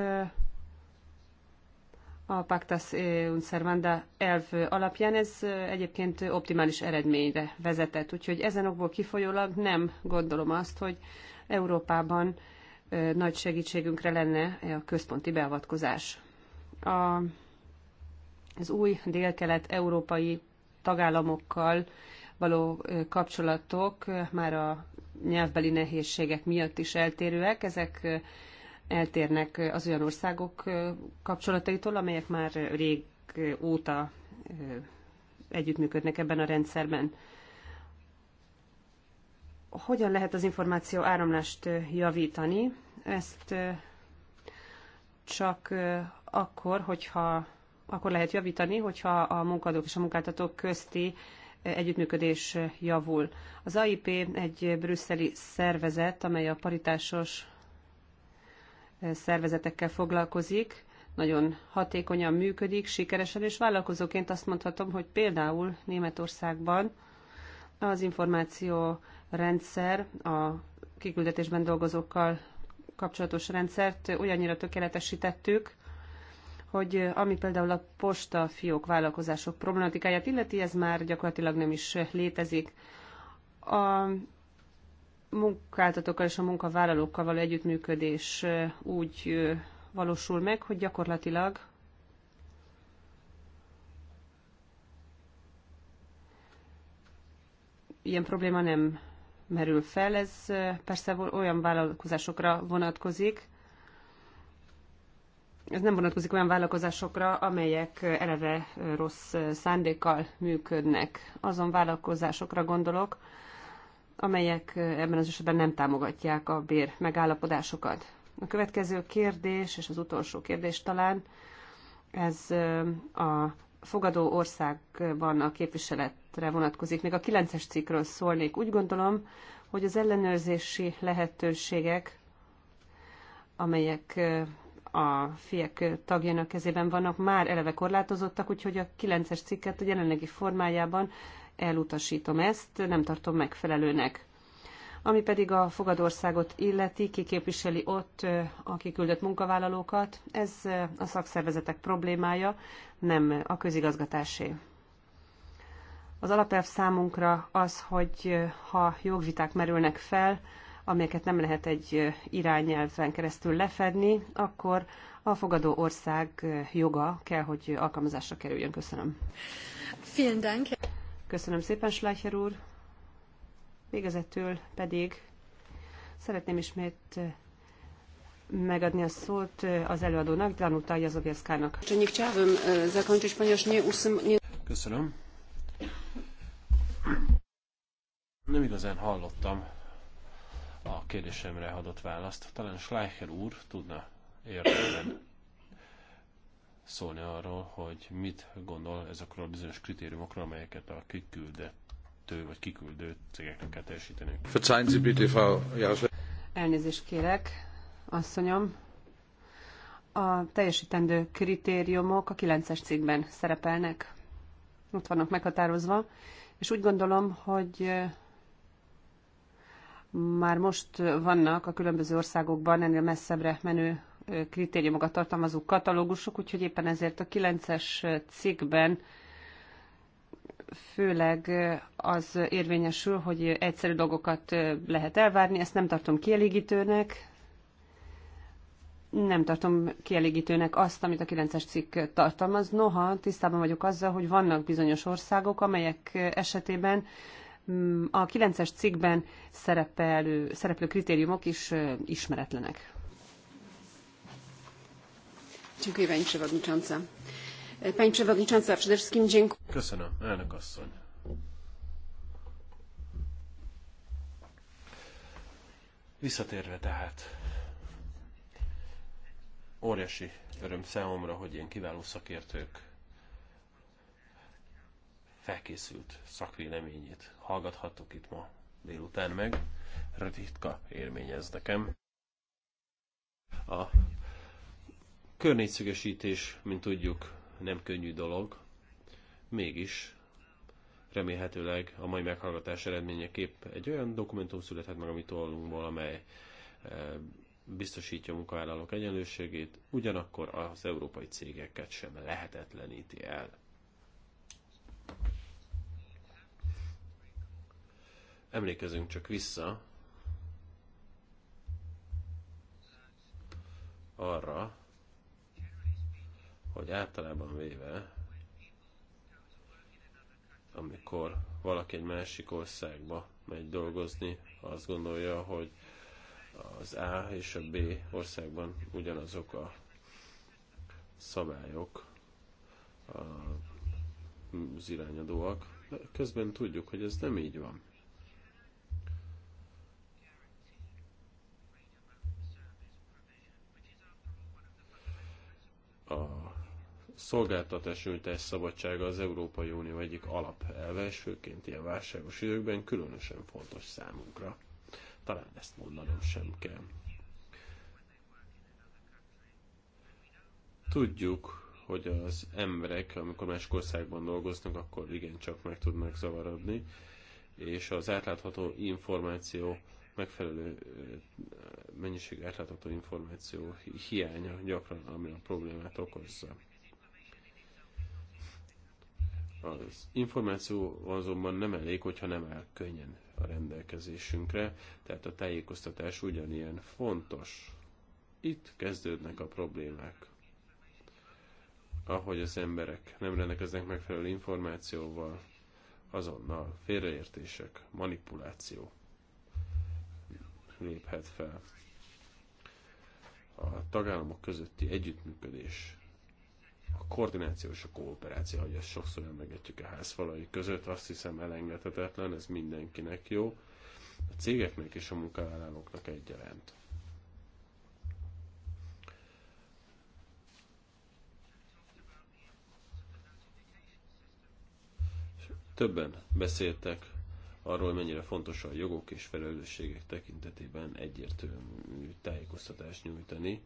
a Pactas e un Servanda elv alapján ez egyébként optimális eredményre vezetett. Úgyhogy ezen okból kifolyólag nem gondolom azt, hogy Európában nagy segítségünkre lenne a központi beavatkozás. A az új délkelet-európai tagállamokkal való kapcsolatok már a nyelvbeli nehézségek miatt is eltérőek. Ezek eltérnek az olyan országok kapcsolataitól, amelyek már rég óta együttműködnek ebben a rendszerben. Hogyan lehet az információ áramlást javítani? Ezt csak akkor, hogyha akkor lehet javítani, hogyha a munkadók és a munkáltatók közti eh, együttműködés eh, javul. Az AIP egy brüsszeli szervezet, amely a paritásos eh, szervezetekkel foglalkozik, nagyon hatékonyan működik, sikeresen, és vállalkozóként azt mondhatom, hogy például Németországban az információ rendszer, a kiküldetésben dolgozókkal kapcsolatos rendszert olyannyira tökéletesítettük, hogy ami például a posta fiók vállalkozások problematikáját illeti, ez már gyakorlatilag nem is létezik. A munkáltatókkal és a munkavállalókkal való együttműködés úgy valósul meg, hogy gyakorlatilag ilyen probléma nem merül fel. Ez persze olyan vállalkozásokra vonatkozik, ez nem vonatkozik olyan vállalkozásokra, amelyek eleve rossz szándékkal működnek. Azon vállalkozásokra gondolok, amelyek ebben az esetben nem támogatják a bér megállapodásokat. A következő kérdés, és az utolsó kérdés talán, ez a fogadó országban a képviseletre vonatkozik. Még a 9-es cikkről szólnék. Úgy gondolom, hogy az ellenőrzési lehetőségek, amelyek a fiek tagjának kezében vannak, már eleve korlátozottak, úgyhogy a 9-es cikket a jelenlegi formájában elutasítom ezt, nem tartom megfelelőnek. Ami pedig a fogadországot illeti, kiképviseli ott a kiküldött munkavállalókat, ez a szakszervezetek problémája, nem a közigazgatásé. Az alapelv számunkra az, hogy ha jogviták merülnek fel, amelyeket nem lehet egy irányelven keresztül lefedni, akkor a fogadó ország joga kell, hogy alkalmazásra kerüljön. Köszönöm. Vielen Dank. Köszönöm szépen, Schleicher úr. Végezetül pedig szeretném ismét megadni a szót az előadónak, Danuta Jazowierszkának. E, Köszönöm. Nem igazán hallottam a kérdésemre adott választ. Talán Schleicher úr tudna értelemben szólni arról, hogy mit gondol ezekről a bizonyos kritériumokról, amelyeket a kiküldető vagy kiküldő cégeknek kell teljesíteni. Elnézést kérek, asszonyom. A teljesítendő kritériumok a 9-es cikkben szerepelnek. Ott vannak meghatározva, és úgy gondolom, hogy már most vannak a különböző országokban ennél messzebbre menő kritériumokat tartalmazó katalógusok, úgyhogy éppen ezért a 9-es cikkben főleg az érvényesül, hogy egyszerű dolgokat lehet elvárni, ezt nem tartom kielégítőnek, nem tartom kielégítőnek azt, amit a 9-es cikk tartalmaz. Noha tisztában vagyok azzal, hogy vannak bizonyos országok, amelyek esetében Mm, a 9-es cikkben szerepelő, szereplő kritériumok is ismeretlenek. Dziękuję Pani Przewodnicząca. E, pani Przewodnicząca, przede wszystkim dziękuję. Köszönöm, elnök asszony. Visszatérve tehát, óriási öröm számomra, hogy ilyen kiváló szakértők felkészült szakvéleményét hallgathattuk itt ma délután meg. Ritka élmény ez nekem. A környékszögesítés, mint tudjuk, nem könnyű dolog, mégis remélhetőleg a mai meghallgatás eredményeképp egy olyan dokumentum születhet meg a mi tollunkból, amely e, biztosítja a munkavállalók egyenlőségét, ugyanakkor az európai cégeket sem lehetetleníti el. Emlékezünk csak vissza arra, hogy általában véve, amikor valaki egy másik országba megy dolgozni, azt gondolja, hogy az A és a B országban ugyanazok a szabályok az irányadóak. De közben tudjuk, hogy ez nem így van. a nyújtás szabadsága az Európai Unió egyik alapelve, és főként ilyen válságos időkben különösen fontos számunkra. Talán ezt mondanom sem kell. Tudjuk, hogy az emberek, amikor más országban dolgoznak, akkor igencsak meg tudnak zavarodni, és az átlátható információ megfelelő mennyiség átlátható információ hiánya gyakran, ami a problémát okozza. Az információ azonban nem elég, hogyha nem áll könnyen a rendelkezésünkre, tehát a tájékoztatás ugyanilyen fontos. Itt kezdődnek a problémák. Ahogy az emberek nem rendelkeznek megfelelő információval, azonnal félreértések, manipuláció léphet fel. A tagállamok közötti együttműködés, a koordináció és a kooperáció, hogy ezt sokszor emlegetjük a házfalai között, azt hiszem elengedhetetlen, ez mindenkinek jó, a cégeknek és a munkavállalóknak egyaránt. többen beszéltek arról, mennyire fontos a jogok és felelősségek tekintetében egyértelmű tájékoztatást nyújtani.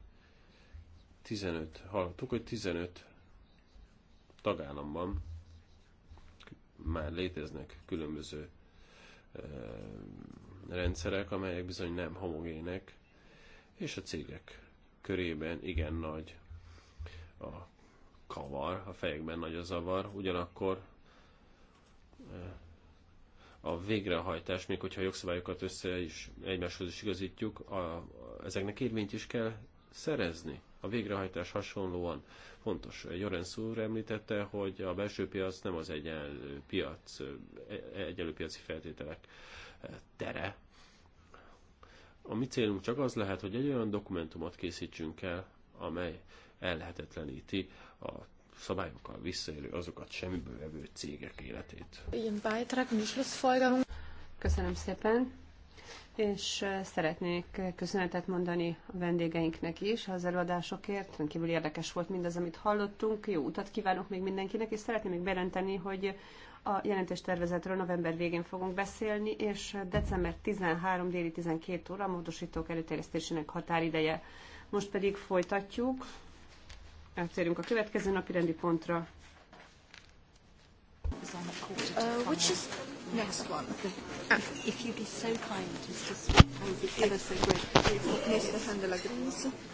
15, hallottuk, hogy 15 tagállamban már léteznek különböző e, rendszerek, amelyek bizony nem homogének, és a cégek körében igen nagy a kavar, a fejekben nagy a zavar, ugyanakkor e, a végrehajtás, még hogyha a jogszabályokat össze is egymáshoz is igazítjuk, a, ezeknek érvényt is kell szerezni. A végrehajtás hasonlóan fontos. Jorenz úr említette, hogy a belső piac nem az egyenlő piac, e, egyenlő piaci feltételek e, tere. A mi célunk csak az lehet, hogy egy olyan dokumentumot készítsünk el, amely ellehetetleníti a szabályokkal visszaélő, azokat semmiből evő cégek életét. Köszönöm szépen, és szeretnék köszönetet mondani a vendégeinknek is az előadásokért. Rendkívül érdekes volt mindaz, amit hallottunk. Jó utat kívánok még mindenkinek, és szeretném még bejelenteni, hogy a jelentéstervezetről november végén fogunk beszélni, és december 13 déli 12 óra a módosítók előterjesztésének határideje. Most pedig folytatjuk Áttérünk a következő napi rendi pontra. Uh, which is next one? Ah. If you'd be so kind as to speak, I would be so grateful. Mr. Handel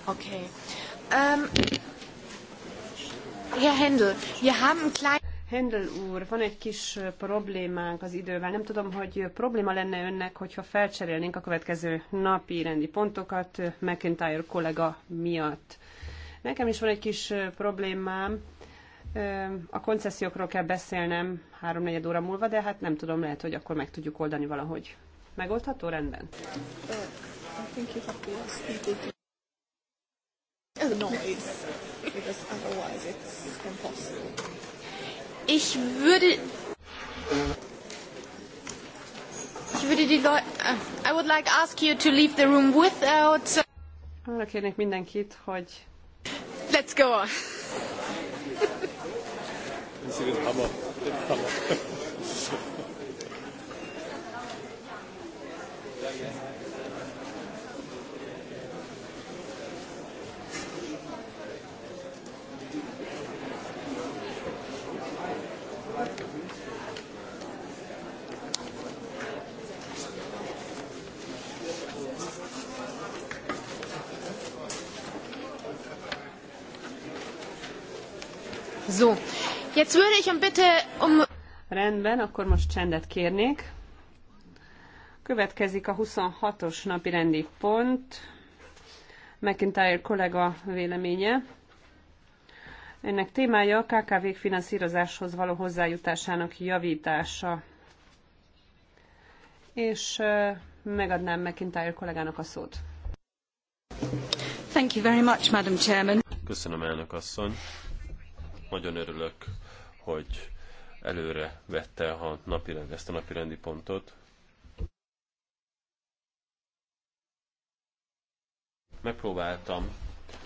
Okay. Um, Herr Händel, wir haben klein... Händel úr, van egy kis problémánk az idővel. Nem tudom, hogy probléma lenne önnek, hogyha felcserélnénk a következő napi rendi pontokat McIntyre kollega miatt. Nekem is van egy kis problémám. A koncesziókról kell beszélnem háromnegyed óra múlva, de hát nem tudom, lehet, hogy akkor meg tudjuk oldani valahogy. Megoldható? Rendben. Oh, ich würde Ich würde die Leute, äh, I would like ask you to leave the room without. Arra kérnék mindenkit, hogy Let's go on. Ez egy hamar. hamar. Jetzt würde ich um bitte um... Rendben, akkor most csendet kérnék. Következik a 26-os napi rendi pont. McIntyre kollega véleménye. Ennek témája a kkv finanszírozáshoz való hozzájutásának javítása. És megadnám McIntyre kollégának a szót. Thank you very much, Madam Chairman. Köszönöm, elnök asszony. Nagyon örülök hogy előre vette a napirend, ezt a napirendi pontot. Megpróbáltam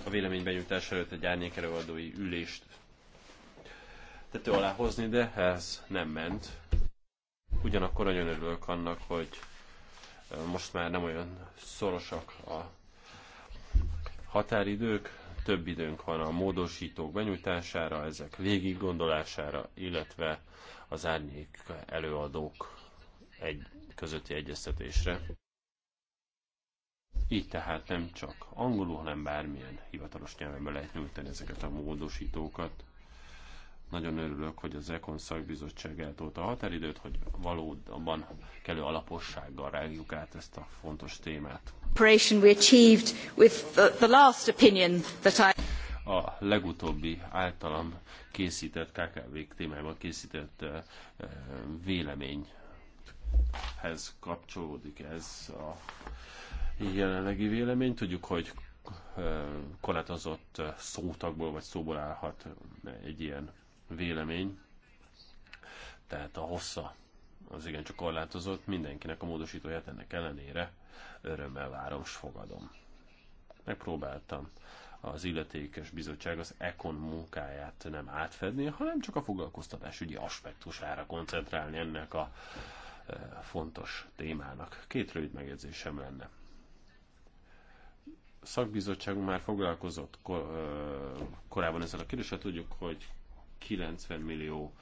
a véleménybenyújtás előtt egy árnyékelőadói ülést tető alá hozni, de ez nem ment. Ugyanakkor nagyon örülök annak, hogy eh, most már nem olyan szorosak a határidők, több időnk van a módosítók benyújtására, ezek végig gondolására, illetve az árnyék előadók egy közötti egyeztetésre. Így tehát nem csak angolul, hanem bármilyen hivatalos nyelven be lehet nyújtani ezeket a módosítókat. Nagyon örülök, hogy az Ekon szakbizottság eltolta a határidőt, hogy valóban kellő alapossággal rágjuk át ezt a fontos témát. A legutóbbi általam készített KKV témában készített véleményhez kapcsolódik ez a jelenlegi vélemény. Tudjuk, hogy korlátozott szótagból vagy szóból állhat egy ilyen vélemény, tehát a hossza az igencsak korlátozott, mindenkinek a módosítóját ennek ellenére örömmel várom és fogadom. Megpróbáltam az illetékes bizottság az ECON munkáját nem átfedni, hanem csak a foglalkoztatás ügyi aspektusára koncentrálni ennek a e, fontos témának. Két rövid megjegyzésem lenne. A szakbizottságunk már foglalkozott kor, e, korábban ezzel a kérdéssel, tudjuk, hogy 90 millió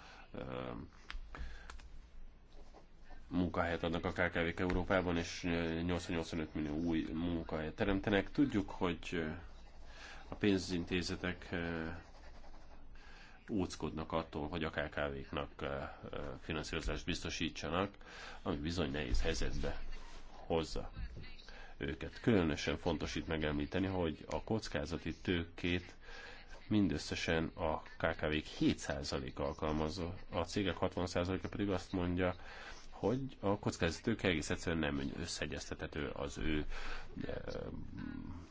munkahelyet adnak a KKV-k Európában, és 885 millió új munkahelyet teremtenek. Tudjuk, hogy a pénzintézetek óckodnak attól, hogy a KKV-knak finanszírozást biztosítsanak, ami bizony nehéz helyzetbe hozza őket. Különösen fontos itt megemlíteni, hogy a kockázati tőkét mindösszesen a KKV-k 7% alkalmazza, a cégek 60%-a pedig azt mondja, hogy a kockázatők egész egyszerűen nem összeegyeztethető az ő e,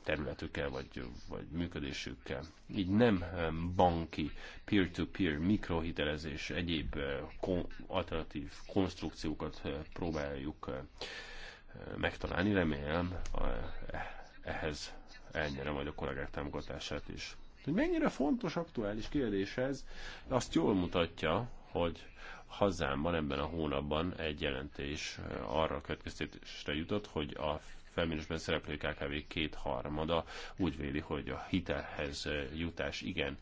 területükkel vagy, vagy működésükkel. Így nem e, banki, peer-to-peer, -peer, mikrohitelezés, egyéb e, kon- alternatív konstrukciókat próbáljuk megtalálni. Remélem ehhez elnyere majd a kollégák támogatását is. Hogy mennyire fontos, aktuális kérdés ez, azt jól mutatja, hogy hazámban ebben a hónapban egy jelentés arra a következtetésre jutott, hogy a felmérésben szereplő KKV kétharmada úgy véli, hogy a hitelhez jutás igen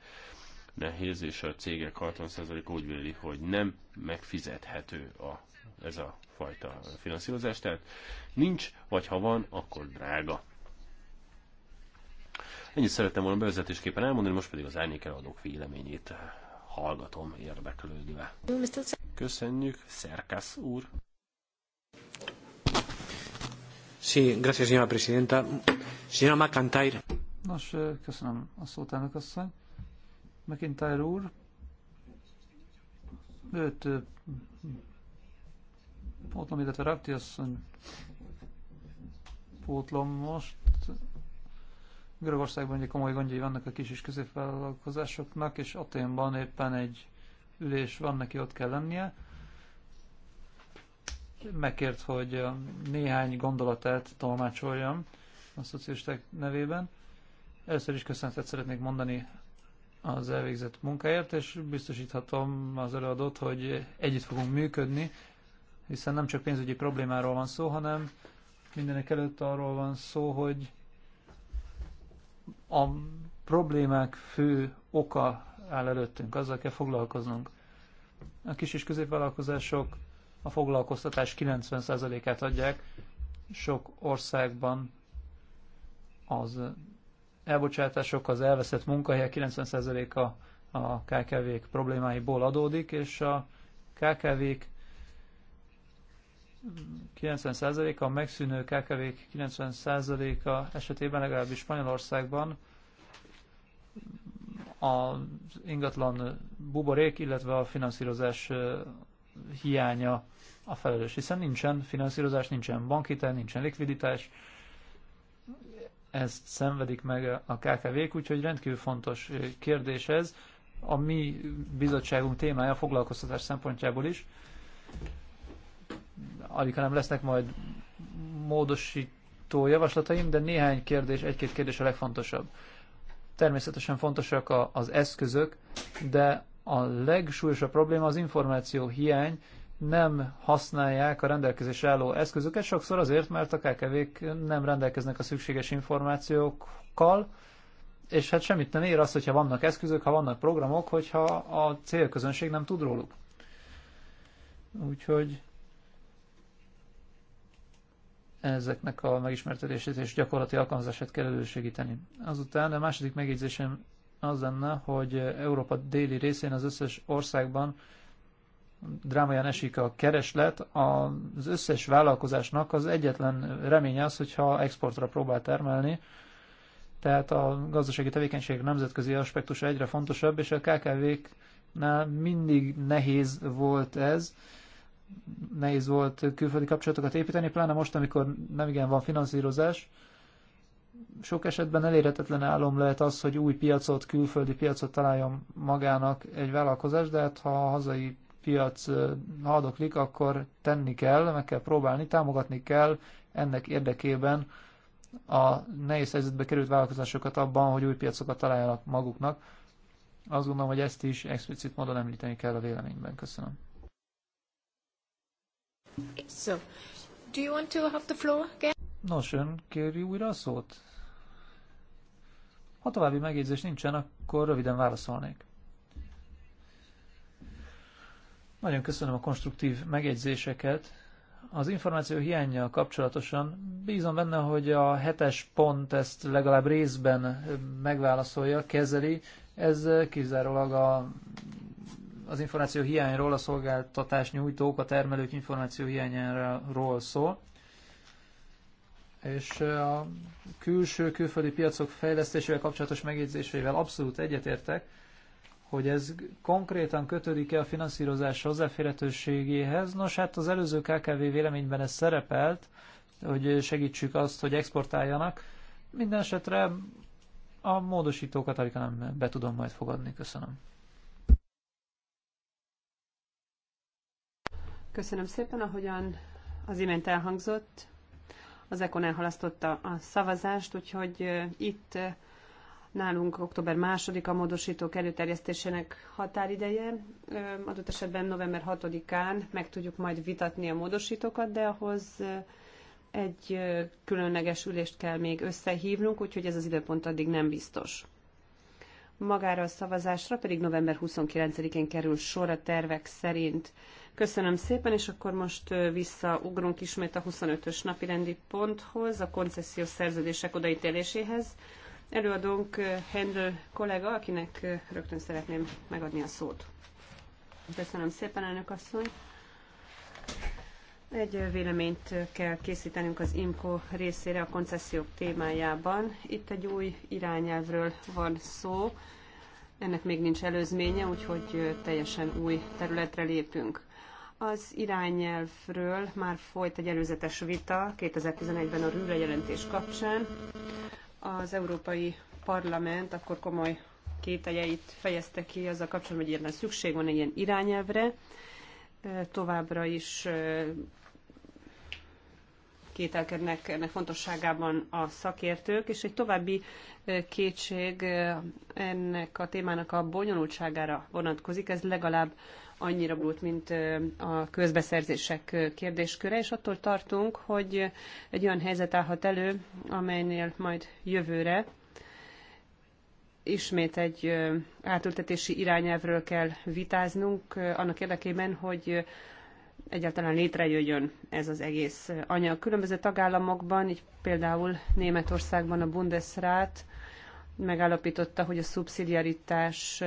nehéz, és a cégek 60%-a úgy véli, hogy nem megfizethető a, ez a fajta finanszírozás, tehát nincs, vagy ha van, akkor drága. Ennyit szerettem volna bevezetésképpen elmondani, most pedig az árnyékeladók véleményét hallgatom érdeklődve. Köszönjük, Szerkász úr! Sí, gracias, señora presidenta. Señora McIntyre. Nos, köszönöm a szót, elnök asszony. McIntyre úr, őt pótlom, illetve Rapti asszony pótlom most. Görögországban ugye komoly gondjai vannak a kis és középvállalkozásoknak, és Aténban éppen egy ülés van, neki ott kell lennie. Megkért, hogy néhány gondolatát tolmácsoljam a szocialisták nevében. Először is köszönetet szeretnék mondani az elvégzett munkáért, és biztosíthatom az előadót, hogy együtt fogunk működni, hiszen nem csak pénzügyi problémáról van szó, hanem mindenek előtt arról van szó, hogy a problémák fő oka áll előttünk, azzal kell foglalkoznunk. A kis és középvállalkozások a foglalkoztatás 90%-át adják, sok országban az elbocsátások, az elveszett munkahelyek 90%-a a, a KKV-k problémáiból adódik, és a KKV-k 90%-a, a megszűnő kkv 90%-a esetében legalábbis Spanyolországban a ingatlan buborék, illetve a finanszírozás hiánya a felelős, hiszen nincsen finanszírozás, nincsen bankhitel, nincsen likviditás, ezt szenvedik meg a KKV-k, úgyhogy rendkívül fontos kérdés ez, a mi bizottságunk témája a foglalkoztatás szempontjából is alig, hanem lesznek majd módosító javaslataim, de néhány kérdés, egy-két kérdés a legfontosabb. Természetesen fontosak a, az eszközök, de a legsúlyosabb probléma az információ hiány, nem használják a rendelkezés álló eszközöket, sokszor azért, mert a kkv nem rendelkeznek a szükséges információkkal, és hát semmit nem ér az, hogyha vannak eszközök, ha vannak programok, hogyha a célközönség nem tud róluk. Úgyhogy ezeknek a megismertetését és gyakorlati alkalmazását kell elősegíteni. Azután a második megjegyzésem az lenne, hogy Európa déli részén az összes országban drámaian esik a kereslet, az összes vállalkozásnak az egyetlen remény az, hogyha exportra próbál termelni, tehát a gazdasági tevékenység nemzetközi aspektusa egyre fontosabb, és a KKV-knál mindig nehéz volt ez, nehéz volt külföldi kapcsolatokat építeni, pláne most, amikor nem igen van finanszírozás. Sok esetben elérhetetlen álom lehet az, hogy új piacot, külföldi piacot találjon magának egy vállalkozás, de hát ha a hazai piac haldoklik, akkor tenni kell, meg kell próbálni, támogatni kell ennek érdekében a nehéz helyzetbe került vállalkozásokat abban, hogy új piacokat találjanak maguknak. Azt gondolom, hogy ezt is explicit módon említeni kell a véleményben. Köszönöm. So, do you want to have the floor again? Nos, ön kéri újra a szót? Ha további megjegyzés nincsen, akkor röviden válaszolnék. Nagyon köszönöm a konstruktív megjegyzéseket. Az információ hiánya kapcsolatosan bízom benne, hogy a hetes pont ezt legalább részben megválaszolja, kezeli. Ez kizárólag a az információ hiányról, a szolgáltatás nyújtók, a termelők információ hiányáról szól. És a külső, külföldi piacok fejlesztésével kapcsolatos megjegyzéseivel abszolút egyetértek, hogy ez konkrétan kötődik-e a finanszírozás hozzáférhetőségéhez. Nos, hát az előző KKV véleményben ez szerepelt, hogy segítsük azt, hogy exportáljanak. Minden esetre a módosítókat, amiket nem be tudom majd fogadni. Köszönöm. Köszönöm szépen, ahogyan az imént elhangzott, az ECON elhalasztotta a szavazást, úgyhogy itt nálunk október második a módosítók előterjesztésének határideje. Adott esetben november 6-án meg tudjuk majd vitatni a módosítókat, de ahhoz egy különleges ülést kell még összehívnunk, úgyhogy ez az időpont addig nem biztos magára a szavazásra pedig november 29-én kerül sor a tervek szerint. Köszönöm szépen, és akkor most visszaugrunk ismét a 25-ös napi rendi ponthoz, a koncesziós szerződések odaítéléséhez. Előadónk Hendel kollega, akinek rögtön szeretném megadni a szót. Köszönöm szépen, elnök asszony! Egy véleményt kell készítenünk az IMCO részére a koncesziók témájában. Itt egy új irányelvről van szó. Ennek még nincs előzménye, úgyhogy teljesen új területre lépünk. Az irányelvről már folyt egy előzetes vita 2011-ben a Rüle jelentés kapcsán. Az Európai Parlament akkor komoly kételjeit fejezte ki az a kapcsolatban, hogy ilyen szükség van egy ilyen irányelvre. Továbbra is kételkednek ennek fontosságában a szakértők, és egy további kétség ennek a témának a bonyolultságára vonatkozik. Ez legalább annyira volt, mint a közbeszerzések kérdésköre, és attól tartunk, hogy egy olyan helyzet állhat elő, amelynél majd jövőre ismét egy átültetési irányelvről kell vitáznunk, annak érdekében, hogy egyáltalán létrejöjjön ez az egész anyag. Különböző tagállamokban, így például Németországban a Bundesrat megállapította, hogy a szubszidiaritás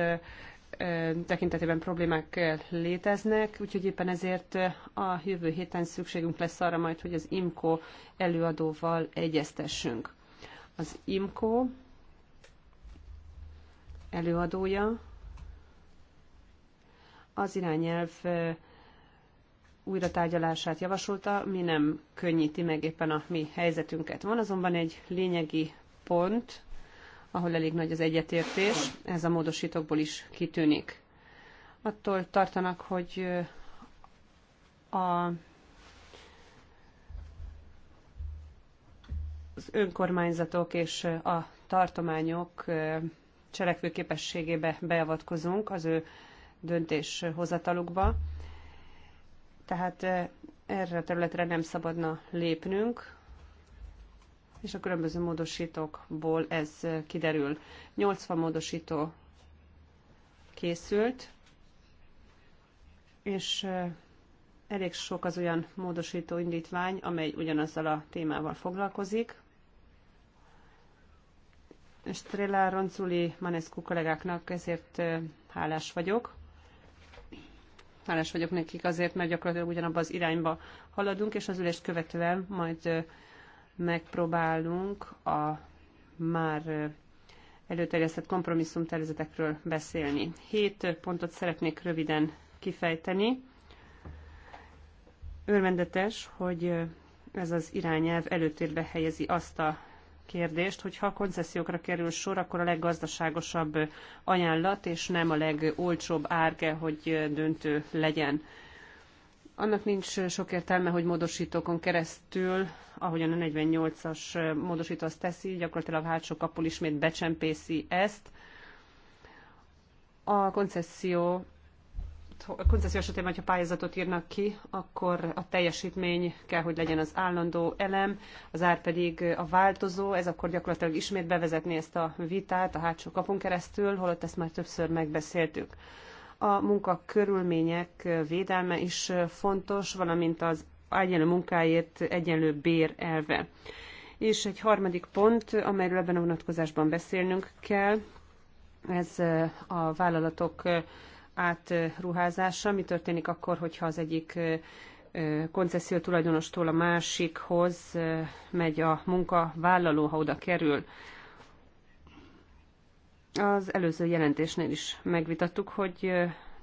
tekintetében problémák léteznek, úgyhogy éppen ezért a jövő héten szükségünk lesz arra majd, hogy az IMCO előadóval egyeztessünk. Az IMCO előadója az irányelv újra tárgyalását javasolta, mi nem könnyíti meg éppen a mi helyzetünket. Van azonban egy lényegi pont, ahol elég nagy az egyetértés, ez a módosítókból is kitűnik. Attól tartanak, hogy a az önkormányzatok és a tartományok cselekvőképességébe beavatkozunk, az ő döntéshozatalukba. Tehát erre a területre nem szabadna lépnünk, és a különböző módosítókból ez kiderül. 80 módosító készült, és elég sok az olyan módosító indítvány, amely ugyanazzal a témával foglalkozik. Strela Ronculi Manescu kollégáknak ezért hálás vagyok hálás vagyok nekik azért, mert gyakorlatilag ugyanabban az irányba haladunk, és az ülést követően majd megpróbálunk a már előterjesztett tervezetekről beszélni. Hét pontot szeretnék röviden kifejteni. Örvendetes, hogy ez az irányelv előtérbe helyezi azt a kérdést, hogy ha koncesziókra kerül sor, akkor a leggazdaságosabb ajánlat, és nem a legolcsóbb ár kell, hogy döntő legyen. Annak nincs sok értelme, hogy módosítókon keresztül, ahogyan a 48-as módosító azt teszi, gyakorlatilag hátsó kapul ismét becsempészi ezt. A koncesszió a koncesszió esetében, hogyha pályázatot írnak ki, akkor a teljesítmény kell, hogy legyen az állandó elem, az ár pedig a változó, ez akkor gyakorlatilag ismét bevezetni ezt a vitát a hátsó kapun keresztül, holott ezt már többször megbeszéltük. A munka körülmények védelme is fontos, valamint az egyenlő munkáért egyenlő bér elve. És egy harmadik pont, amelyről ebben a vonatkozásban beszélnünk kell, ez a vállalatok átruházása. Mi történik akkor, hogyha az egyik koncesszió tulajdonostól a másikhoz megy a munkavállaló, ha oda kerül. Az előző jelentésnél is megvitattuk, hogy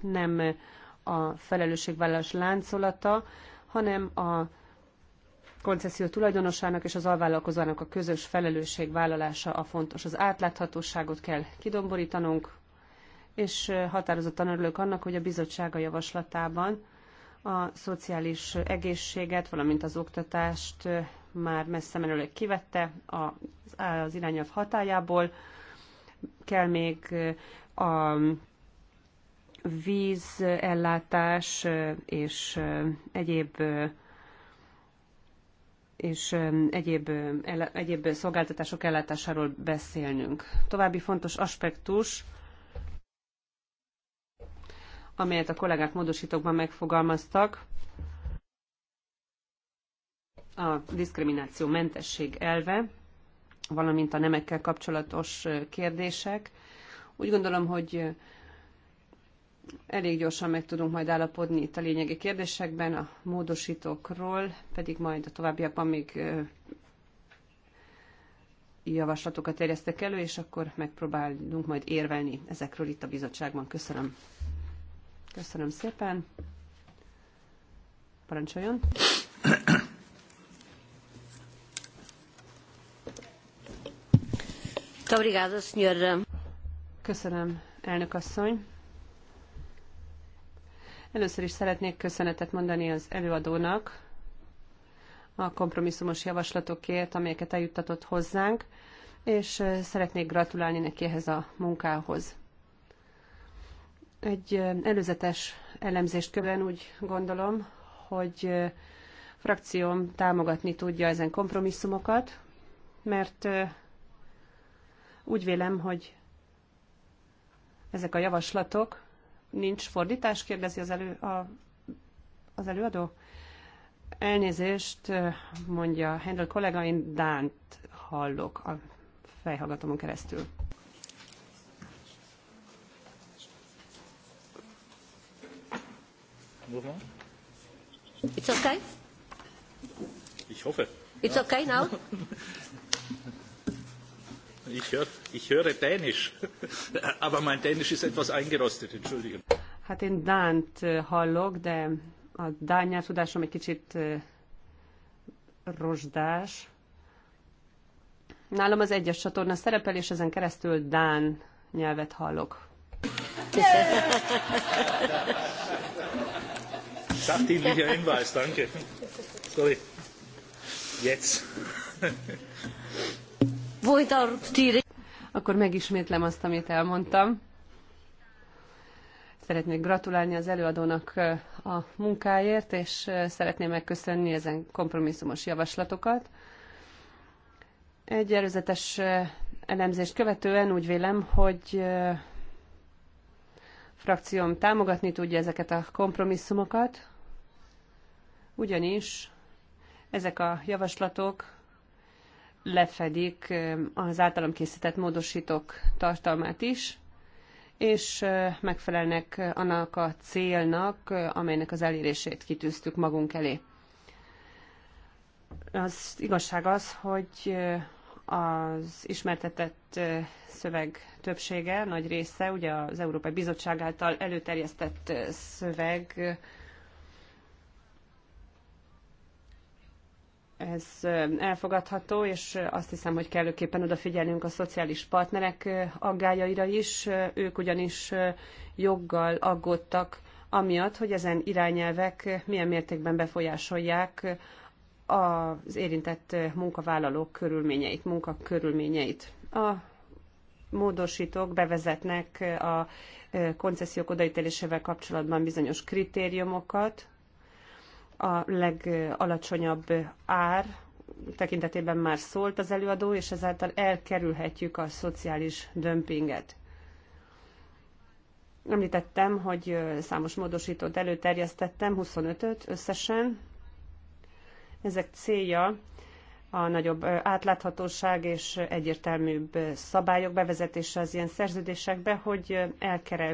nem a felelősségvállalás láncolata, hanem a koncesszió tulajdonosának és az alvállalkozónak a közös felelősségvállalása a fontos. Az átláthatóságot kell kidomborítanunk, és határozottan örülök annak, hogy a bizottsága javaslatában a szociális egészséget, valamint az oktatást már messze menőleg kivette az irányelv hatájából. Kell még a vízellátás és egyéb és egyéb, egyéb szolgáltatások ellátásáról beszélnünk. További fontos aspektus, amelyet a kollégák módosítókban megfogalmaztak, a diszkrimináció mentesség elve, valamint a nemekkel kapcsolatos kérdések. Úgy gondolom, hogy elég gyorsan meg tudunk majd állapodni itt a lényegi kérdésekben, a módosítókról, pedig majd a továbbiakban még javaslatokat terjesztek elő, és akkor megpróbálunk majd érvelni ezekről itt a bizottságban. Köszönöm. Köszönöm szépen. Parancsoljon. Köszönöm, elnök asszony. Először is szeretnék köszönetet mondani az előadónak a kompromisszumos javaslatokért, amelyeket eljuttatott hozzánk, és szeretnék gratulálni neki ehhez a munkához. Egy előzetes elemzést követően úgy gondolom, hogy frakcióm támogatni tudja ezen kompromisszumokat, mert úgy vélem, hogy ezek a javaslatok, nincs fordítás, kérdezi az, elő, a, az előadó. Elnézést, mondja Hendel kollega, én Dánt hallok a fejhallgatomon keresztül. Mouvement? It's okay? Ich hoffe. It's okay now? Ich, hör, ich höre Dänisch, aber mein Dänisch ist etwas eingerostet, entschuldigen. Hát én Dánt hallok, de a Dán nyelvtudásom egy kicsit rozsdás. Nálam az egyes csatorna szerepel, és ezen keresztül Dán nyelvet hallok. Yeah! Sachdienlicher Hinweis, danke. Sorry. Jetzt. Akkor megismétlem azt, amit elmondtam. Szeretnék gratulálni az előadónak eh, a munkáért, és eh, szeretném megköszönni ezen kompromisszumos javaslatokat. Egy előzetes eh, elemzést követően úgy vélem, hogy frakcióm támogatni tudja ezeket a kompromisszumokat, ugyanis ezek a javaslatok lefedik eh, az általam készített módosítók tartalmát is, és eh, megfelelnek annak a célnak, eh, amelynek az elérését kitűztük magunk elé. Az igazság az, hogy az ismertetett szöveg többsége, nagy része, ugye az Európai Bizottság által előterjesztett szöveg, ez elfogadható, és azt hiszem, hogy kellőképpen odafigyelünk a szociális partnerek aggájaira is. Ők ugyanis joggal aggódtak amiatt, hogy ezen irányelvek milyen mértékben befolyásolják az érintett munkavállalók körülményeit, munkakörülményeit. A módosítók bevezetnek a koncesziók odaítélésével kapcsolatban bizonyos kritériumokat, a legalacsonyabb ár tekintetében már szólt az előadó, és ezáltal elkerülhetjük a szociális dömpinget. Említettem, hogy számos módosítót előterjesztettem, 25-öt összesen, ezek célja a nagyobb átláthatóság és egyértelműbb szabályok bevezetése az ilyen szerződésekbe, hogy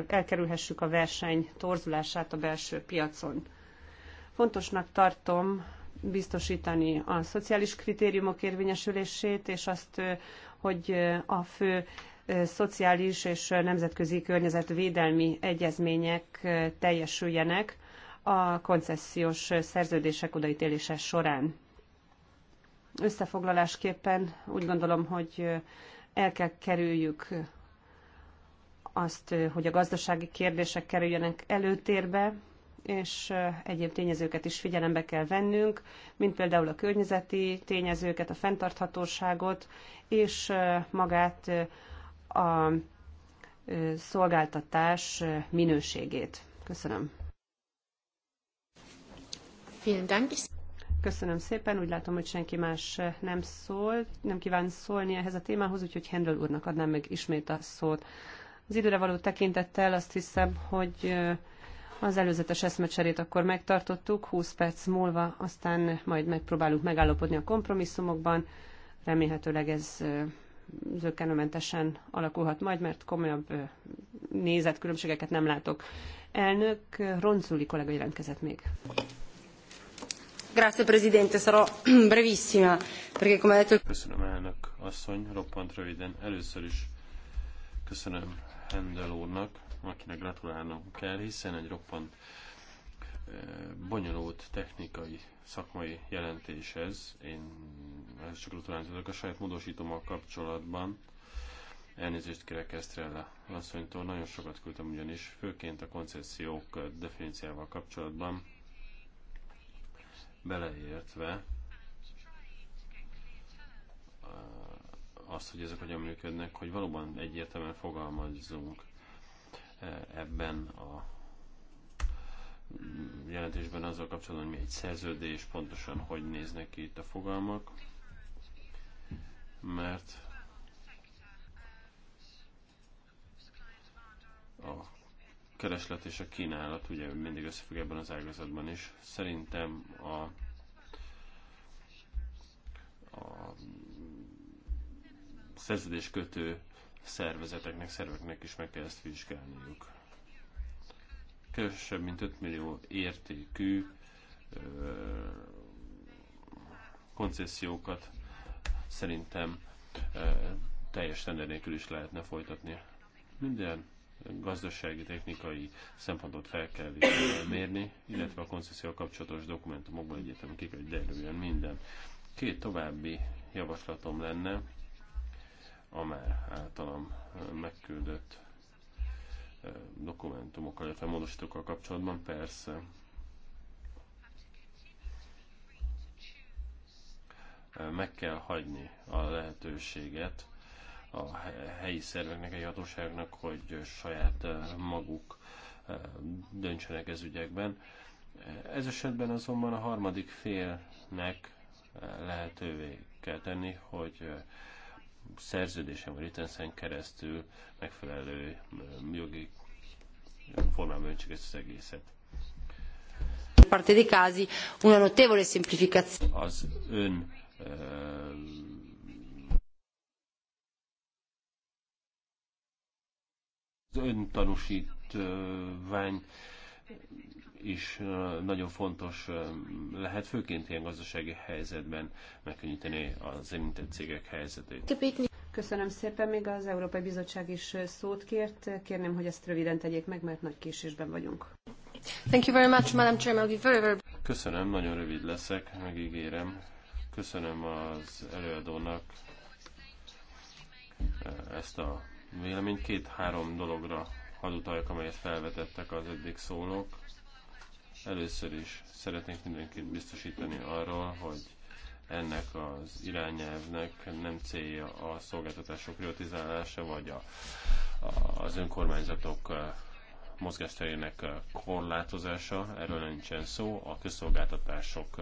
elkerülhessük a verseny torzulását a belső piacon. Fontosnak tartom biztosítani a szociális kritériumok érvényesülését, és azt, hogy a fő szociális és nemzetközi környezetvédelmi egyezmények teljesüljenek, a koncesziós szerződések odaítélése során. Összefoglalásképpen úgy gondolom, hogy el kell kerüljük azt, hogy a gazdasági kérdések kerüljenek előtérbe, és egyéb tényezőket is figyelembe kell vennünk, mint például a környezeti tényezőket, a fenntarthatóságot, és magát a szolgáltatás minőségét. Köszönöm. Köszönöm szépen, úgy látom, hogy senki más nem szól, nem kíván szólni ehhez a témához, úgyhogy Hendel úrnak adnám meg ismét a szót. Az időre való tekintettel azt hiszem, hogy az előzetes eszmecserét akkor megtartottuk, 20 perc múlva, aztán majd megpróbálunk megállapodni a kompromisszumokban. Remélhetőleg ez zöggenőmentesen alakulhat majd, mert komolyabb nézetkülönbségeket nem látok. Elnök Roncúli kollega jelentkezett még. Grazie Presidente, sarò brevissima, perché come detto... Köszönöm elnök asszony, roppant röviden. Először is köszönöm Hendel úrnak, akinek gratulálnom kell, hiszen egy roppant eh, bonyolult technikai, szakmai jelentés ez. Én ezt csak gratulálni tudok a saját módosítómmal kapcsolatban. Elnézést kérek Esztrella asszonytól, nagyon sokat küldtem ugyanis, főként a koncesziók eh, definíciával kapcsolatban beleértve eh, azt, hogy ezek hogyan működnek, hogy valóban egyértelműen fogalmazzunk eh, ebben a jelentésben azzal kapcsolatban, hogy mi egy szerződés, pontosan hogy néznek ki itt a fogalmak, mert a kereslet és a kínálat ugye mindig összefügg ebben az ágazatban is. Szerintem a, a szerződéskötő szervezeteknek, szerveknek is meg kell ezt vizsgálniuk. Kevesebb, mint 5 millió értékű ö, koncesziókat szerintem ö, teljes tender is lehetne folytatni. Minden gazdasági, technikai szempontot fel kell mérni, illetve a koncesszió kapcsolatos dokumentumokban egyetem ki, hogy derüljön minden. Két további javaslatom lenne a már általam megküldött dokumentumokkal, illetve módosítókkal kapcsolatban. Persze meg kell hagyni a lehetőséget, a helyi szerveknek, egy hatóságnak, hogy saját eh, maguk eh, döntsenek ez ügyekben. Eh, ez esetben azonban a harmadik félnek lehetővé kell tenni, hogy szerződésen vagy ritenszen keresztül megfelelő jogi formában öntsük ezt az egészet. parte dei casi una notevole semplificazione. Az ön öntanúsítvány is nagyon fontos lehet, főként ilyen gazdasági helyzetben megkönnyíteni az érintett cégek helyzetét. Köszönöm szépen, még az Európai Bizottság is szót kért. Kérném, hogy ezt röviden tegyék meg, mert nagy késésben vagyunk. Thank you very much, Madam Chairman. I'll be very, very... Köszönöm, nagyon rövid leszek, megígérem. Köszönöm az előadónak ezt a vélemény. Két-három dologra hadd utaljak, amelyet felvetettek az eddig szólók. Először is szeretnék mindenkit biztosítani arról, hogy ennek az irányelvnek nem célja a szolgáltatások privatizálása, vagy a, a, az önkormányzatok mozgásterének korlátozása, erről nincsen szó, a közszolgáltatások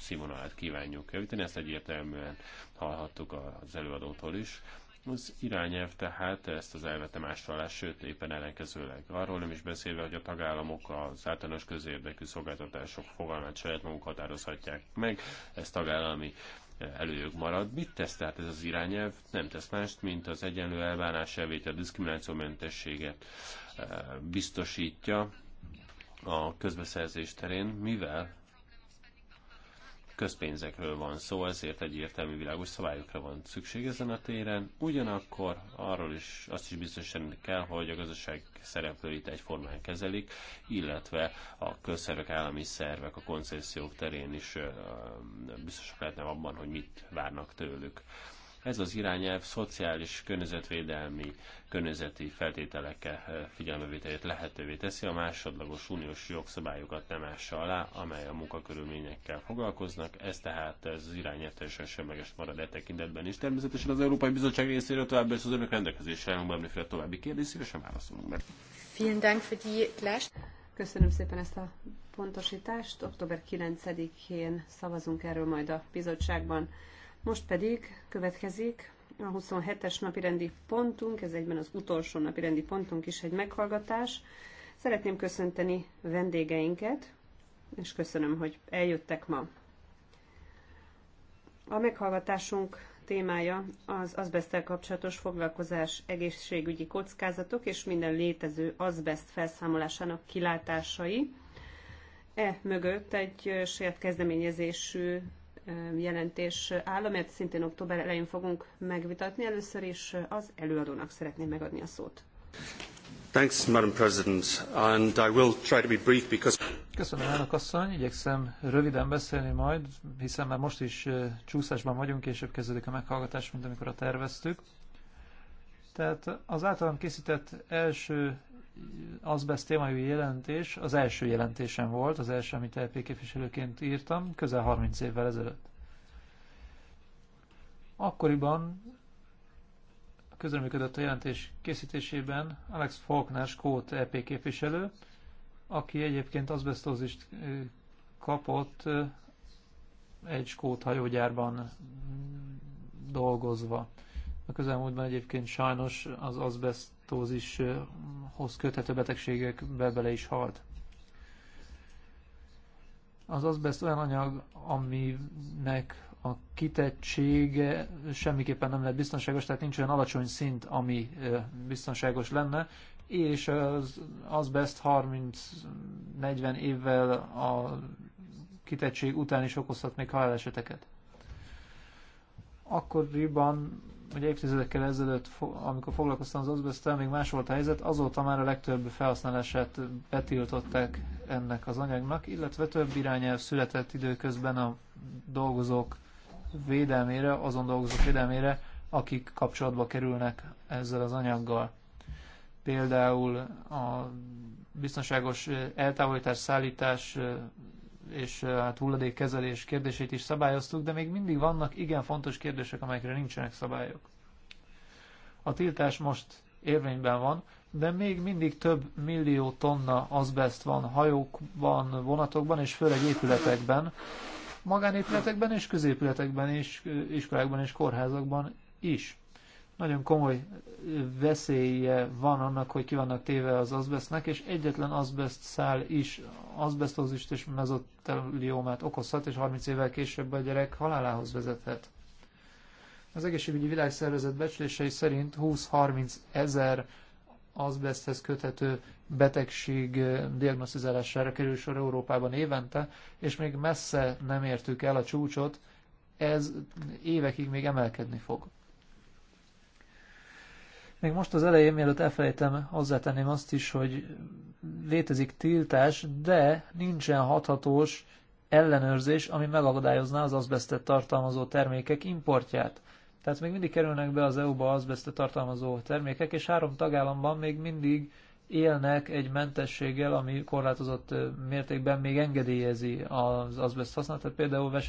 színvonalát kívánjuk javítani, ezt egyértelműen hallhattuk az előadótól is. Az irányelv tehát ezt az elvetemást másolás, sőt éppen ellenkezőleg. Arról nem is beszélve, hogy a tagállamok az általános közérdekű szolgáltatások fogalmát saját maguk határozhatják meg, ez tagállami eh, előjog marad. Mit tesz tehát ez az irányelv? Nem tesz mást, mint az egyenlő elbánás elvét, a diszkriminációmentességet eh, biztosítja a közbeszerzés terén, mivel közpénzekről van szó, ezért egyértelmű világos szabályokra van szükség ezen a téren. Ugyanakkor arról is azt is biztosan kell, hogy a gazdaság szereplőit egyformán kezelik, illetve a közszervek, állami szervek a koncesziók terén is biztosak lehetnek abban, hogy mit várnak tőlük. Ez az irányelv szociális környezetvédelmi, környezeti feltételekkel eh, figyelmevételét lehetővé teszi, a másodlagos uniós jogszabályokat nem ássa alá, amely a munkakörülményekkel foglalkoznak, ez tehát ez az irányelv teljesen semleges marad e tekintetben is. Természetesen az Európai Bizottság részéről továbbra is az önök rendelkezésre állunk bármiféle további kérdés, szívesen válaszolunk meg. Vielen Dank für die Klást. Köszönöm szépen ezt a pontosítást. Október 9-én szavazunk erről majd a bizottságban. Most pedig következik a 27-es napirendi pontunk, ez egyben az utolsó napirendi pontunk is egy meghallgatás. Szeretném köszönteni vendégeinket, és köszönöm, hogy eljöttek ma. A meghallgatásunk témája az azbesztel kapcsolatos foglalkozás egészségügyi kockázatok és minden létező azbest felszámolásának kilátásai. E mögött egy saját kezdeményezésű jelentés áll, amelyet szintén október elején fogunk megvitatni. Először is az előadónak szeretném megadni a szót. Thanks, Madam President, and I will try to be brief because... Köszönöm, elnök asszony, igyekszem röviden beszélni majd, hiszen már most is csúszásban vagyunk, később kezdődik a meghallgatás, mint amikor a terveztük. Tehát az általam készített első azbest témájú jelentés az első jelentésem volt, az első, amit LP e képviselőként írtam, közel 30 évvel ezelőtt. Akkoriban közreműködött a jelentés készítésében Alex Faulkner, skót EP képviselő, aki egyébként azbestózist kapott egy skót hajógyárban dolgozva. A közelmúltban egyébként sajnos az azbest szklerózishoz köthető betegségekbe bele is halt. Az azbest olyan anyag, aminek a kitettsége semmiképpen nem lehet biztonságos, tehát nincs olyan alacsony szint, ami biztonságos lenne, és az azbest 30-40 évvel a kitettség után is okozhat még haláleseteket. Akkoriban ugye évtizedekkel ezelőtt, amikor foglalkoztam az oszbesztel, még más volt a helyzet, azóta már a legtöbb felhasználását betiltották ennek az anyagnak, illetve több irányelv született időközben a dolgozók védelmére, azon dolgozók védelmére, akik kapcsolatba kerülnek ezzel az anyaggal. Például a biztonságos eh, eltávolítás, szállítás eh, és hát hulladékkezelés kérdését is szabályoztuk, de még mindig vannak igen fontos kérdések, amelyekre nincsenek szabályok. A tiltás most érvényben van, de még mindig több millió tonna azbest van hajókban, vonatokban, és főleg épületekben, magánépületekben és középületekben és iskolákban és kórházakban is nagyon komoly veszélye van annak, hogy ki vannak téve az azbestnek, és egyetlen azbest szál is azbesztózist és mezoteliómát okozhat, és 30 évvel később a gyerek halálához vezethet. Az egészségügyi világszervezet becslései szerint 20-30 ezer azbeszthez köthető betegség diagnosztizálására kerül sor Európában évente, és még messze nem értük el a csúcsot, ez évekig még emelkedni fog. Még most az elején, mielőtt elfelejtem, hozzátenném azt is, hogy létezik tiltás, de nincsen hathatós ellenőrzés, ami megakadályozná az azbesztet tartalmazó termékek importját. Tehát még mindig kerülnek be az EU-ba azbesztet tartalmazó termékek, és három tagállamban még mindig élnek egy mentességgel, ami korlátozott mértékben még engedélyezi az azbest használatát, például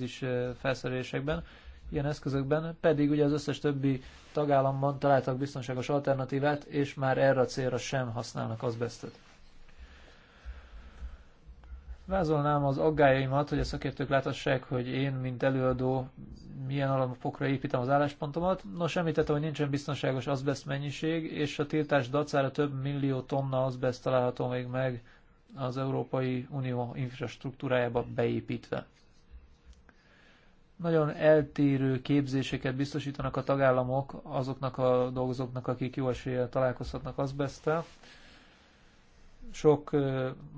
is felszerelésekben ilyen eszközökben, pedig ugye az összes többi tagállamban találtak biztonságos alternatívát, és már erre a célra sem használnak azbesztet. Vázolnám az aggájaimat, hogy a szakértők láthassák, hogy én, mint előadó, milyen alapokra építem az álláspontomat. Nos, említettem, hogy nincsen biztonságos azbest mennyiség, és a tiltás dacára több millió tonna azbest található még meg az Európai Unió infrastruktúrájába beépítve. Nagyon eltérő képzéseket biztosítanak a tagállamok azoknak a dolgozóknak, akik jó eséllyel találkozhatnak azbesztel. Sok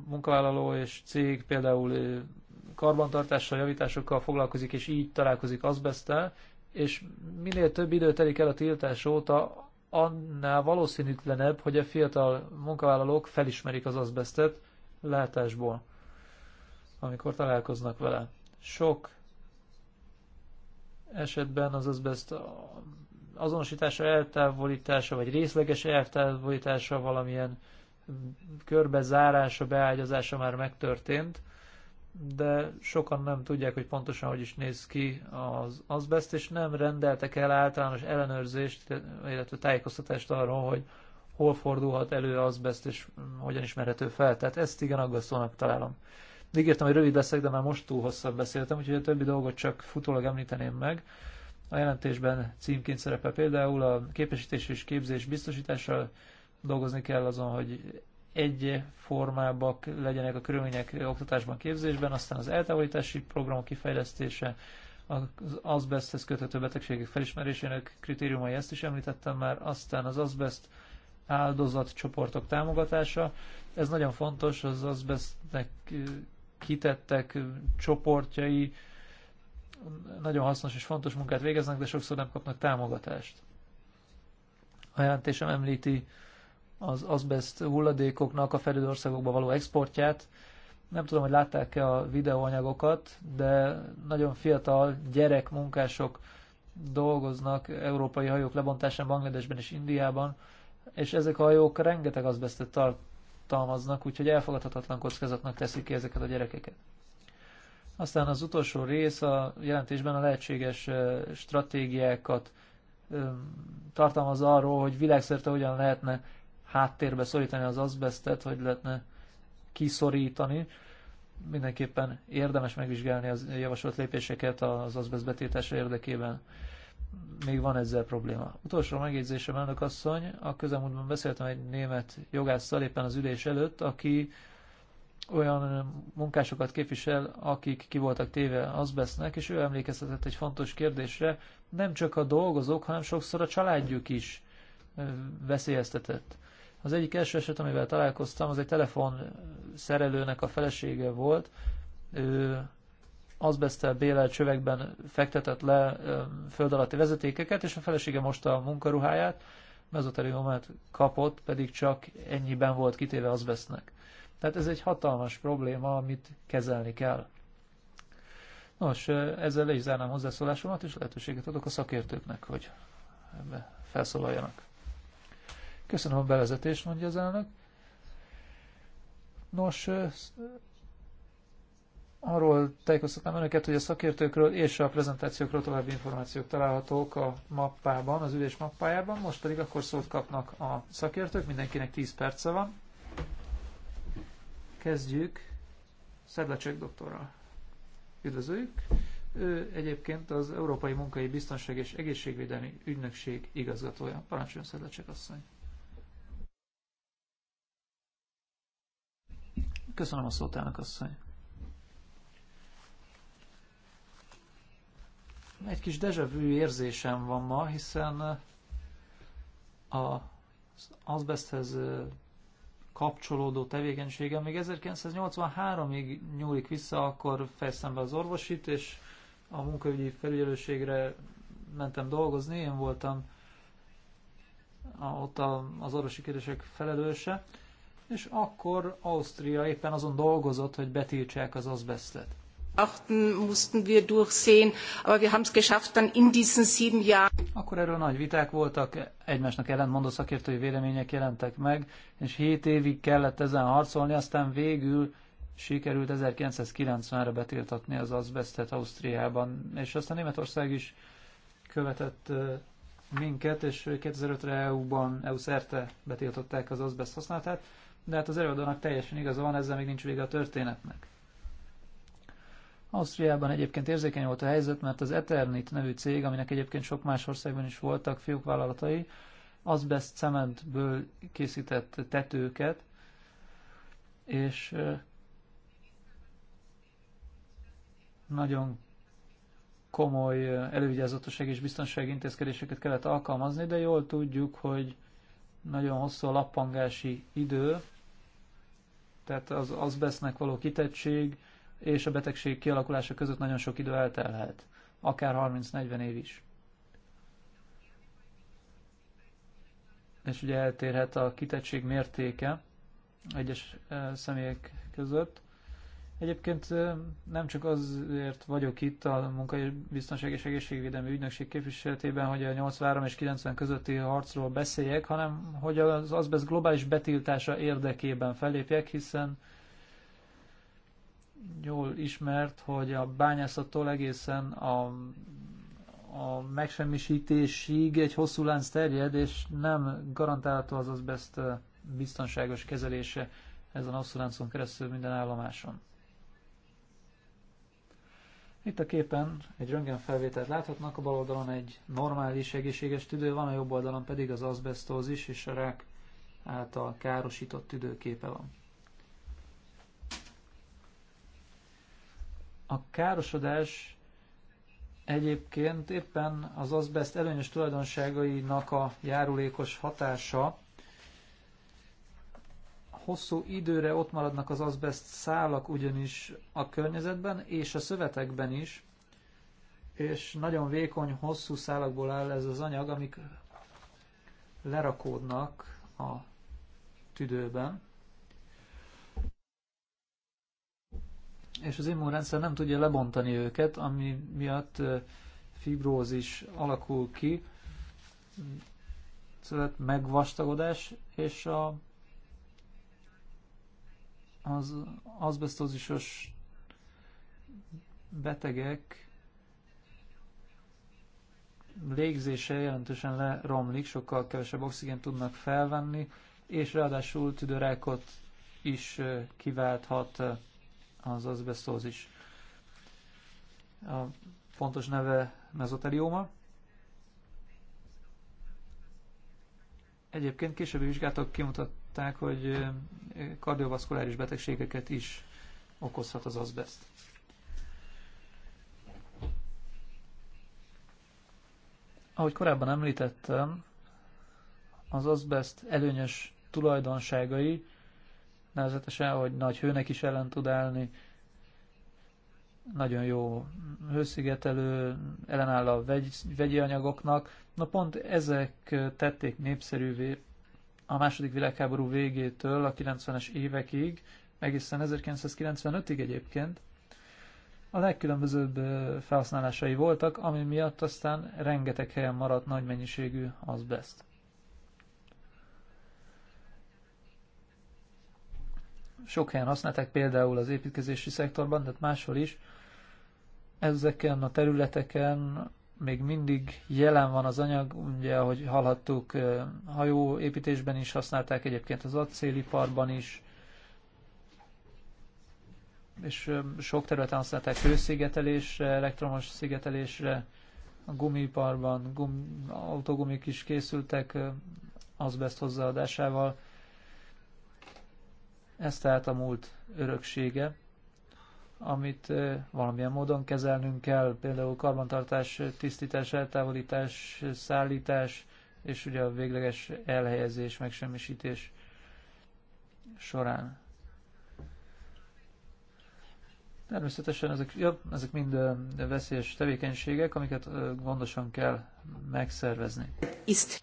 munkavállaló és cég például karbantartással, javításokkal foglalkozik, és így találkozik azbesztel, és minél több idő telik el a tiltás óta, annál valószínűtlenebb, hogy a fiatal munkavállalók felismerik az azbesztet látásból, amikor találkoznak vele. Sok esetben az azbest azonosítása, eltávolítása, vagy részleges eltávolítása, valamilyen körbezárása, beágyazása már megtörtént, de sokan nem tudják, hogy pontosan hogy is néz ki az azbest, és nem rendeltek el általános ellenőrzést, illetve tájékoztatást arról, hogy hol fordulhat elő azbest, és hogyan ismerhető fel. Tehát ezt igen aggasztónak találom. Ígértem, hogy rövid leszek, de már most túl hosszabb beszéltem, úgyhogy a többi dolgot csak futólag említeném meg. A jelentésben címként szerepel például a képesítés és képzés biztosítással dolgozni kell azon, hogy egy formábbak legyenek a körülmények oktatásban, képzésben, aztán az eltávolítási programok kifejlesztése, az azbesthez köthető betegségek felismerésének kritériumai, ezt is említettem már, aztán az áldozat áldozatcsoportok támogatása. Ez nagyon fontos, az azbestnek kitettek csoportjai nagyon hasznos és fontos munkát végeznek, de sokszor nem kapnak támogatást. A jelentésem említi az azbest hulladékoknak a fejlődő országokba való exportját. Nem tudom, hogy látták-e a videóanyagokat, de nagyon fiatal gyerekmunkások dolgoznak európai hajók lebontásán Bangladesben és Indiában, és ezek a hajók rengeteg azbestet tart tartalmaznak, úgyhogy elfogadhatatlan kockázatnak teszik ki ezeket a gyerekeket. Aztán az utolsó rész a jelentésben a lehetséges stratégiákat tartalmaz arról, hogy világszerte hogyan lehetne háttérbe szorítani az azbestet, hogy lehetne kiszorítani. Mindenképpen érdemes megvizsgálni az javasolt lépéseket az azbest betétása érdekében még van ezzel probléma. Utolsó megjegyzésem, elnök asszony, a közelmúltban beszéltem egy német jogásszal éppen az ülés előtt, aki olyan munkásokat képvisel, akik ki voltak téve azbesznek, és ő emlékeztetett egy fontos kérdésre, nem csak a dolgozók, hanem sokszor a családjuk is veszélyeztetett. Az egyik első eset, amivel találkoztam, az egy telefon szerelőnek a felesége volt, ő azbesztel bélel csövekben fektetett le föld alatti vezetékeket, és a felesége most a munkaruháját, mezoteriumát kapott, pedig csak ennyiben volt kitéve azbesznek. Tehát ez egy hatalmas probléma, amit kezelni kell. Nos, ezzel le is zárnám hozzászólásomat, és lehetőséget adok a szakértőknek, hogy ebbe felszólaljanak. Köszönöm a bevezetést, mondja az elnök. Nos, Arról tájékoztatnám önöket, hogy a szakértőkről és a prezentációkról további információk találhatók a mappában, az ülés mappájában, most pedig akkor szót kapnak a szakértők, mindenkinek 10 perce van. Kezdjük Szedlacsek doktorral. Üdvözöljük! Ő egyébként az Európai Munkai Biztonság és Egészségvédelmi Ügynökség igazgatója. Parancsoljon Szedlacsek asszony! Köszönöm a szót, elnök asszony! egy kis dejavű érzésem van ma, hiszen eh, az azbesthez eh, kapcsolódó tevékenységem még 1983-ig nyúlik vissza, akkor fejeztem be az orvosit, és a munkaügyi felügyelőségre mentem dolgozni, én voltam ott az orvosi kérdések felelőse, és akkor Ausztria éppen azon dolgozott, hogy betiltsák az azbesztet. Gutachten mussten wir durchsehen, aber wir haben es geschafft, dann in diesen sieben Jahren. Akkor erről nagy viták voltak, egymásnak ellentmondó szakértői vélemények jelentek meg, és hét évig kellett ezen harcolni, aztán végül sikerült 1990-re betiltatni az azbestet Ausztriában, és aztán Németország is követett minket, és 2005-re EU-ban, EU szerte betiltották az azbest használatát, de hát az előadónak teljesen igaza van, ezzel még nincs vége a történetnek. Ausztriában egyébként érzékeny volt a helyzet, mert az Eternit nevű cég, aminek egyébként sok más országban is voltak fiúk vállalatai, azbest cementből készített tetőket, és nagyon komoly elővigyázatosság és biztonsági intézkedéseket kellett alkalmazni, de jól tudjuk, hogy nagyon hosszú a lappangási idő, tehát az azbesznek való kitettség és a betegség kialakulása között nagyon sok idő eltelhet, akár 30-40 év is. És ugye eltérhet a kitettség mértéke egyes személyek között. Egyébként nem csak azért vagyok itt a Munkai Biztonság és Egészségvédelmi Ügynökség képviseletében, hogy a 83 és 90 közötti harcról beszéljek, hanem hogy az azbesz globális betiltása érdekében fellépjek, hiszen jól ismert, hogy a bányászattól egészen a, a megsemmisítésig egy hosszú lánc terjed, és nem garantálható az azbest biztonságos kezelése ezen a hosszú láncon keresztül minden állomáson. Itt a képen egy röntgenfelvételt láthatnak, a bal oldalon egy normális, egészséges tüdő van, a jobb oldalon pedig az azbestózis és a rák által károsított tüdőképe van. A károsodás egyébként éppen az azbest előnyös tulajdonságainak a járulékos hatása. Hosszú időre ott maradnak az azbest szálak ugyanis a környezetben és a szövetekben is, és nagyon vékony, hosszú szálakból áll ez az anyag, amik lerakódnak a tüdőben. és az immunrendszer nem tudja lebontani őket, ami miatt fibrózis alakul ki, szóval megvastagodás, és a, az azbesztózisos betegek légzése jelentősen leromlik, sokkal kevesebb oxigént tudnak felvenni, és ráadásul tüdőrákot is kiválthat az azbesztózis. A pontos neve mezotelioma. Egyébként későbbi vizsgálatok kimutatták, hogy kardiovaszkuláris betegségeket is okozhat az azbest. Ahogy korábban említettem, az azbest előnyös tulajdonságai nevezetesen, hogy nagy hőnek is ellen tud állni, nagyon jó hőszigetelő, ellenáll a vegy, vegyi anyagoknak. Na pont ezek tették népszerűvé a második világháború végétől a 90-es évekig, egészen 1995-ig egyébként, a legkülönbözőbb felhasználásai voltak, ami miatt aztán rengeteg helyen maradt nagy mennyiségű azbest. sok helyen használták, például az építkezési szektorban, de máshol is. Ezeken a területeken még mindig jelen van az anyag, ugye ahogy hallhattuk, hajóépítésben is használták, egyébként az acéliparban is, és sok területen használták hőszigetelésre, elektromos szigetelésre, a gumiparban, gum, autogumik is készültek azbest hozzáadásával, ez tehát a múlt öröksége, amit valamilyen módon kezelnünk kell, például karbantartás, tisztítás, eltávolítás, szállítás, és ugye a végleges elhelyezés, megsemmisítés során. Természetesen ezek, ja, ezek mind veszélyes tevékenységek, amiket gondosan kell megszervezni. Iszt.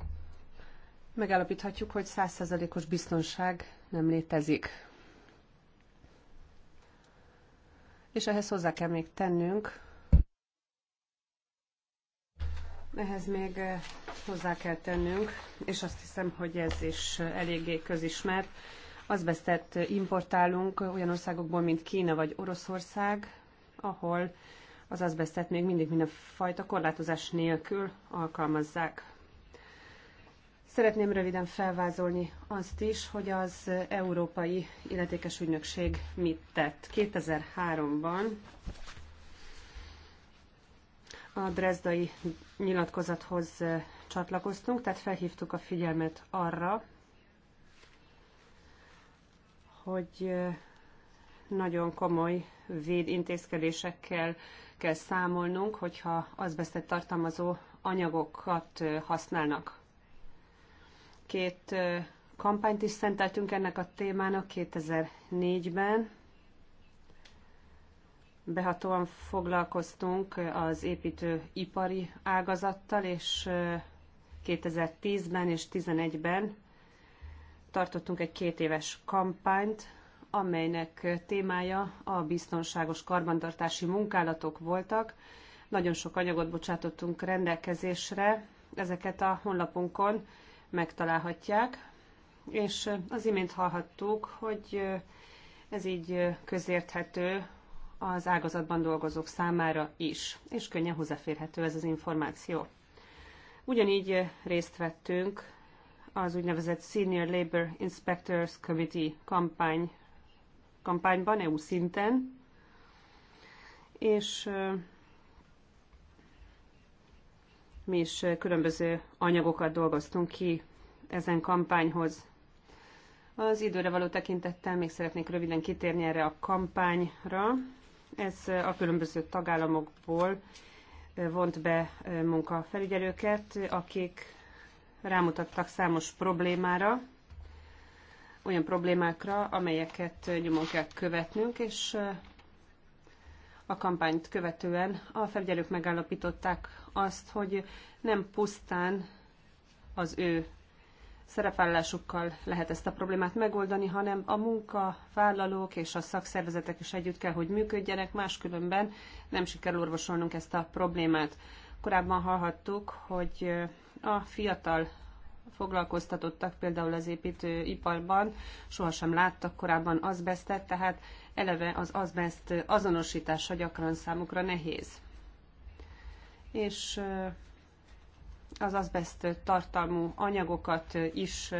Megállapíthatjuk, hogy százszerzalékos biztonság nem létezik. És ehhez hozzá kell még tennünk, ehhez még eh, hozzá kell tennünk, és azt hiszem, hogy ez is eh, eléggé közismert. Azbesztet eh, importálunk olyan országokból, mint Kína vagy Oroszország, ahol az azbesztet még mindig mindenfajta korlátozás nélkül alkalmazzák. Szeretném röviden felvázolni azt is, hogy az Európai Illetékes Ügynökség mit tett. 2003-ban a Dresdai nyilatkozathoz csatlakoztunk, tehát felhívtuk a figyelmet arra, hogy nagyon komoly védintézkedésekkel kell számolnunk, hogyha azbesztet tartalmazó anyagokat használnak Két kampányt is szenteltünk ennek a témának 2004-ben. Behatóan foglalkoztunk az építőipari ágazattal, és 2010-ben és 2011-ben tartottunk egy két éves kampányt, amelynek témája a biztonságos karbantartási munkálatok voltak. Nagyon sok anyagot bocsátottunk rendelkezésre, ezeket a honlapunkon megtalálhatják. És az imént hallhattuk, hogy ez így közérthető az ágazatban dolgozók számára is, és könnyen hozzáférhető ez az információ. Ugyanígy részt vettünk az úgynevezett Senior Labor Inspectors Committee kampány, kampányban EU szinten, és mi is különböző anyagokat dolgoztunk ki ezen kampányhoz. Az időre való tekintettel még szeretnék röviden kitérni erre a kampányra. Ez a különböző tagállamokból vont be munkafelügyelőket, akik rámutattak számos problémára, olyan problémákra, amelyeket nyomon kell követnünk, és a kampányt követően a felügyelők megállapították azt, hogy nem pusztán az ő szerepvállalásukkal lehet ezt a problémát megoldani, hanem a munkavállalók és a szakszervezetek is együtt kell, hogy működjenek, máskülönben nem sikerül orvosolnunk ezt a problémát. Korábban hallhattuk, hogy a fiatal foglalkoztatottak például az építőiparban sohasem láttak korábban azbestet, tehát eleve az azbest azonosítása gyakran számukra nehéz. És az azbest tartalmú anyagokat is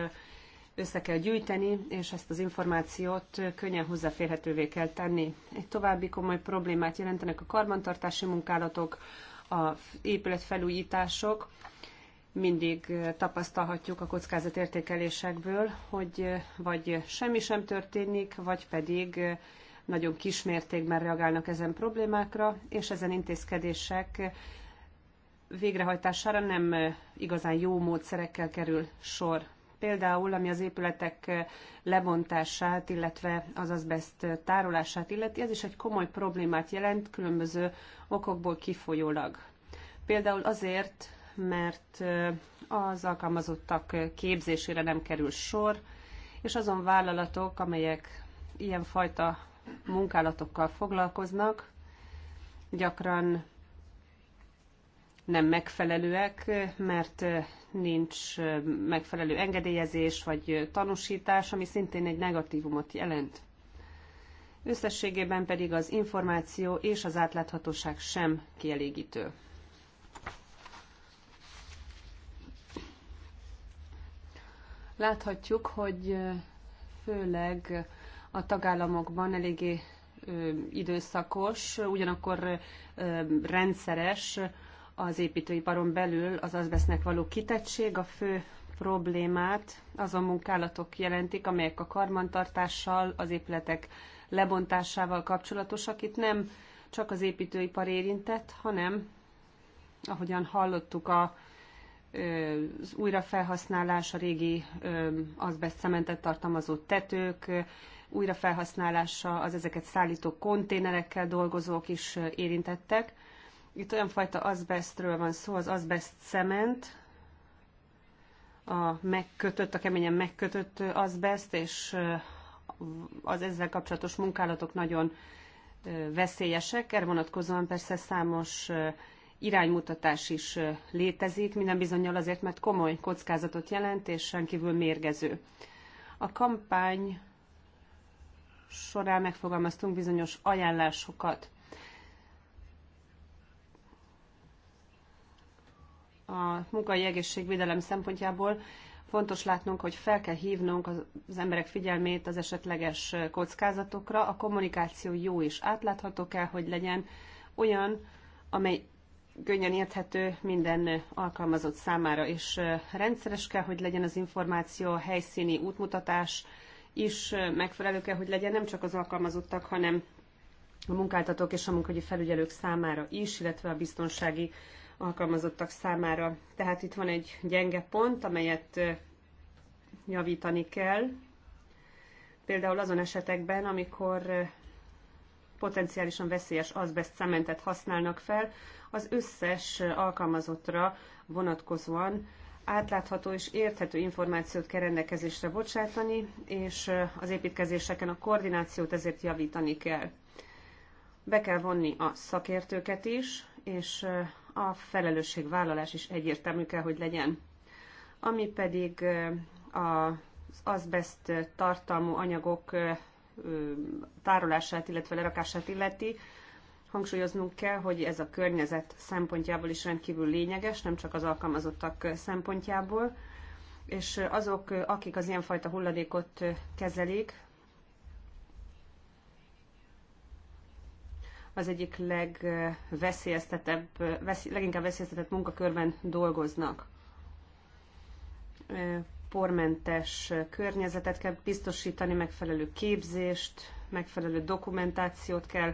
össze kell gyűjteni, és ezt az információt könnyen hozzáférhetővé kell tenni. Egy további komoly problémát jelentenek a karbantartási munkálatok, a épületfelújítások, mindig tapasztalhatjuk a kockázatértékelésekből, hogy vagy semmi sem történik, vagy pedig nagyon kis mértékben reagálnak ezen problémákra, és ezen intézkedések végrehajtására nem igazán jó módszerekkel kerül sor. Például, ami az épületek lebontását, illetve az azbest tárolását illeti, ez is egy komoly problémát jelent különböző okokból kifolyólag. Például azért, mert az alkalmazottak képzésére nem kerül sor, és azon vállalatok, amelyek ilyenfajta munkálatokkal foglalkoznak, gyakran nem megfelelőek, mert nincs megfelelő engedélyezés vagy tanúsítás, ami szintén egy negatívumot jelent. Összességében pedig az információ és az átláthatóság sem kielégítő. Láthatjuk, hogy főleg a tagállamokban eléggé időszakos, ugyanakkor rendszeres az építőiparon belül az azbesznek való kitettség, a fő problémát azon munkálatok jelentik, amelyek a karmantartással, az épületek lebontásával kapcsolatosak. Itt nem csak az építőipar érintett, hanem ahogyan hallottuk a az újrafelhasználás, a régi azbest szementet tartalmazó tetők, újrafelhasználása, az ezeket szállító konténerekkel dolgozók is érintettek. Itt olyan fajta azbestről van szó, az azbest szement, a megkötött, a keményen megkötött azbest, és az ezzel kapcsolatos munkálatok nagyon veszélyesek. Erre vonatkozóan persze számos iránymutatás is létezik, minden bizonyal azért, mert komoly kockázatot jelent, és senkívül mérgező. A kampány során megfogalmaztunk bizonyos ajánlásokat. A munkai egészségvédelem szempontjából fontos látnunk, hogy fel kell hívnunk az emberek figyelmét az esetleges kockázatokra. A kommunikáció jó és átlátható kell, hogy legyen olyan, amely könnyen érthető minden alkalmazott számára, és rendszeres kell, hogy legyen az információ, a helyszíni útmutatás is megfelelő kell, hogy legyen nem csak az alkalmazottak, hanem a munkáltatók és a munkahogyi felügyelők számára is, illetve a biztonsági alkalmazottak számára. Tehát itt van egy gyenge pont, amelyet javítani kell. Például azon esetekben, amikor potenciálisan veszélyes azbest cementet használnak fel, az összes alkalmazottra vonatkozóan átlátható és érthető információt kell rendelkezésre bocsátani, és az építkezéseken a koordinációt ezért javítani kell. Be kell vonni a szakértőket is, és a felelősségvállalás is egyértelmű kell, hogy legyen. Ami pedig az azbest tartalmú anyagok tárolását, illetve lerakását illeti, Hangsúlyoznunk kell, hogy ez a környezet szempontjából is rendkívül lényeges, nem csak az alkalmazottak szempontjából, és azok, akik az ilyenfajta hulladékot kezelik, az egyik legveszélyeztetebb, leginkább veszélyeztetett munkakörben dolgoznak. Pormentes környezetet kell biztosítani, megfelelő képzést, megfelelő dokumentációt kell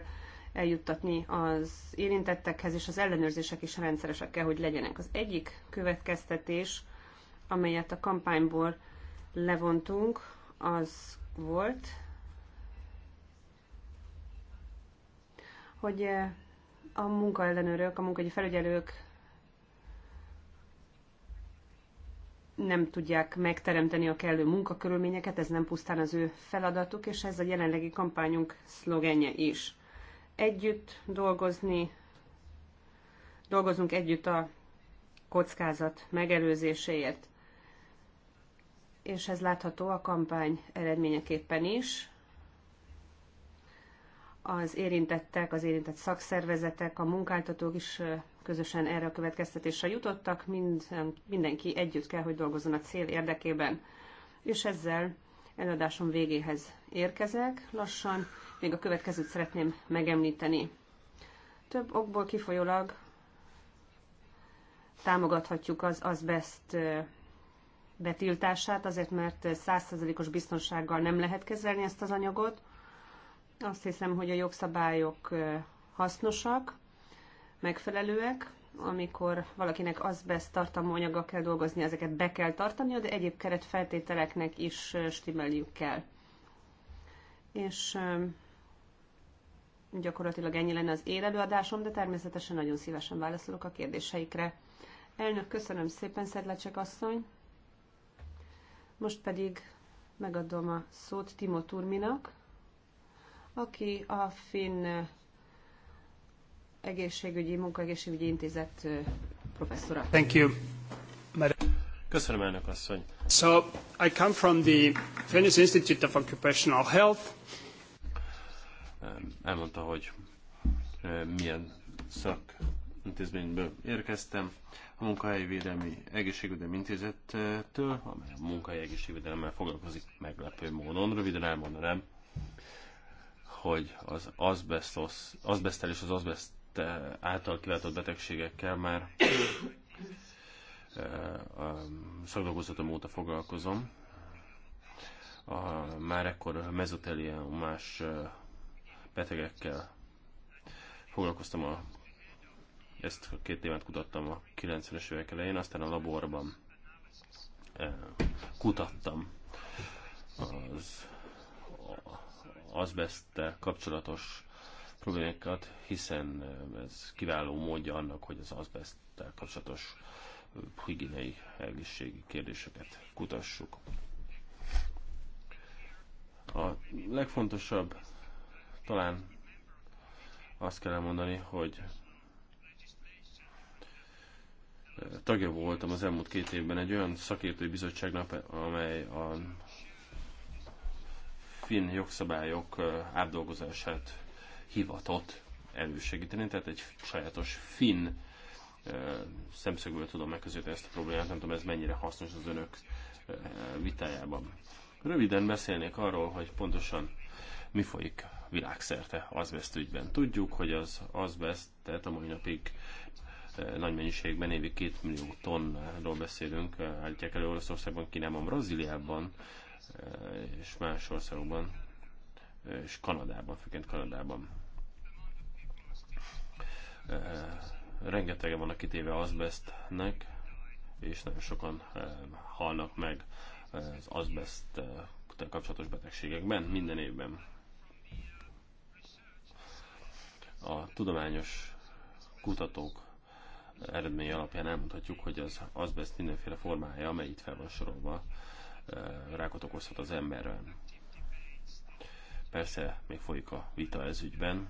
eljuttatni az érintettekhez, és az ellenőrzések is rendszeresek kell, hogy legyenek. Az egyik következtetés, amelyet a kampányból levontunk, az volt, hogy eh, a munkaellenőrök, a munkahogyi felügyelők nem tudják megteremteni a kellő munkakörülményeket, ez nem pusztán az ő feladatuk, és ez a jelenlegi kampányunk szlogenje is együtt dolgozni, dolgozunk együtt a kockázat megelőzéséért. És ez látható a kampány eredményeképpen is. Az érintettek, az érintett szakszervezetek, a munkáltatók is közösen erre a következtetésre jutottak, Mind, mindenki együtt kell, hogy dolgozzon a cél érdekében. És ezzel eladásom végéhez érkezek lassan még a következőt szeretném megemlíteni. Több okból kifolyólag támogathatjuk az azbest betiltását, azért mert százszerzelékos biztonsággal nem lehet kezelni ezt az anyagot. Azt hiszem, hogy a jogszabályok hasznosak, megfelelőek, amikor valakinek azbest tartalmú anyaga kell dolgozni, ezeket be kell tartania, de egyéb keretfeltételeknek is stimmelniük kell. És Gyakorlatilag ennyi lenne az én előadásom, de természetesen nagyon szívesen válaszolok a kérdéseikre. Elnök, köszönöm szépen, Szedlecsek asszony. Most pedig megadom a szót Timo Turminak, aki a Finn egészségügyi, munkaegészségügyi intézet professzora. Thank you. Köszönöm, elnök asszony. So, I come from the Finnish Institute of Occupational Health elmondta, hogy milyen szak intézményből érkeztem. A Munkahelyi Védelmi egészségügyi Intézettől, amely a munkahelyi egészségvédelemmel foglalkozik meglepő módon. Röviden elmondanám, hogy az azbestos, azbesztel és az azbest által kiváltott betegségekkel már szakdolgozatom óta foglalkozom. A, már ekkor mezoteliumás betegekkel foglalkoztam a ezt a két évet kutattam a 90-es évek elején, aztán a laborban eh, kutattam az azbeszte kapcsolatos problémákat, hiszen eh, ez kiváló módja annak, hogy az azbeszte kapcsolatos eh, higiéniai egészségi kérdéseket kutassuk. A legfontosabb talán azt kell mondani, hogy eh, tagja voltam az elmúlt két évben egy olyan szakértői bizottságnak, amely a finn jogszabályok eh, átdolgozását hivatott elősegíteni, tehát egy sajátos finn eh, szemszögből tudom megközelíteni ezt a problémát, nem tudom ez mennyire hasznos az önök vitájában. Röviden beszélnék arról, hogy pontosan mi folyik világszerte azbest ügyben. Tudjuk, hogy az azbestet a mai napig eh, nagy mennyiségben évi 2 millió tonnáról beszélünk, eh, állítják elő Oroszországban, Kínában, Brazíliában eh, és más országokban, és Kanadában, főként Kanadában. Rengetegen a kitéve azbestnek, és nagyon sokan halnak meg az azbest kapcsolatos betegségekben minden évben. a tudományos kutatók eredmény alapján elmondhatjuk, hogy az azbest mindenféle formája, amely itt fel van sorolva, e, rákot okozhat az emberben. Persze még folyik a vita ez ügyben,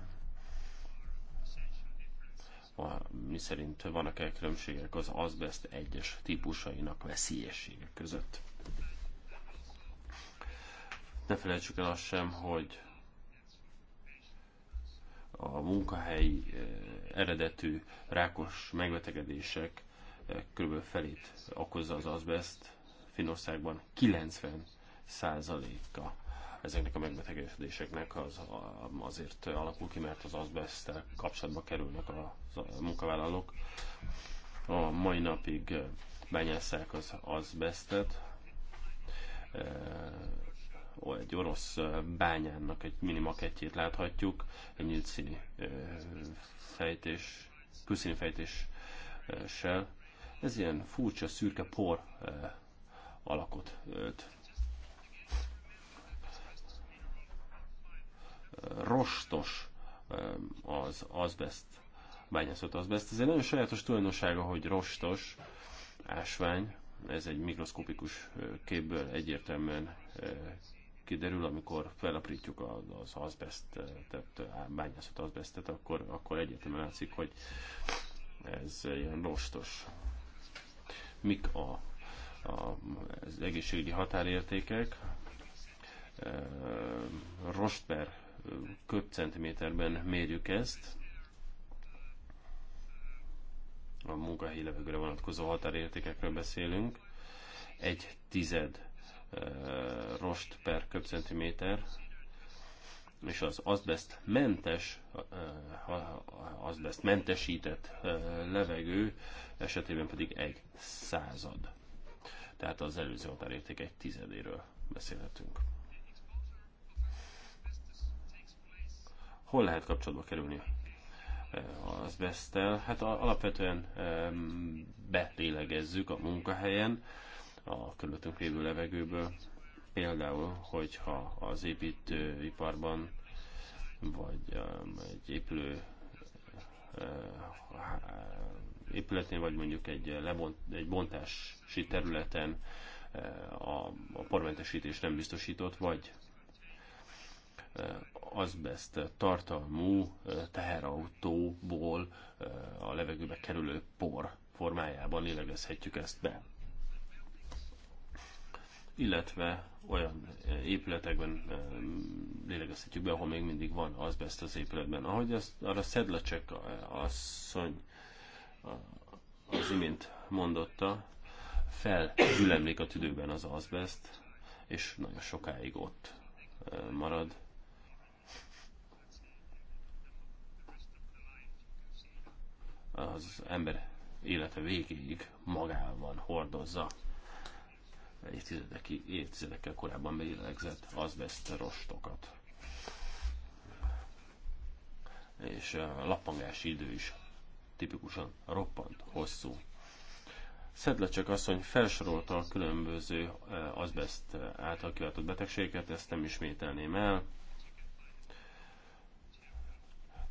a, mi szerint vannak-e különbségek az azbest egyes típusainak veszélyessége között. Ne felejtsük el azt sem, hogy a munkahely eh, eredetű rákos megbetegedések eh, kb. felét okozza az azbest. Finországban 90 százaléka ezeknek a megbetegedéseknek az, azért alakul ki, mert az azbesztel kapcsolatba kerülnek a munkavállalók. A mai napig eh, bányásszák az azbestet egy orosz bányának egy makettjét láthatjuk, egy nyílt színi fejtés, külszíni fejtéssel. Ez ilyen furcsa, szürke por alakot ölt. Rostos az azbest, bányászott azbest. Ez egy nagyon sajátos tulajdonsága, hogy rostos ásvány, ez egy mikroszkopikus képből egyértelműen kiderül, amikor felaprítjuk az azbesztet, bányászott azbesztet, akkor, akkor egyértelműen látszik, hogy ez ilyen rostos. Mik a, a, az egészségügyi határértékek? Rost per köbcentiméterben mérjük ezt, a munkahelyi levegőre vonatkozó határértékekről beszélünk, egy tized Eh, rost per köbcentiméter, és az azbest mentes, eh, azbest mentesített eh, levegő esetében pedig egy század. Tehát az előző határérték egy tizedéről beszélhetünk. Hol lehet kapcsolatba kerülni az besztel? Hát alapvetően belélegezzük a munkahelyen, a körülöttünk lévő levegőből. Például, hogyha az építőiparban vagy um, egy épülő uh, épületén, vagy mondjuk egy, lebont, egy bontási területen uh, a, a parmentesítés nem biztosított, vagy uh, azbest tartalmú teherautóból a levegőbe kerülő por formájában lélegezhetjük ezt be illetve olyan eh, épületekben eh, lélegeztetjük be, ahol még mindig van azbest az épületben. Ahogy az, arra Szedlacsek eh, asszony az imént mondotta, felgyülemlik a tüdőben az azbest, és nagyon sokáig ott marad. Az ember élete végéig magával hordozza évtizedekkel korábban belélegzett azbest rostokat. És a lappangási idő is tipikusan roppant hosszú. Szedlecsek asszony felsorolta a különböző azbest által kiváltott betegségeket, ezt nem ismételném el,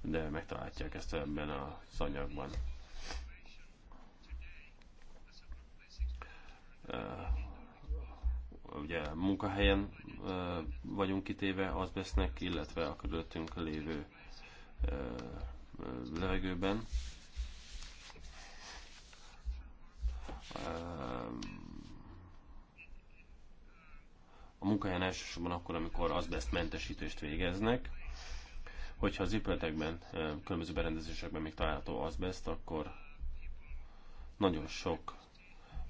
de megtalálják ezt ebben a szanyagban ugye munkahelyen vagyunk kitéve azbesznek, illetve a körülöttünk lévő levegőben. A munkahelyen elsősorban akkor, amikor azbest mentesítést végeznek, hogyha az épületekben, különböző berendezésekben még található azbest, akkor nagyon sok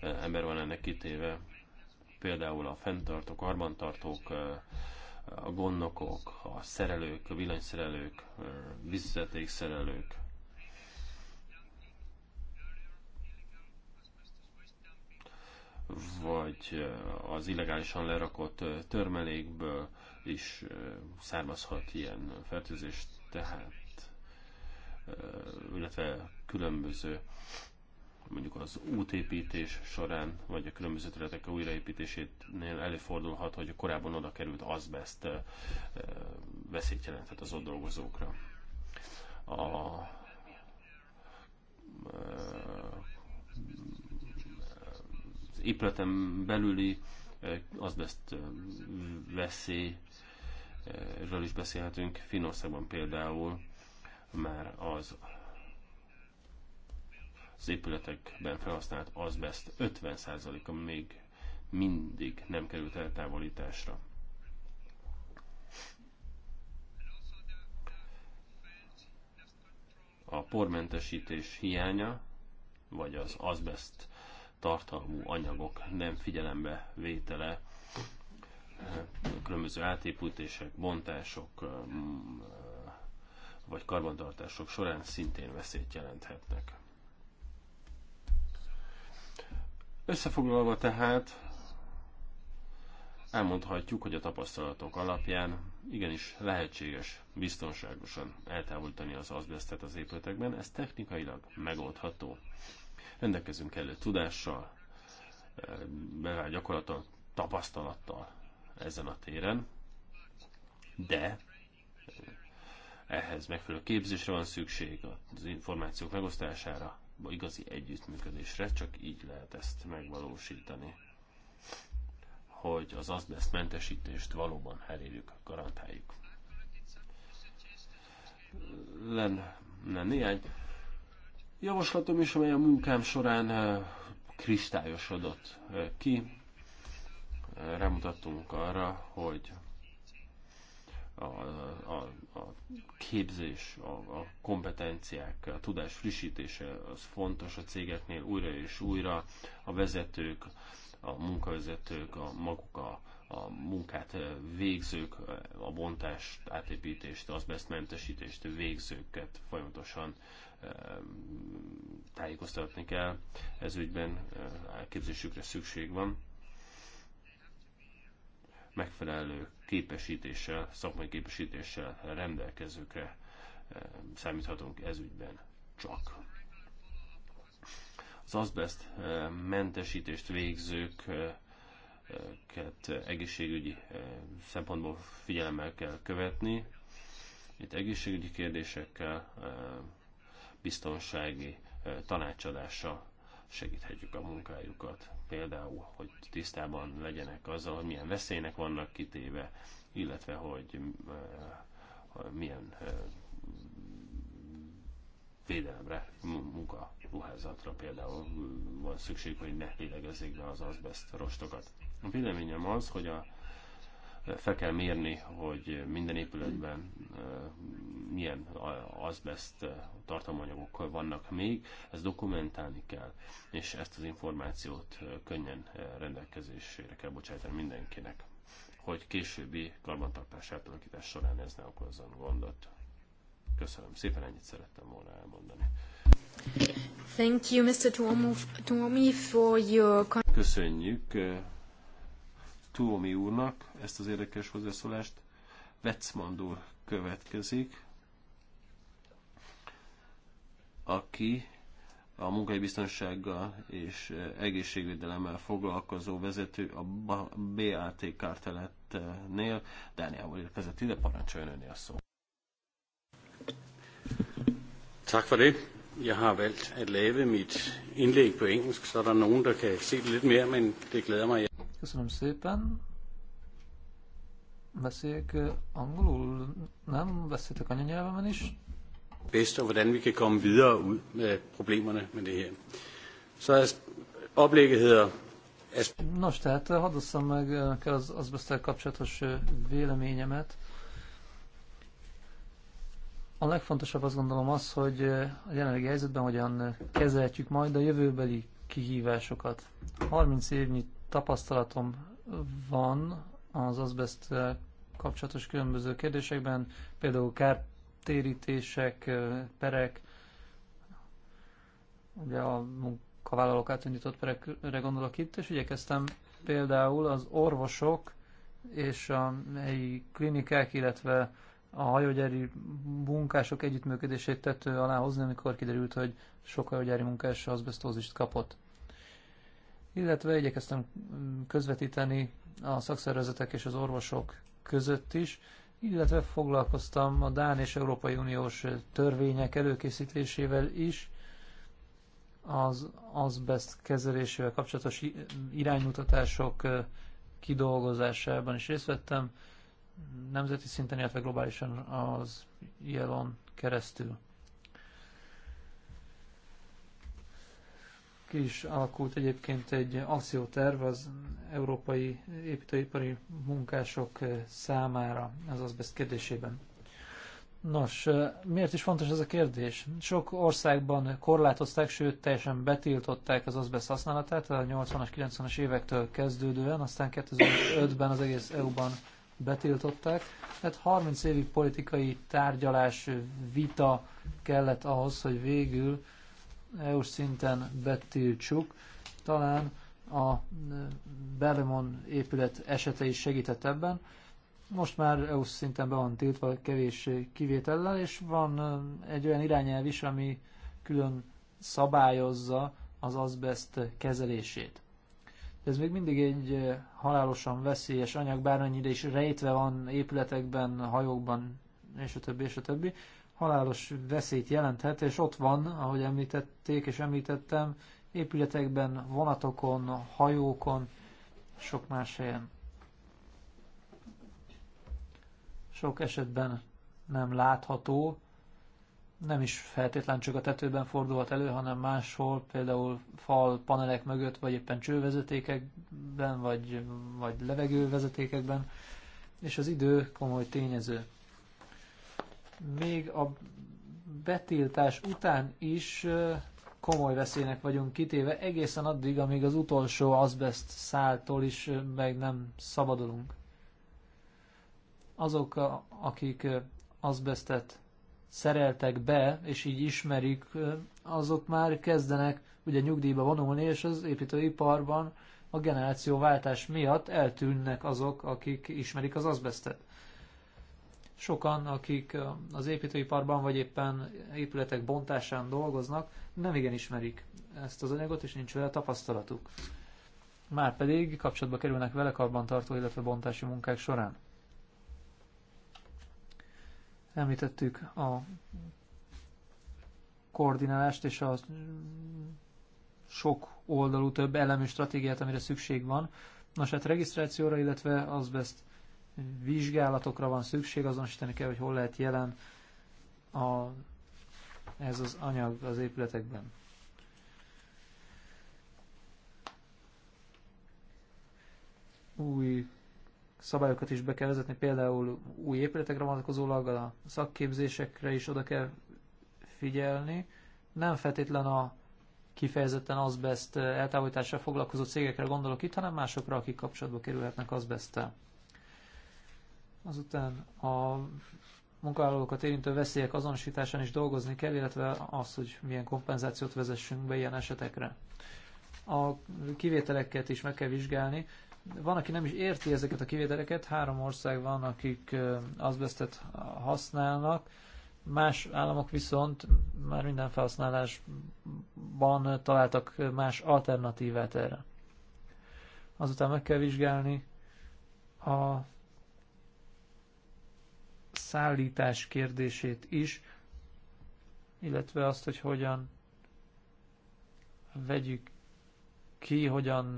ember van ennek kitéve, például a fenntartók, karbantartók, a gondnokok, a szerelők, a villanyszerelők, vízvezetékszerelők, vagy az illegálisan lerakott törmelékből is származhat ilyen fertőzés, tehát illetve különböző mondjuk az útépítés során, vagy a különböző területek újraépítésénél előfordulhat, hogy a korábban oda került azbest veszélyt jelenthet az ott dolgozókra. A az épületen belüli azbest erről is beszélhetünk. Finországban például már az az épületekben felhasznált azbest 50%-a még mindig nem került eltávolításra. A pormentesítés hiánya, vagy az azbest tartalmú anyagok nem figyelembe vétele különböző átépítések, bontások mm, vagy karbantartások során szintén veszélyt jelenthetnek. Összefoglalva tehát, elmondhatjuk, hogy a tapasztalatok alapján igenis lehetséges biztonságosan eltávolítani az azbesztet az épületekben, ez technikailag megoldható. Rendelkezünk elő tudással, eh, bevált gyakorlattal, tapasztalattal ezen a téren, de eh, ehhez megfelelő képzésre van szükség, az információk megosztására, igazi együttműködésre, csak így lehet ezt megvalósítani hogy az azbest mentesítést valóban elérjük, garantáljuk. Lenne néhány javaslatom is, amely a munkám során eh, kristályosodott eh, ki. Eh, remutattunk arra, hogy a, a, a képzés, a, a kompetenciák, a tudás frissítése az fontos a cégeknél újra és újra. A vezetők, a munkavezetők, a maguk a, a munkát végzők, a bontást, átépítést, azbesztmentesítést végzőket folyamatosan e, tájékoztatni kell. Ez ügyben e, képzésükre szükség van. Megfelelő képesítéssel, szakmai képesítéssel rendelkezőkre eh, számíthatunk ezügyben csak. Az azbest eh, mentesítést végzők eh, egészségügyi szempontból figyelemmel kell követni. Itt egészségügyi kérdésekkel, biztonsági tanácsadással segíthetjük a munkájukat. Például, hogy tisztában legyenek azzal, hogy milyen veszélynek vannak kitéve, illetve hogy milyen védelemre, munka ruházatra például van szükség, hogy ne lélegezzék be az azbest rostokat. A véleményem az, hogy a fel kell mérni, hogy minden épületben milyen azbest tartalmanyagok vannak még, ezt dokumentálni kell, és ezt az információt könnyen rendelkezésére kell bocsájtani mindenkinek, hogy későbbi karbantartás átalakítás során ez ne okozzon gondot. Köszönöm szépen, ennyit szerettem volna elmondani. Thank you, Mr. Tuomi, for your... Köszönjük Tuomi úrnak ezt az érdekes hozzászólást. Vecmandó következik, aki a munkai biztonsággal és egészségvédelemmel foglalkozó vezető a BAT kárteletnél. Dániából érkezett ide, parancsoljon önni a szó. Tak for det. Jeg har valgt at lave mit indlæg på engelsk, så er der nogen, der kan se det lidt mere, men det glæder mig. Köszönöm szépen. Beszéljek angolul? Nem? Beszéltek anyanyelvemen is? Bedst, og hvordan vi kan komme videre ud med problemerne med det her. Så er oplægget hedder... Nos, tehát hadd osszam meg kell az azbesztel kapcsolatos véleményemet. A legfontosabb azt gondolom az, hogy a jelenlegi helyzetben hogyan kezelhetjük majd a jövőbeli kihívásokat. 30 évnyi tapasztalatom van az azbest kapcsolatos különböző kérdésekben, például kártérítések, perek, ugye a munkavállalók átindított perekre gondolok itt, és igyekeztem például az orvosok és a helyi klinikák, illetve a hajógyári munkások együttműködését tető alá hozni, amikor kiderült, hogy sok hajógyári munkás azbestózist kapott illetve igyekeztem közvetíteni a szakszervezetek és az orvosok között is, illetve foglalkoztam a Dán és Európai Uniós törvények előkészítésével is, az azbest kezelésével kapcsolatos iránymutatások kidolgozásában is részt vettem, nemzeti szinten, illetve globálisan az ilon keresztül. is alakult egyébként egy akcióterv az európai építőipari munkások eh, számára az azbest kérdésében. Nos, eh, miért is fontos ez a kérdés? Sok országban korlátozták, sőt teljesen betiltották az azbest használatát a 80-as, 90-as évektől kezdődően, aztán 2005-ben az egész EU-ban betiltották. Tehát 30 évi politikai tárgyalás, vita kellett ahhoz, hogy végül EU szinten betiltsuk. Talán a Berlemon épület esete is segített ebben. Most már EU szinten be van tiltva kevés kivétellel, és van egy olyan irányelv is, ami külön szabályozza az azbest kezelését. De ez még mindig egy halálosan veszélyes anyag, bármennyire is rejtve van épületekben, hajókban, és a többi, és a többi halálos veszélyt jelenthet, és ott van, ahogy említették és említettem, épületekben, vonatokon, hajókon, sok más helyen. Sok esetben nem látható, nem is feltétlen csak a tetőben fordulhat elő, hanem máshol, például fal panelek mögött, vagy éppen csővezetékekben, vagy, vagy levegővezetékekben, és az idő komoly tényező még a betiltás után is komoly veszélynek vagyunk kitéve, egészen addig, amíg az utolsó azbest száltól is meg nem szabadulunk. Azok, akik azbestet szereltek be, és így ismerik, azok már kezdenek ugye nyugdíjba vonulni, és az építőiparban a generációváltás miatt eltűnnek azok, akik ismerik az azbestet sokan, akik az építőiparban vagy éppen épületek bontásán dolgoznak, nem igen ismerik ezt az anyagot, és nincs vele tapasztalatuk. Márpedig kapcsolatba kerülnek vele karbantartó, illetve bontási munkák során. Említettük a koordinálást és a sok oldalú, több elemű stratégiát, amire szükség van. Nos, hát regisztrációra, illetve azbest vizsgálatokra van szükség, azonosítani kell, hogy hol lehet jelen a, ez az anyag az épületekben. Új szabályokat is be kell vezetni, például új épületekre vonatkozólag a szakképzésekre is oda kell figyelni. Nem feltétlen a kifejezetten azbest eh, eltávolítással foglalkozó cégekre gondolok itt, hanem másokra, akik kapcsolatba kerülhetnek azbesttel. Azután a munkavállalókat érintő veszélyek azonosításán is dolgozni kell, illetve az, hogy milyen kompenzációt vezessünk be ilyen esetekre. A kivételeket is meg kell vizsgálni. Van, aki nem is érti ezeket a kivételeket, három ország van, akik azbestet használnak, más államok viszont már minden felhasználásban találtak más alternatívát erre. Azután meg kell vizsgálni a szállítás kérdését is, illetve azt, hogy hogyan vegyük ki, hogyan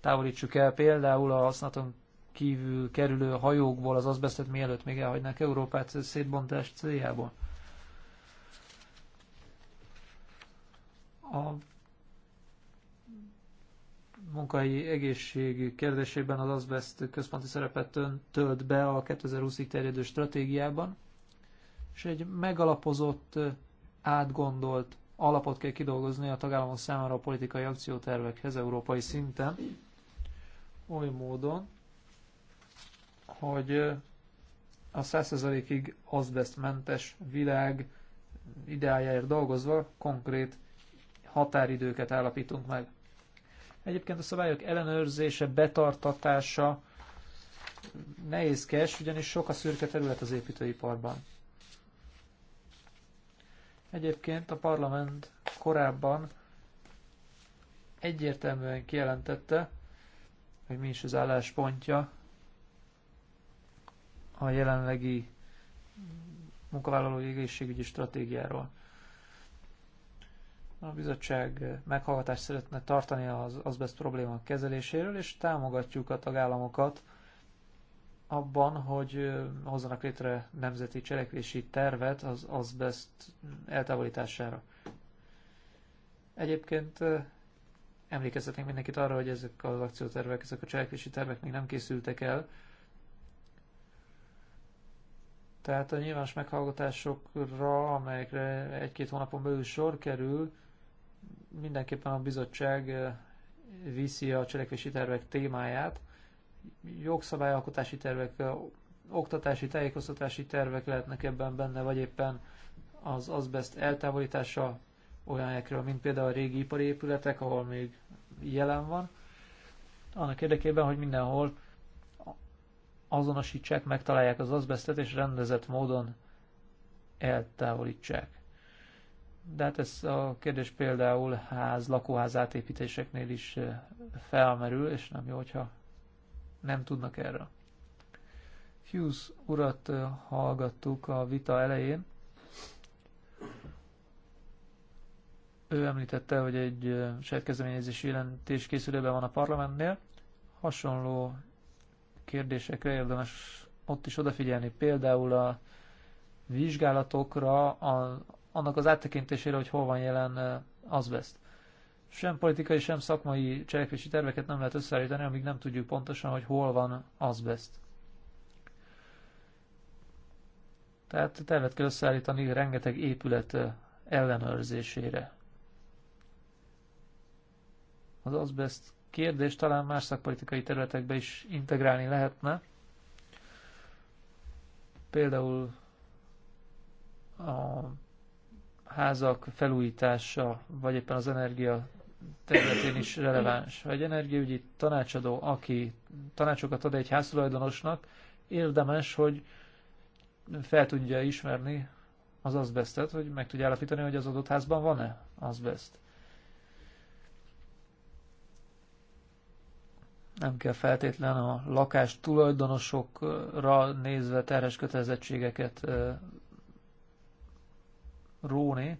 távolítsuk el például a használaton kívül kerülő hajókból az azbesztet, mielőtt még elhagynák Európát szétbontás céljából. A munkai egészség kérdésében az azbest központi szerepet tölt be a 2020-ig terjedő stratégiában, és egy megalapozott, átgondolt alapot kell kidolgozni a tagállamok számára a politikai akciótervekhez európai szinten, oly módon, hogy a 100%-ig azbestmentes világ ideájáért dolgozva konkrét határidőket állapítunk meg. Egyébként a szabályok ellenőrzése, betartatása nehézkes, ugyanis sok a szürke terület az építőiparban. Egyébként a parlament korábban egyértelműen kijelentette, hogy mi is az álláspontja a jelenlegi munkavállalói egészségügyi stratégiáról. A bizottság meghallgatást szeretne tartani az azbest probléma kezeléséről, és támogatjuk a tagállamokat abban, hogy hozzanak létre nemzeti cselekvési tervet az azbest eltávolítására. Egyébként emlékeztetnénk mindenkit arra, hogy ezek az akciótervek, ezek a cselekvési tervek még nem készültek el. Tehát a nyilvános meghallgatásokra, amelyekre egy-két hónapon belül sor kerül, mindenképpen a bizottság viszi a cselekvési tervek témáját. Jogszabályalkotási tervek, oktatási, tájékoztatási tervek lehetnek ebben benne, vagy éppen az azbest eltávolítása olyan helyekről, mint például a régi ipari épületek, ahol még jelen van. Annak érdekében, hogy mindenhol azonosítsák, megtalálják az azbestet, és rendezett módon eltávolítsák de hát ez a kérdés például ház, lakóház átépítéseknél is eh, felmerül, és nem jó, hogyha nem tudnak erről. Hughes urat eh, hallgattuk a vita elején. Ő említette, hogy egy eh, saját kezdeményezési jelentés készülőben van a parlamentnél. Hasonló kérdésekre érdemes ott is odafigyelni, például a vizsgálatokra, a, annak az áttekintésére, hogy hol van jelen azbest. Sem politikai, sem szakmai cselekvési terveket nem lehet összeállítani, amíg nem tudjuk pontosan, hogy hol van azbest. Tehát tervet kell összeállítani rengeteg épület ellenőrzésére. Az azbest kérdés talán más szakpolitikai területekbe is integrálni lehetne. Például a házak felújítása, vagy éppen az energia területén is releváns. Ha egy energiaügyi tanácsadó, aki tanácsokat ad egy háztulajdonosnak, érdemes, hogy fel tudja ismerni az azbestet, hogy meg tudja állapítani, hogy az adott házban van-e azbest. Nem kell feltétlen a lakás tulajdonosokra nézve terhes kötelezettségeket róni,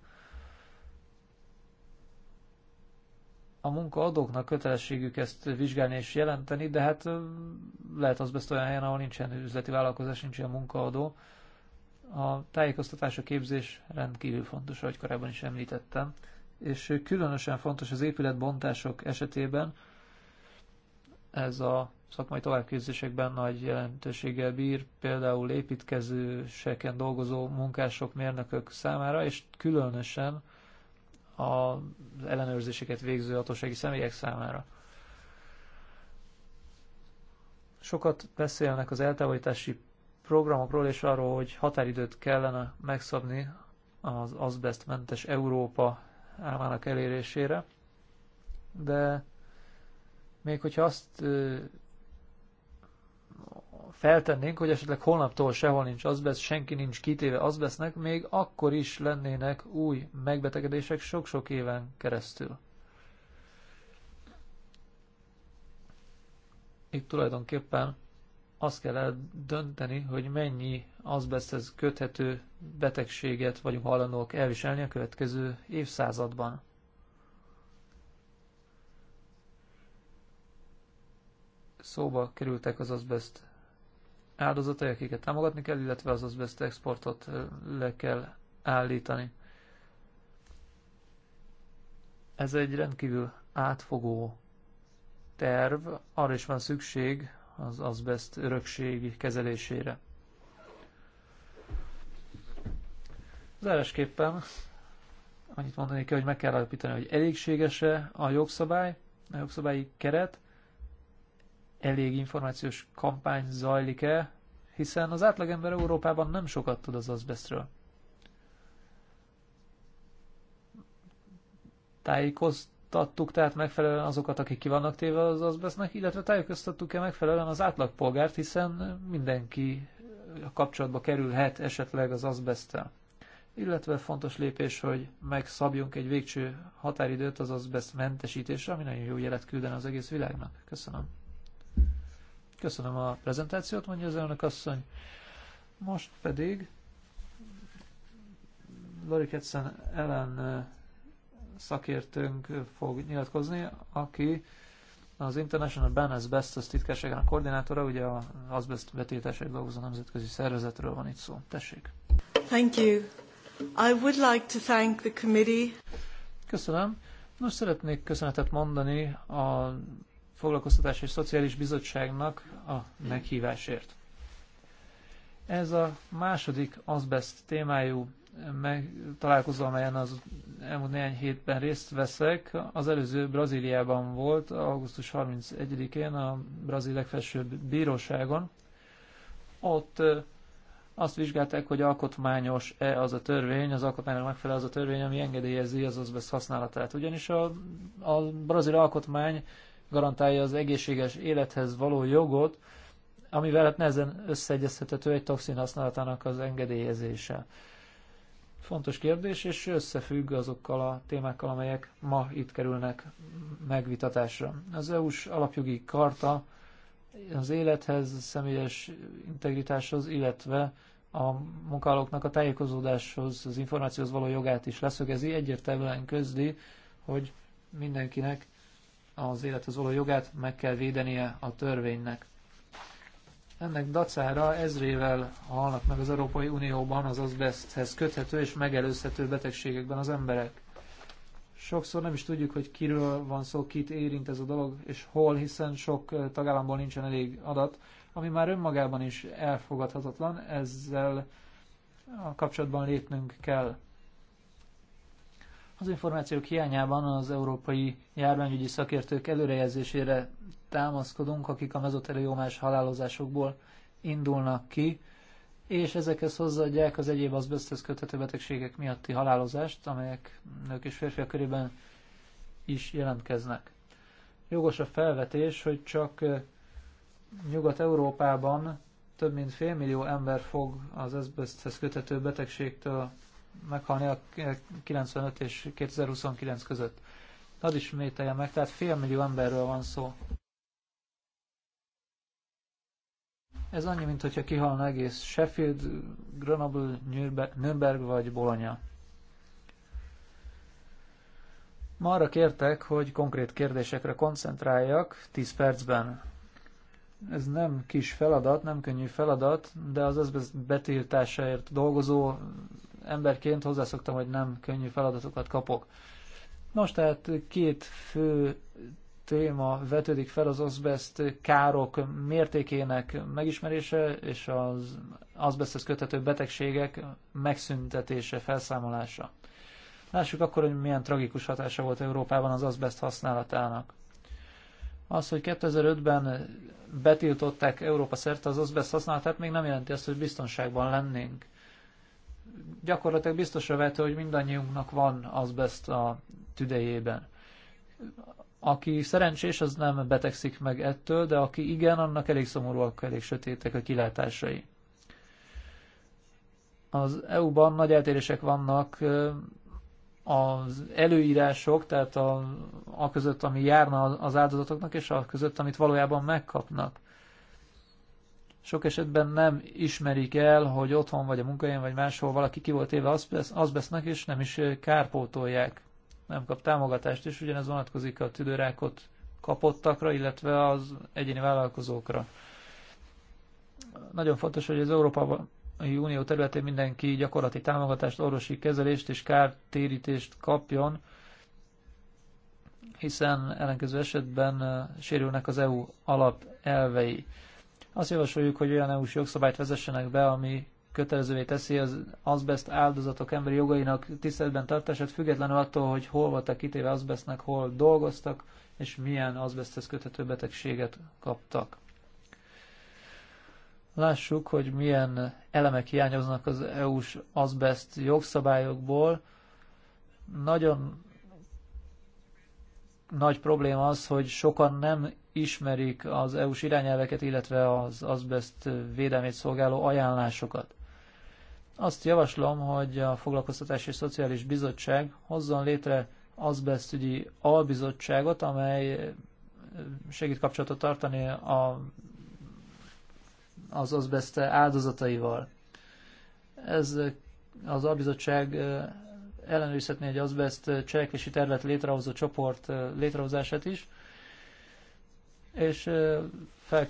a munkaadóknak kötelességük ezt vizsgálni és jelenteni, de hát lehet az best olyan helyen, ahol nincsen üzleti vállalkozás, nincsen munkaadó. A tájékoztatás, a képzés rendkívül fontos, ahogy korábban is említettem, és különösen fontos az épületbontások esetében, ez a szakmai továbbképzésekben nagy jelentőséggel bír, például építkezőseken dolgozó munkások, mérnökök számára, és különösen az ellenőrzéseket végző hatósági személyek számára. Sokat beszélnek az eltávolítási programokról és arról, hogy határidőt kellene megszabni az azbestmentes Európa álmának elérésére, de még hogyha azt feltennénk, hogy esetleg holnaptól sehol nincs azbesz, senki nincs kitéve azbesznek, még akkor is lennének új megbetegedések sok-sok éven keresztül. Itt tulajdonképpen azt kell dönteni, hogy mennyi azbeszhez köthető betegséget vagyunk hajlandók elviselni a következő évszázadban. szóba kerültek az azbest áldozatai, akiket támogatni kell, illetve az azbest exportot le kell állítani. Ez egy rendkívül átfogó terv, arra is van szükség az azbest örökség kezelésére. Zárásképpen annyit mondani kell, hogy meg kell alapítani, hogy elégséges-e a jogszabály, a jogszabályi keret, elég információs kampány zajlik-e, hiszen az átlagember Európában nem sokat tud az azbestről. Tájékoztattuk tehát megfelelően azokat, akik ki vannak téve az azbestnek, illetve tájékoztattuk-e megfelelően az átlagpolgárt, hiszen mindenki a kapcsolatba kerülhet esetleg az azbesttel. Illetve fontos lépés, hogy megszabjunk egy végső határidőt az azbest mentesítésre, ami nagyon jó jelet küldene az egész világnak. Köszönöm. Köszönöm a prezentációt, mondja az elnök asszony. Most pedig Lori Ketsen ellen szakértőnk fog nyilatkozni, aki az International Ban Asbestos titkárságának koordinátora, ugye az azbest betiltásért dolgozó nemzetközi szervezetről van itt szó. Tessék! Thank you. I would like to thank the committee. Köszönöm. Nos, szeretnék köszönetet mondani a Foglalkoztatás és Szociális Bizottságnak a meghívásért. Ez a második azbest témájú meg, találkozó, amelyen az elmúlt néhány hétben részt veszek. Az előző Brazíliában volt, augusztus 31-én a brazil legfelsőbb bíróságon. Ott azt vizsgálták, hogy alkotmányos-e az a törvény, az alkotmánynak megfelel az a törvény, ami engedélyezi az azbesz használatát. Ugyanis a, a brazil alkotmány garantálja az egészséges élethez való jogot, amivel hát nehezen összeegyeztethető egy toxin használatának az engedélyezése. Fontos kérdés, és összefügg azokkal a témákkal, amelyek ma itt kerülnek megvitatásra. Az EU-s alapjogi karta az élethez, a személyes integritáshoz, illetve a munkálóknak a tájékozódáshoz, az információhoz való jogát is leszögezi, egyértelműen közdi, hogy mindenkinek az élethez való jogát meg kell védenie a törvénynek. Ennek dacára ezrével halnak meg az Európai Unióban az azbeszthez köthető és megelőzhető betegségekben az emberek. Sokszor nem is tudjuk, hogy kiről van szó, kit érint ez a dolog, és hol, hiszen sok tagállamból nincsen elég adat, ami már önmagában is elfogadhatatlan, ezzel kapcsolatban lépnünk kell. Az információk hiányában az európai járványügyi szakértők előrejelzésére támaszkodunk, akik a mezoteliomás halálozásokból indulnak ki, és ezekhez hozzáadják az egyéb azbeszthez köthető betegségek miatti halálozást, amelyek nők és férfiak körében is jelentkeznek. Jogos a felvetés, hogy csak Nyugat-Európában több mint félmillió ember fog az azbeszthez köthető betegségtől meghalni a 95 és 2029 között. is ismételjem meg, tehát félmillió emberről van szó. Ez annyi, mint hogyha kihalna egész Sheffield, Grenoble, Nürnberg vagy Bologna. Ma arra kértek, hogy konkrét kérdésekre koncentráljak 10 percben. Ez nem kis feladat, nem könnyű feladat, de az azbest betiltásáért dolgozó emberként hozzászoktam, hogy nem könnyű feladatokat kapok. Nos, tehát két fő téma vetődik fel az azbest károk mértékének megismerése és az azbesthez köthető betegségek megszüntetése, felszámolása. Lássuk akkor, hogy milyen tragikus hatása volt Európában az azbest használatának. Az, hogy 2005-ben betiltották Európa szerte az azbest használatát, még nem jelenti azt, hogy biztonságban lennénk gyakorlatilag biztosra vette, hogy mindannyiunknak van azbest a tüdejében. Aki szerencsés, az nem betegszik meg ettől, de aki igen, annak elég szomorúak, elég sötétek a kilátásai. Az EU-ban nagy eltérések vannak az előírások, tehát a, a között, ami járna az áldozatoknak, és a között, amit valójában megkapnak sok esetben nem ismerik el, hogy otthon vagy a munkahelyen vagy máshol valaki ki volt éve azbesznek, és nem is eh, kárpótolják. Nem kap támogatást, és ugyanez vonatkozik a tüdőrákot kapottakra, illetve az egyéni vállalkozókra. Nagyon fontos, hogy az Európában Unió területén mindenki gyakorlati támogatást, orvosi kezelést és kártérítést kapjon, hiszen ellenkező esetben eh, sérülnek az EU alapelvei. Azt javasoljuk, hogy olyan EU-s jogszabályt vezessenek be, ami kötelezővé teszi az azbest áldozatok emberi jogainak tiszteletben tartását, függetlenül attól, hogy hol voltak kitéve azbestnek, hol dolgoztak, és milyen azbesthez köthető betegséget kaptak. Lássuk, hogy milyen elemek hiányoznak az EU-s azbest jogszabályokból. Nagyon nagy probléma az, hogy sokan nem ismerik az EU-s irányelveket, illetve az azbest védelmét szolgáló ajánlásokat. Azt javaslom, hogy a Foglalkoztatási és Szociális Bizottság hozzon létre azbestügyi albizottságot, amely eh, segít kapcsolatot tartani a, az azbest áldozataival. Ez eh, az albizottság eh, ellenőrizhetné egy azbest cselekvési tervet létrehozó csoport létrehozását is, és fel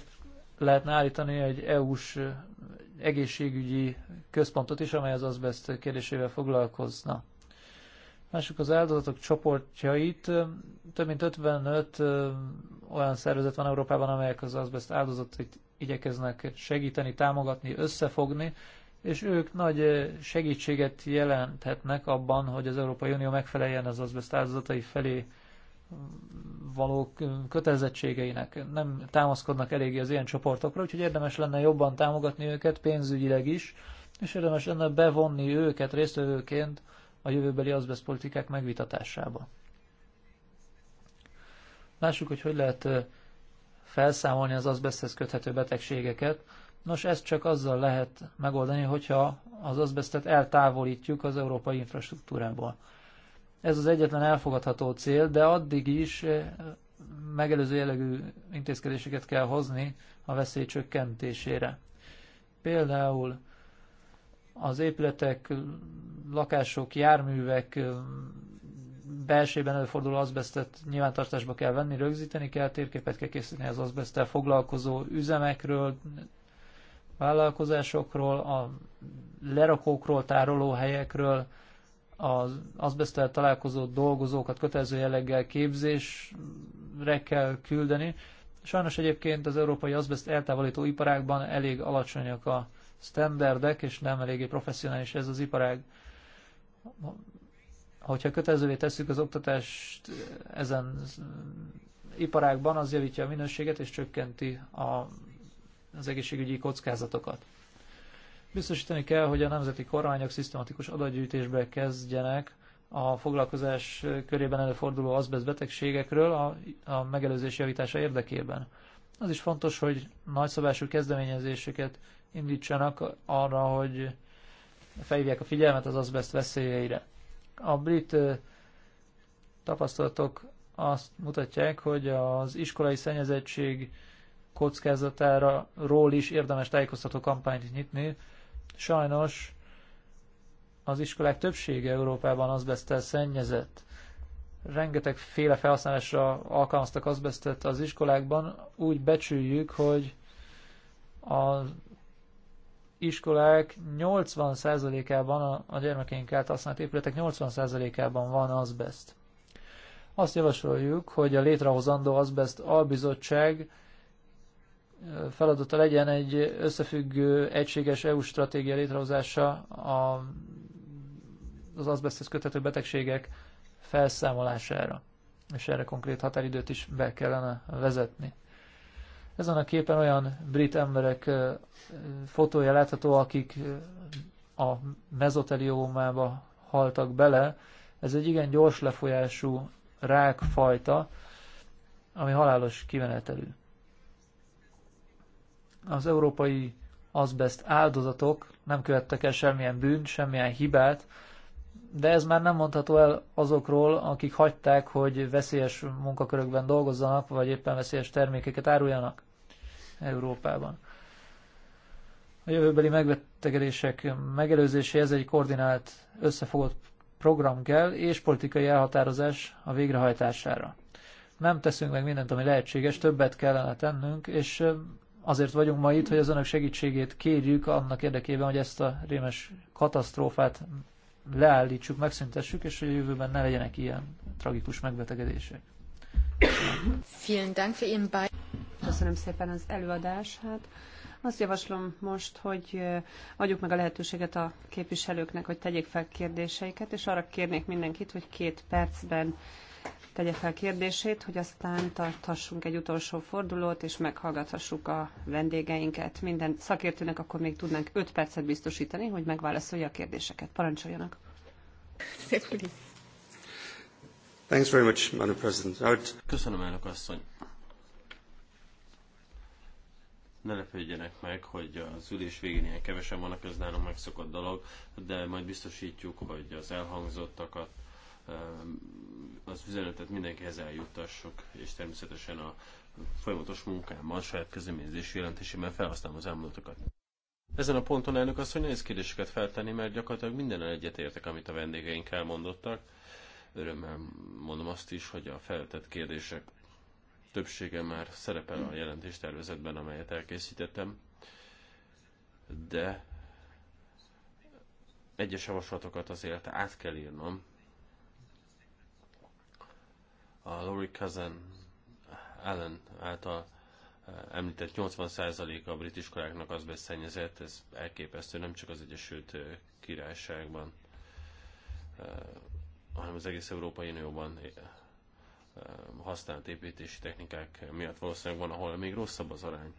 lehetne állítani egy EU-s egészségügyi központot is, amely az azbest kérdésével foglalkozna. Mások az áldozatok csoportjait. Több mint 55 olyan szervezet van Európában, amelyek az azbest áldozatait igyekeznek segíteni, támogatni, összefogni, és ők nagy segítséget jelenthetnek abban, hogy az Európai Unió megfeleljen az azbest áldozatai felé való kötelezettségeinek nem támaszkodnak eléggé az ilyen csoportokra, úgyhogy érdemes lenne jobban támogatni őket pénzügyileg is, és érdemes lenne bevonni őket résztvevőként a jövőbeli politikák megvitatásába. Lássuk, hogy hogy lehet felszámolni az azbeszhez köthető betegségeket. Nos, ezt csak azzal lehet megoldani, hogyha az azbesztet eltávolítjuk az európai infrastruktúrából. Ez az egyetlen elfogadható cél, de addig is eh, megelőző jellegű intézkedéseket kell hozni a veszély csökkentésére. Például az épületek, lakások, járművek eh, belsőben előforduló azbesztet nyilvántartásba kell venni, rögzíteni kell, térképet kell készíteni az azbesztel foglalkozó üzemekről, vállalkozásokról, a lerakókról, tárolóhelyekről, az azbesztel találkozó dolgozókat kötelező jelleggel képzésre kell küldeni. Sajnos egyébként az európai azbeszt eltávolító iparágban elég alacsonyak a standardek, és nem eléggé professzionális ez az iparág. Hogyha kötelezővé tesszük az oktatást ezen iparágban, az javítja a minőséget és csökkenti a, az egészségügyi kockázatokat. Biztosítani kell, hogy a nemzeti kormányok szisztematikus adatgyűjtésbe kezdjenek a foglalkozás körében előforduló azbesz betegségekről a, a megelőzés javítása érdekében. Az is fontos, hogy nagyszabású kezdeményezéseket indítsanak arra, hogy felhívják a figyelmet az azbest veszélyeire. A brit tapasztalatok azt mutatják, hogy az iskolai szennyezettség kockázatára ról is érdemes tájékoztató kampányt nyitni, Sajnos az iskolák többsége Európában azbesztel szennyezett. Rengeteg féle felhasználásra alkalmaztak azbesztet az iskolákban. Úgy becsüljük, hogy az iskolák 80%-ában, a gyermekeink által használt épületek 80%-ában van azbest. Azt javasoljuk, hogy a létrehozandó azbest albizottság feladata legyen egy összefüggő, egységes EU stratégia létrehozása a, az azbeszthez köthető betegségek felszámolására. És erre konkrét határidőt is be kellene vezetni. Ezen a képen olyan brit emberek fotója látható, akik a mezoteliómába haltak bele. Ez egy igen gyors lefolyású rákfajta, ami halálos kimenetelű az európai azbest áldozatok nem követtek el semmilyen bűnt, semmilyen hibát, de ez már nem mondható el azokról, akik hagyták, hogy veszélyes munkakörökben dolgozzanak, vagy éppen veszélyes termékeket áruljanak Európában. A jövőbeli megbetegedések megelőzéséhez egy koordinált, összefogott program kell, és politikai elhatározás a végrehajtására. Nem teszünk meg mindent, ami lehetséges, többet kellene tennünk, és Azért vagyunk ma itt, hogy az önök segítségét kérjük annak érdekében, hogy ezt a rémes katasztrófát leállítsuk, megszüntessük, és hogy a jövőben ne legyenek ilyen tragikus megbetegedések. Köszönöm szépen az előadását. Azt javaslom most, hogy adjuk meg a lehetőséget a képviselőknek, hogy tegyék fel kérdéseiket, és arra kérnék mindenkit, hogy két percben tegye fel kérdését, hogy aztán tarthassunk egy utolsó fordulót, és meghallgathassuk a vendégeinket. Minden szakértőnek akkor még tudnánk 5 percet biztosítani, hogy megválaszolja a kérdéseket. Parancsoljanak! Thanks very much, Madam President. would... Köszönöm, elnök asszony. Ne lepődjenek meg, hogy az ülés végén ilyen kevesen vannak, ez nálunk megszokott dolog, de majd biztosítjuk, hogy az elhangzottakat az üzenetet mindenkihez eljuttassuk, és természetesen a folyamatos munkámmal, saját kezdeményezési jelentésében felhasználom az elmondatokat. Ezen a ponton elnök azt, hogy nehéz kérdéseket feltenni, mert gyakorlatilag mindennel egyetértek, amit a vendégeink elmondottak. Örömmel mondom azt is, hogy a feltett kérdések többsége már szerepel a jelentéstervezetben, amelyet elkészítettem, de egyes javaslatokat azért át kell írnom, a Lori Cousin Allen által eh, említett 80% a brit iskoláknak az beszennyezett, ez elképesztő nem csak az Egyesült eh, Királyságban, eh, hanem az egész Európai Unióban használt építési technikák miatt valószínűleg van, ahol még rosszabb az arány.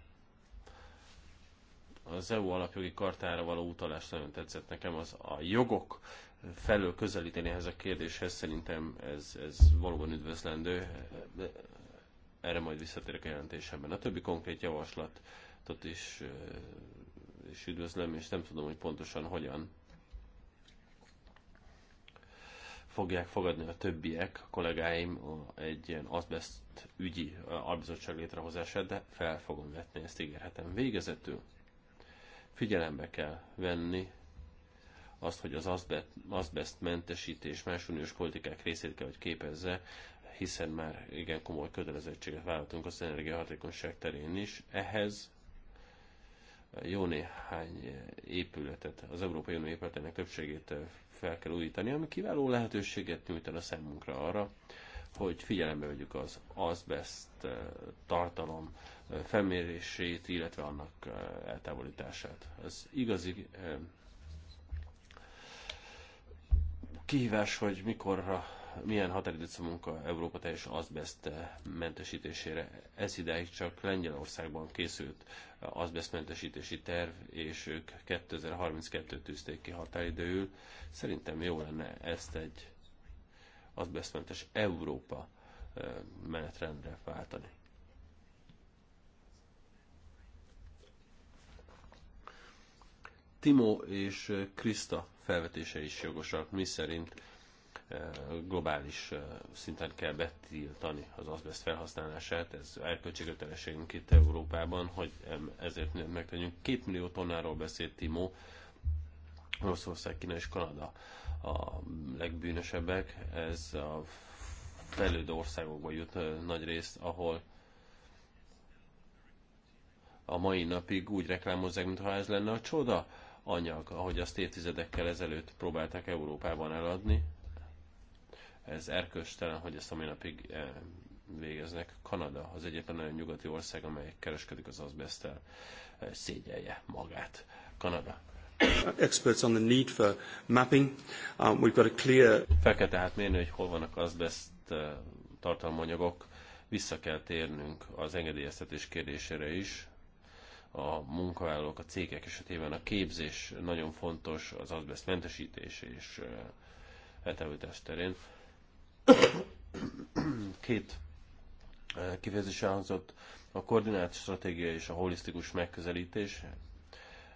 Az EU alapjogi kartára való utalás nagyon tetszett nekem, az a jogok felől közelíteni ehhez a kérdéshez, szerintem ez, ez valóban üdvözlendő. Erre majd visszatérek a jelentésemben. A többi konkrét javaslatot is, is üdvözlöm, és nem tudom, hogy pontosan hogyan fogják fogadni a többiek, a kollégáim egy ilyen azbest ügyi albizottság létrehozását, de fel fogom vetni, ezt ígérhetem. Végezetül figyelembe kell venni azt, hogy az azbest mentesítés más uniós politikák részét kell, hogy képezze, hiszen már igen komoly kötelezettséget vállaltunk az energiahatékonyság terén is. Ehhez jó néhány épületet, az Európai Unió épületének többségét fel kell újítani, ami kiváló lehetőséget nyújt a számunkra arra, hogy figyelembe vegyük az azbest eh, tartalom eh, felmérését, illetve annak eh, eltávolítását. Az igazi kihívás, hogy mikorra, milyen határidőt szomunk a Európa teljes azbest mentesítésére. Ez ideig csak Lengyelországban készült azbest mentesítési terv, és ők 2032 tűzték ki határidőül. Szerintem jó lenne ezt egy azbestmentes Európa menetrendre váltani. Timo és Krista felvetése is jogosak, mi szerint eh, globális eh, szinten kell betiltani az azbest felhasználását, ez erkölcsi kötelességünk itt Európában, hogy ezért nem megtegyünk. Két millió tonnáról beszélt Timó, Oroszország, Kína és Kanada a legbűnösebbek, ez a fejlődő országokba jut eh, nagy részt, ahol a mai napig úgy reklámozzák, mintha ez lenne a csoda, anyag, ahogy azt évtizedekkel ezelőtt próbálták Európában eladni. Ez erköstelen, hogy ezt a mai napig eh, végeznek. Kanada az egyetlen olyan nyugati ország, amely kereskedik az azbesztel, eh, szégyelje magát. Kanada. Experts on the need for mapping. Um, we've got a clear... Fel kell tehát mérni, hogy hol vannak azbest eh, tartalmanyagok. Vissza kell térnünk az engedélyeztetés kérdésére is a munkavállalók, a cégek esetében a képzés nagyon fontos, az azbest mentesítés és eltávolítás terén. Két kifejezés elhangzott, a koordinált stratégia és a holisztikus megközelítés.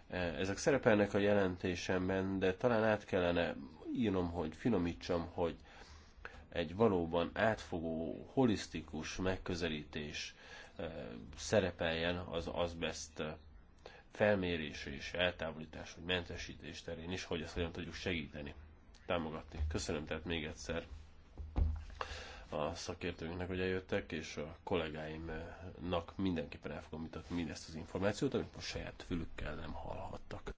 Ezek szerepelnek a jelentésemben, de talán át kellene írnom, hogy finomítsam, hogy egy valóban átfogó, holisztikus megközelítés szerepeljen az azbest felmérés és eltávolítás, vagy mentesítés terén is, hogy ezt hogyan tudjuk segíteni, támogatni. Köszönöm tehát még egyszer a szakértőinknek, hogy eljöttek, és a kollégáimnak mindenképpen el fogom mutatni mindezt az információt, amit most saját fülükkel nem hallhattak.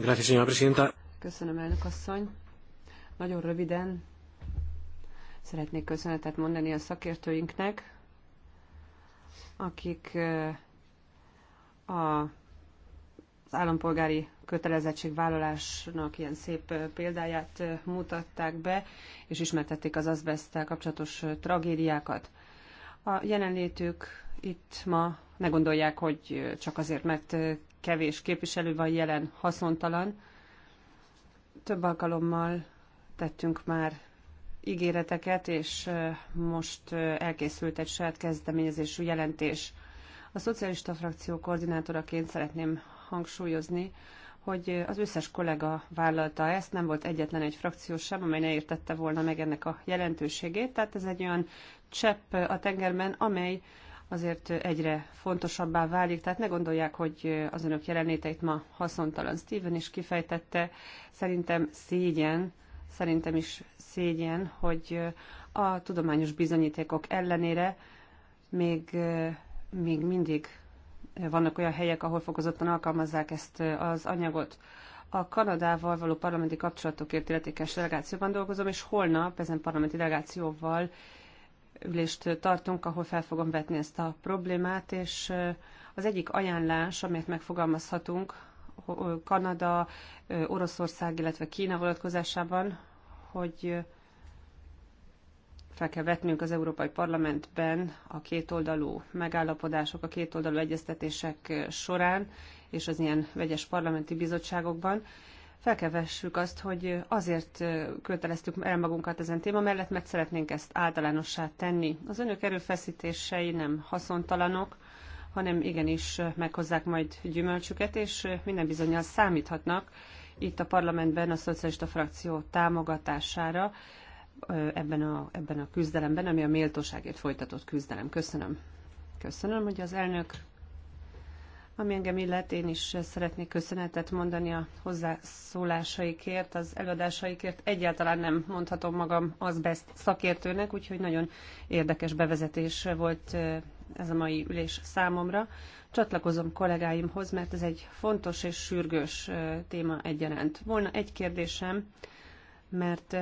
presidenta. Köszönöm, elnök asszony. Nagyon röviden szeretnék köszönetet mondani a szakértőinknek, akik a az állampolgári kötelezettségvállalásnak ilyen szép példáját mutatták be, és ismertették az azbesztel kapcsolatos tragédiákat. A jelenlétük itt ma ne gondolják, hogy csak azért, mert kevés képviselő van jelen haszontalan. Több alkalommal tettünk már ígéreteket, és most elkészült egy saját kezdeményezésű jelentés. A szocialista frakció koordinátoraként szeretném hangsúlyozni, hogy az összes kollega vállalta ezt, nem volt egyetlen egy frakció sem, amely ne értette volna meg ennek a jelentőségét. Tehát ez egy olyan csepp a tengerben, amely azért egyre fontosabbá válik, tehát ne gondolják, hogy az önök jelenléteit ma haszontalan. Steven is kifejtette, szerintem szégyen, Szerintem is szégyen, hogy a tudományos bizonyítékok ellenére még, még mindig vannak olyan helyek, ahol fokozottan alkalmazzák ezt az anyagot. A Kanadával való parlamenti kapcsolatokért illetékes delegációban dolgozom, és holnap ezen parlamenti delegációval ülést tartunk, ahol fel fogom vetni ezt a problémát, és az egyik ajánlás, amit megfogalmazhatunk, Kanada, Oroszország, illetve Kína vonatkozásában, hogy fel kell vetnünk az Európai Parlamentben a kétoldalú megállapodások, a kétoldalú egyeztetések során, és az ilyen vegyes parlamenti bizottságokban. Fel kell vessük azt, hogy azért köteleztük el magunkat ezen téma mellett, mert szeretnénk ezt általánossá tenni. Az önök erőfeszítései nem haszontalanok, hanem igenis meghozzák majd gyümölcsüket, és minden bizonyal számíthatnak itt a parlamentben a szocialista frakció támogatására ebben a, ebben a küzdelemben, ami a méltóságért folytatott küzdelem. Köszönöm. Köszönöm, hogy az elnök, ami engem illet, én is szeretnék köszönetet mondani a hozzászólásaikért, az előadásaikért. Egyáltalán nem mondhatom magam az best szakértőnek, úgyhogy nagyon érdekes bevezetés volt ez a mai ülés számomra. Csatlakozom kollégáimhoz, mert ez egy fontos és sürgős téma egyaránt. Volna egy kérdésem, mert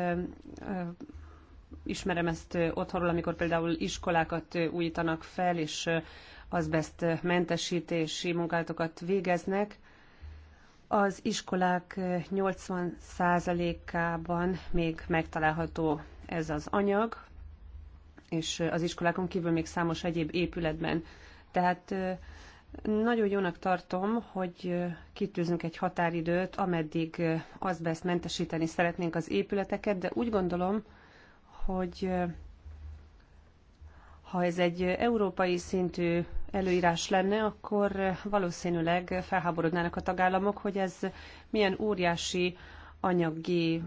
ismerem ezt otthonról, amikor például iskolákat újítanak fel, és az best mentesítési munkálatokat végeznek. Az iskolák 80%-ában még megtalálható ez az anyag, és az iskolákon kívül még számos egyéb épületben. Tehát nagyon jónak tartom, hogy kitűzünk egy határidőt, ameddig azbest mentesíteni szeretnénk az épületeket, de úgy gondolom, hogy ha ez egy európai szintű előírás lenne, akkor valószínűleg felháborodnának a tagállamok, hogy ez milyen óriási anyagi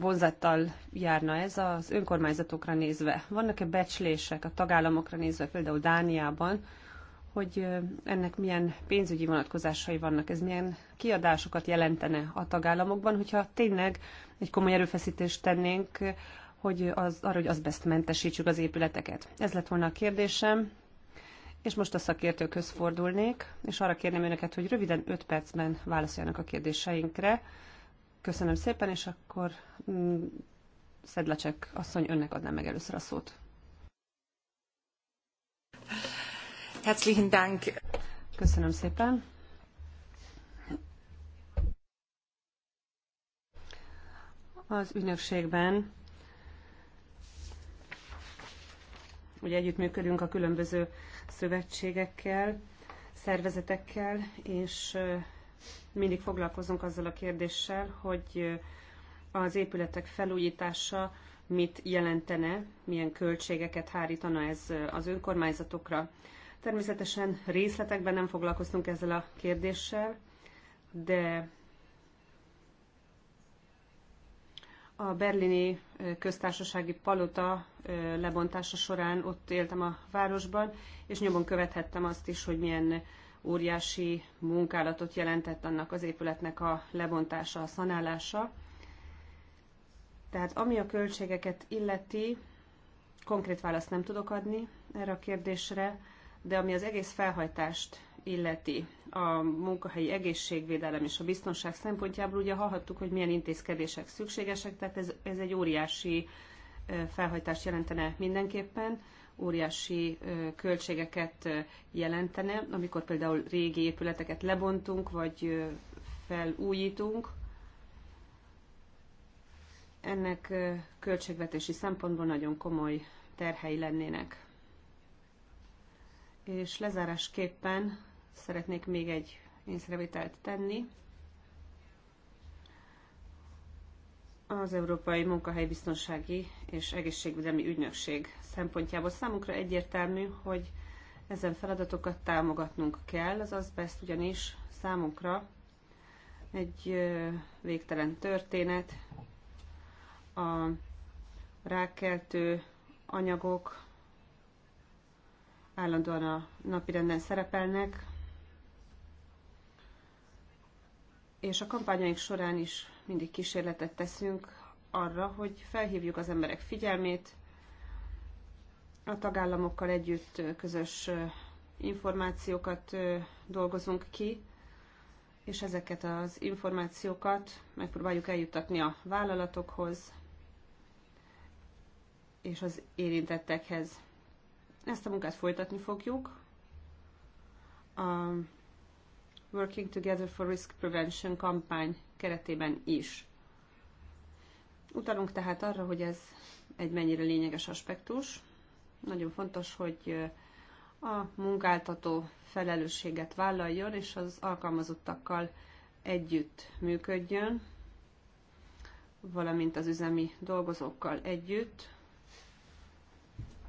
vonzattal járna ez az önkormányzatokra nézve? Vannak-e becslések a tagállamokra nézve, például Dániában, hogy ennek milyen pénzügyi vonatkozásai vannak, ez milyen kiadásokat jelentene a tagállamokban, hogyha tényleg egy komoly erőfeszítést tennénk hogy az, arra, hogy mentesítsük az épületeket. Ez lett volna a kérdésem, és most a szakértőkhöz fordulnék, és arra kérném önöket, hogy röviden 5 percben válaszoljanak a kérdéseinkre. Köszönöm szépen, és akkor mm, Szedlacsek asszony, önnek adnám meg először a szót. Herzlichen Dank. Köszönöm szépen. Az ügynökségben ugye együttműködünk a különböző szövetségekkel, szervezetekkel, és mindig foglalkozunk azzal a kérdéssel, hogy az épületek felújítása mit jelentene, milyen költségeket hárítana ez az önkormányzatokra. Természetesen részletekben nem foglalkoztunk ezzel a kérdéssel, de a berlini köztársasági palota lebontása során ott éltem a városban, és nyomon követhettem azt is, hogy milyen óriási munkálatot jelentett annak az épületnek a lebontása, a szanálása. Tehát ami a költségeket illeti, konkrét választ nem tudok adni erre a kérdésre, de ami az egész felhajtást illeti a munkahelyi egészségvédelem és a biztonság szempontjából, ugye hallhattuk, hogy milyen intézkedések szükségesek, tehát ez, ez egy óriási felhajtást jelentene mindenképpen óriási költségeket jelentene, amikor például régi épületeket lebontunk, vagy felújítunk. Ennek költségvetési szempontból nagyon komoly terhei lennének. És lezárásképpen szeretnék még egy észrevételt tenni. Az Európai Munkahelybiztonsági és Egészségvédelmi Ügynökség szempontjából számunkra egyértelmű, hogy ezen feladatokat támogatnunk kell. Az azbest ugyanis számunkra egy végtelen történet, a rákeltő anyagok állandóan a napirenden szerepelnek, és a kampányaink során is mindig kísérletet teszünk arra, hogy felhívjuk az emberek figyelmét, a tagállamokkal együtt közös információkat dolgozunk ki, és ezeket az információkat megpróbáljuk eljuttatni a vállalatokhoz és az érintettekhez. Ezt a munkát folytatni fogjuk. A Working Together for Risk Prevention kampány keretében is. Utalunk tehát arra, hogy ez egy mennyire lényeges aspektus, nagyon fontos, hogy a munkáltató felelősséget vállaljon, és az alkalmazottakkal együtt működjön, valamint az üzemi dolgozókkal együtt.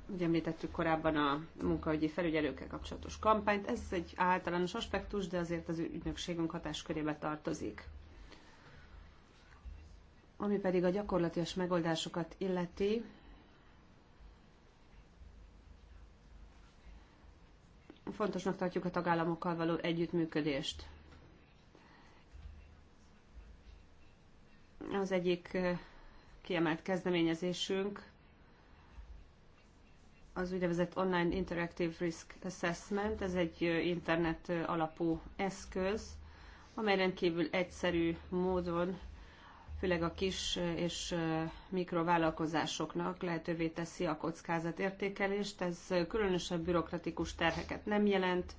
Ugye említettük korábban a munkaügyi felügyelőkkel kapcsolatos kampányt. Ez egy általános aspektus, de azért az ügynökségünk hatáskörébe tartozik. Ami pedig a gyakorlatias megoldásokat illeti, fontosnak tartjuk a tagállamokkal való együttműködést. Az egyik eh, kiemelt kezdeményezésünk az úgynevezett Online Interactive Risk Assessment, ez egy eh, internet eh, alapú eszköz, amely rendkívül egyszerű módon főleg a kis és mikrovállalkozásoknak lehetővé teszi a kockázatértékelést. Ez különösebb bürokratikus terheket nem jelent.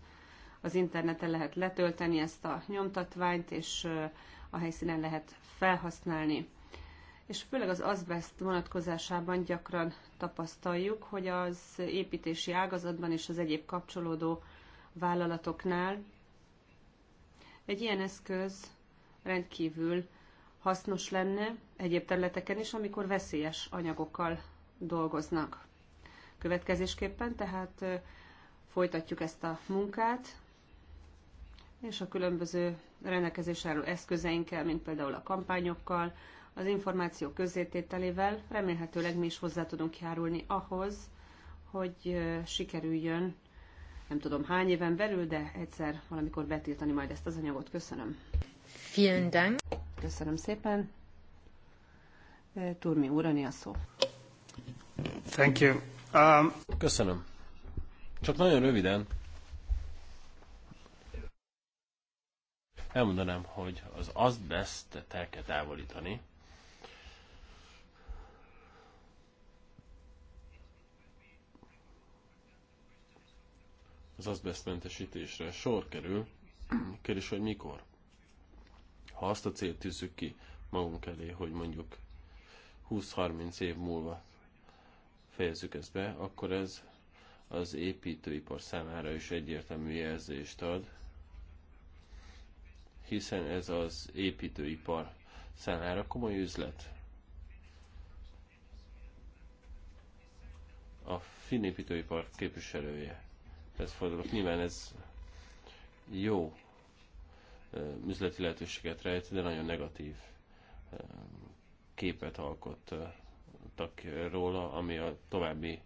Az interneten lehet letölteni ezt a nyomtatványt, és a helyszínen lehet felhasználni. És főleg az azbest vonatkozásában gyakran tapasztaljuk, hogy az építési ágazatban és az egyéb kapcsolódó vállalatoknál egy ilyen eszköz rendkívül hasznos lenne egyéb területeken is, amikor veszélyes anyagokkal dolgoznak. Következésképpen tehát folytatjuk ezt a munkát, és a különböző rendelkezésre álló eszközeinkkel, mint például a kampányokkal, az információ közzétételével remélhetőleg mi is hozzá tudunk járulni ahhoz, hogy sikerüljön, nem tudom hány éven belül, de egyszer valamikor betiltani majd ezt az anyagot. Köszönöm. Vielen Dank. Köszönöm szépen. E, Turmi úrani a szó. Thank you. Um... Köszönöm. Csak nagyon röviden. Elmondanám, hogy az azbestet el kell távolítani. Az mentesítésre sor kerül. Kérdés, hogy mikor? ha azt a célt tűzzük ki magunk elé, hogy mondjuk 20-30 év múlva fejezzük ezt be, akkor ez az építőipar számára is egyértelmű jelzést ad, hiszen ez az építőipar számára komoly üzlet. A finépítőipar képviselője. Ez fordulok. Nyilván ez jó üzleti lehetőséget rejt, de nagyon negatív képet alkottak róla, ami a további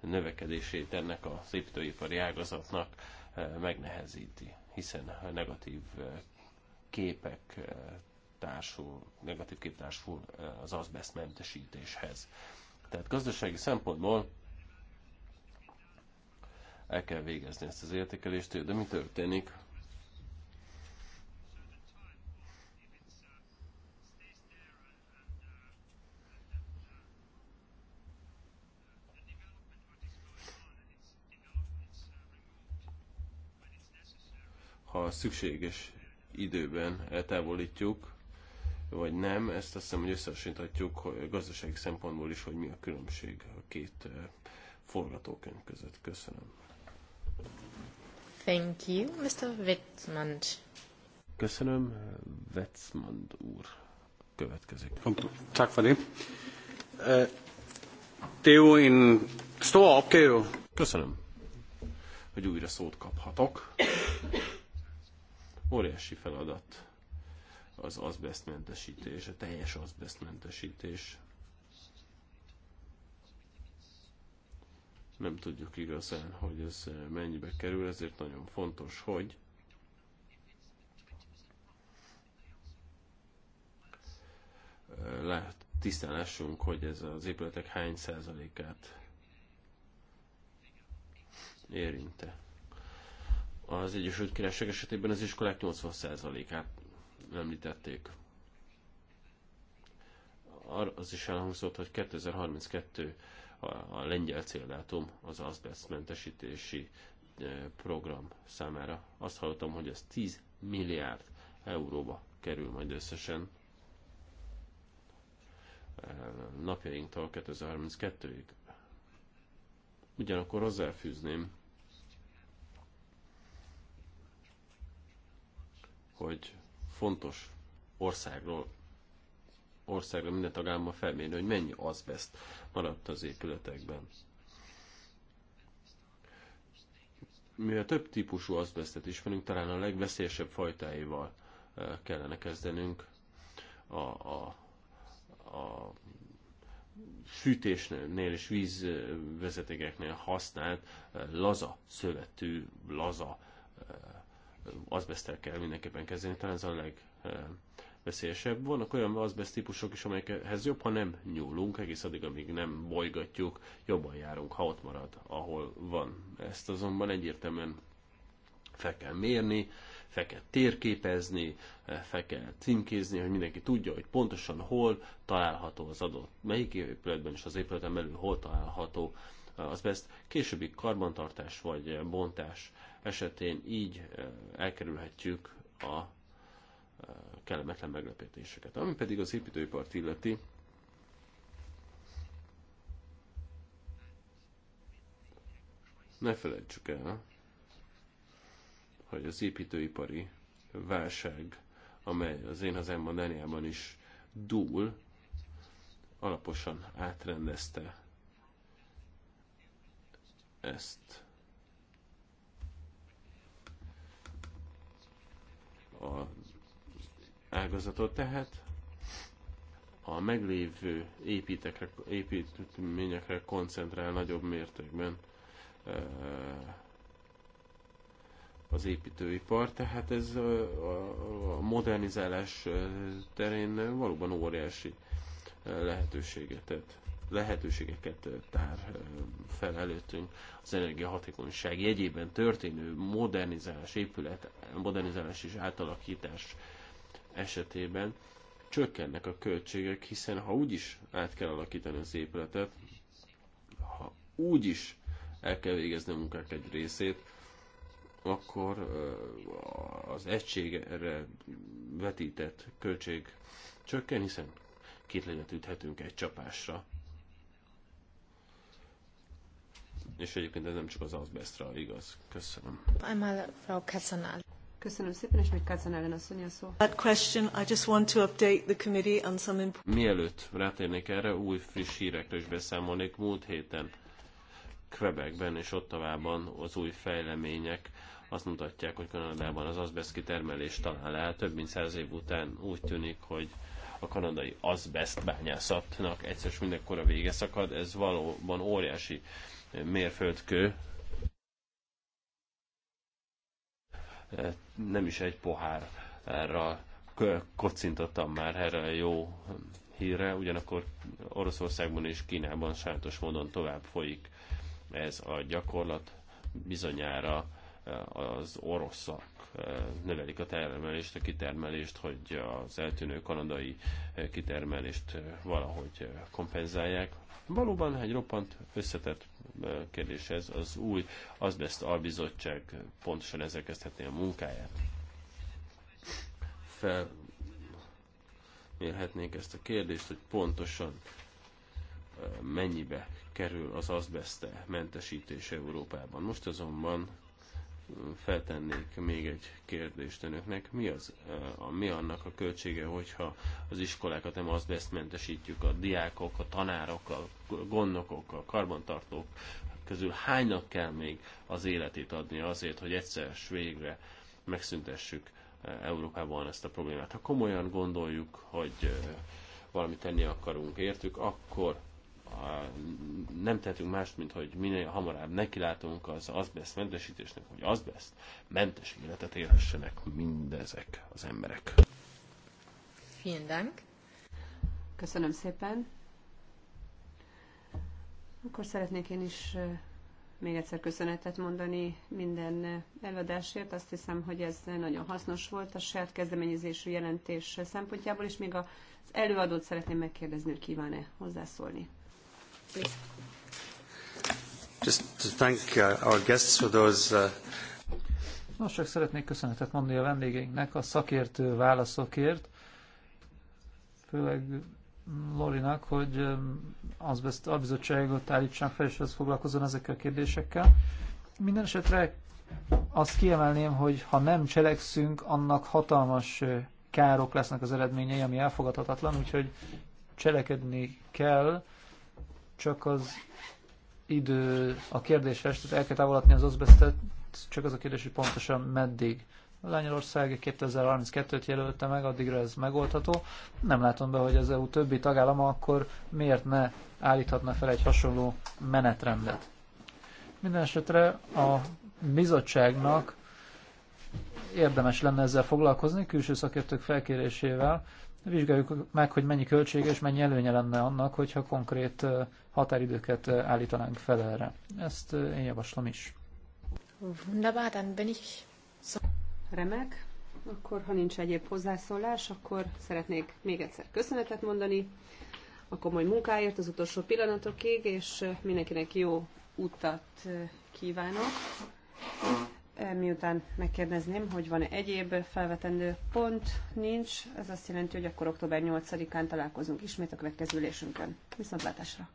növekedését ennek az építőipari ágazatnak megnehezíti, hiszen a negatív képek társul, negatív kép társul az mentesítéshez. Tehát gazdasági szempontból el kell végezni ezt az értékelést, de mi történik, ha szükséges időben eltávolítjuk, vagy nem, ezt azt hiszem, hogy összehasonlíthatjuk gazdasági szempontból is, hogy mi a különbség a két eh, forgatókönyv között. Köszönöm. Thank you, Mr. Wittmund. Köszönöm, eh, Wetzmond úr. Következik. Csak for det. Eh, det er Köszönöm, hogy újra szót kaphatok. Óriási feladat az azbesztmentesítés, a teljes azbesztmentesítés. Nem tudjuk igazán, hogy ez mennyibe kerül, ezért nagyon fontos, hogy lát, tisztán lássunk, hogy ez az épületek hány százalékát érinte. Az Egyesült Királyság esetében az iskolák 80%-át említették. Az is elhangzott, hogy 2032 a a lengyel céldátum az e, program számára. Azt hallottam, hogy ez 10 milliárd euróba kerül majd összesen e, napjainktól 2032-ig. Ugyanakkor hozzáfűzném, hogy fontos országról országra, minden tagállamban felmérni, hogy mennyi azbest maradt az épületekben. Mivel több típusú azbestet ismerünk, talán a legveszélyesebb fajtáival eh, kellene kezdenünk a, a, a fűtésnél és vízvezetékeknél használt eh, laza szövetű, laza eh, azbesztel kell mindenképpen kezdeni, talán ez a legveszélyesebb. Vannak olyan azbeszt típusok is, amelyekhez jobb, ha nem nyúlunk, egész addig, amíg nem bolygatjuk, jobban járunk, ha ott marad, ahol van. Ezt azonban egyértelműen fel kell mérni, fel kell térképezni, fel kell címkézni, hogy mindenki tudja, hogy pontosan hol található az adott, melyik épületben és az épületen belül hol található az best későbbi karbantartás vagy bontás esetén így elkerülhetjük a kellemetlen meglepetéseket. Ami pedig az építőipart illeti, ne felejtsük el, hogy az építőipari válság, amely az én hazámban, Dániában is dúl, alaposan átrendezte ezt az ágazatot, tehát a meglévő építekre, építményekre koncentrál nagyobb mértékben e, az építőipar, tehát ez e, a modernizálás terén valóban óriási e, lehetőséget tett lehetőségeket eh, tár eh, fel előttünk az energiahatékonyság jegyében történő modernizálás, épület, modernizálás és átalakítás esetében csökkennek a költségek, hiszen ha úgyis át kell alakítani az épületet, ha úgyis el kell végezni a munkák egy részét, akkor eh, az egységre vetített költség csökken, hiszen két legyet üthetünk egy csapásra. És egyébként ez nem csak az Asbestra, igaz. Köszönöm. Einmal Frau Kassanál. Köszönöm szépen, és még Kácán asszony a szó. That question, I just want to update the committee on some Mielőtt rátérnék erre, új friss hírekre is beszámolnék. Múlt héten Quebecben és ott továbban az új fejlemények azt mutatják, hogy Kanadában az azbeszt kitermelés talán lehet. Több mint száz év után úgy tűnik, hogy a kanadai azbeszt bányászatnak egyszerűs mindenkor a vége szakad. Ez valóban óriási mérföldkő, nem is egy pohárra kocintottam már erre jó hírre, ugyanakkor Oroszországban és Kínában sajátos módon tovább folyik ez a gyakorlat. Bizonyára az oroszak növelik a termelést, a kitermelést, hogy az eltűnő kanadai kitermelést valahogy kompenzálják. Valóban egy roppant összetett kérdés ez, az új a bizottság pontosan ezzel kezdhetné a munkáját. Felmérhetnénk ezt a kérdést, hogy pontosan mennyibe kerül az azbeste mentesítés Európában. Most azonban feltennék még egy kérdést önöknek. Mi, az, a, mi annak a költsége, hogyha az iskolákat nem azbesztmentesítjük, a diákok, a tanárok, a gondnokok, a karbantartók közül hánynak kell még az életét adni azért, hogy egyszer végre megszüntessük Európában ezt a problémát. Ha komolyan gondoljuk, hogy valamit tenni akarunk értük, akkor nem tehetünk mást, mint hogy minél hamarabb nekilátunk az azbest mentesítésnek, hogy azbest mentes életet élhessenek mindezek az emberek. Vielen Dank. Köszönöm szépen. Akkor szeretnék én is még egyszer köszönetet mondani minden előadásért. Azt hiszem, hogy ez nagyon hasznos volt a saját kezdeményezésű jelentés szempontjából, és még az előadót szeretném megkérdezni, hogy kíván-e hozzászólni please. Just to thank uh, our guests for those, uh... Nos, csak szeretnék köszönetet mondani a vendégeinknek a szakértő válaszokért, főleg Lorinak, hogy um, az a bizottságot állítsam fel, és az foglalkozon ezekkel a kérdésekkel. Minden esetre azt kiemelném, hogy ha nem cselekszünk, annak hatalmas uh, károk lesznek az eredményei, ami elfogadhatatlan, úgyhogy cselekedni kell, csak az idő a kérdéses, tehát el kell távolatni az oszbesztet, csak az a kérdés, hogy pontosan meddig. Lengyelország 2032-t jelölte meg, addigra ez megoldható. Nem látom be, hogy az EU többi tagállama akkor miért ne állíthatna fel egy hasonló menetrendet. Mindenesetre esetre a bizottságnak érdemes lenne ezzel foglalkozni, külső szakértők felkérésével, Vizsgáljuk meg, hogy mennyi költség és mennyi előnye lenne annak, hogyha konkrét határidőket állítanánk fel erre. Ezt én javaslom is. Wunderbar, dann bin ich so. Remek. Akkor, ha nincs egyéb hozzászólás, akkor szeretnék még egyszer köszönetet mondani a komoly munkáért az utolsó pillanatokig, és mindenkinek jó utat kívánok miután megkérdezném, hogy van-e egyéb felvetendő pont, nincs. Ez azt jelenti, hogy akkor október 8-án találkozunk ismét a következő ülésünkön. Viszontlátásra!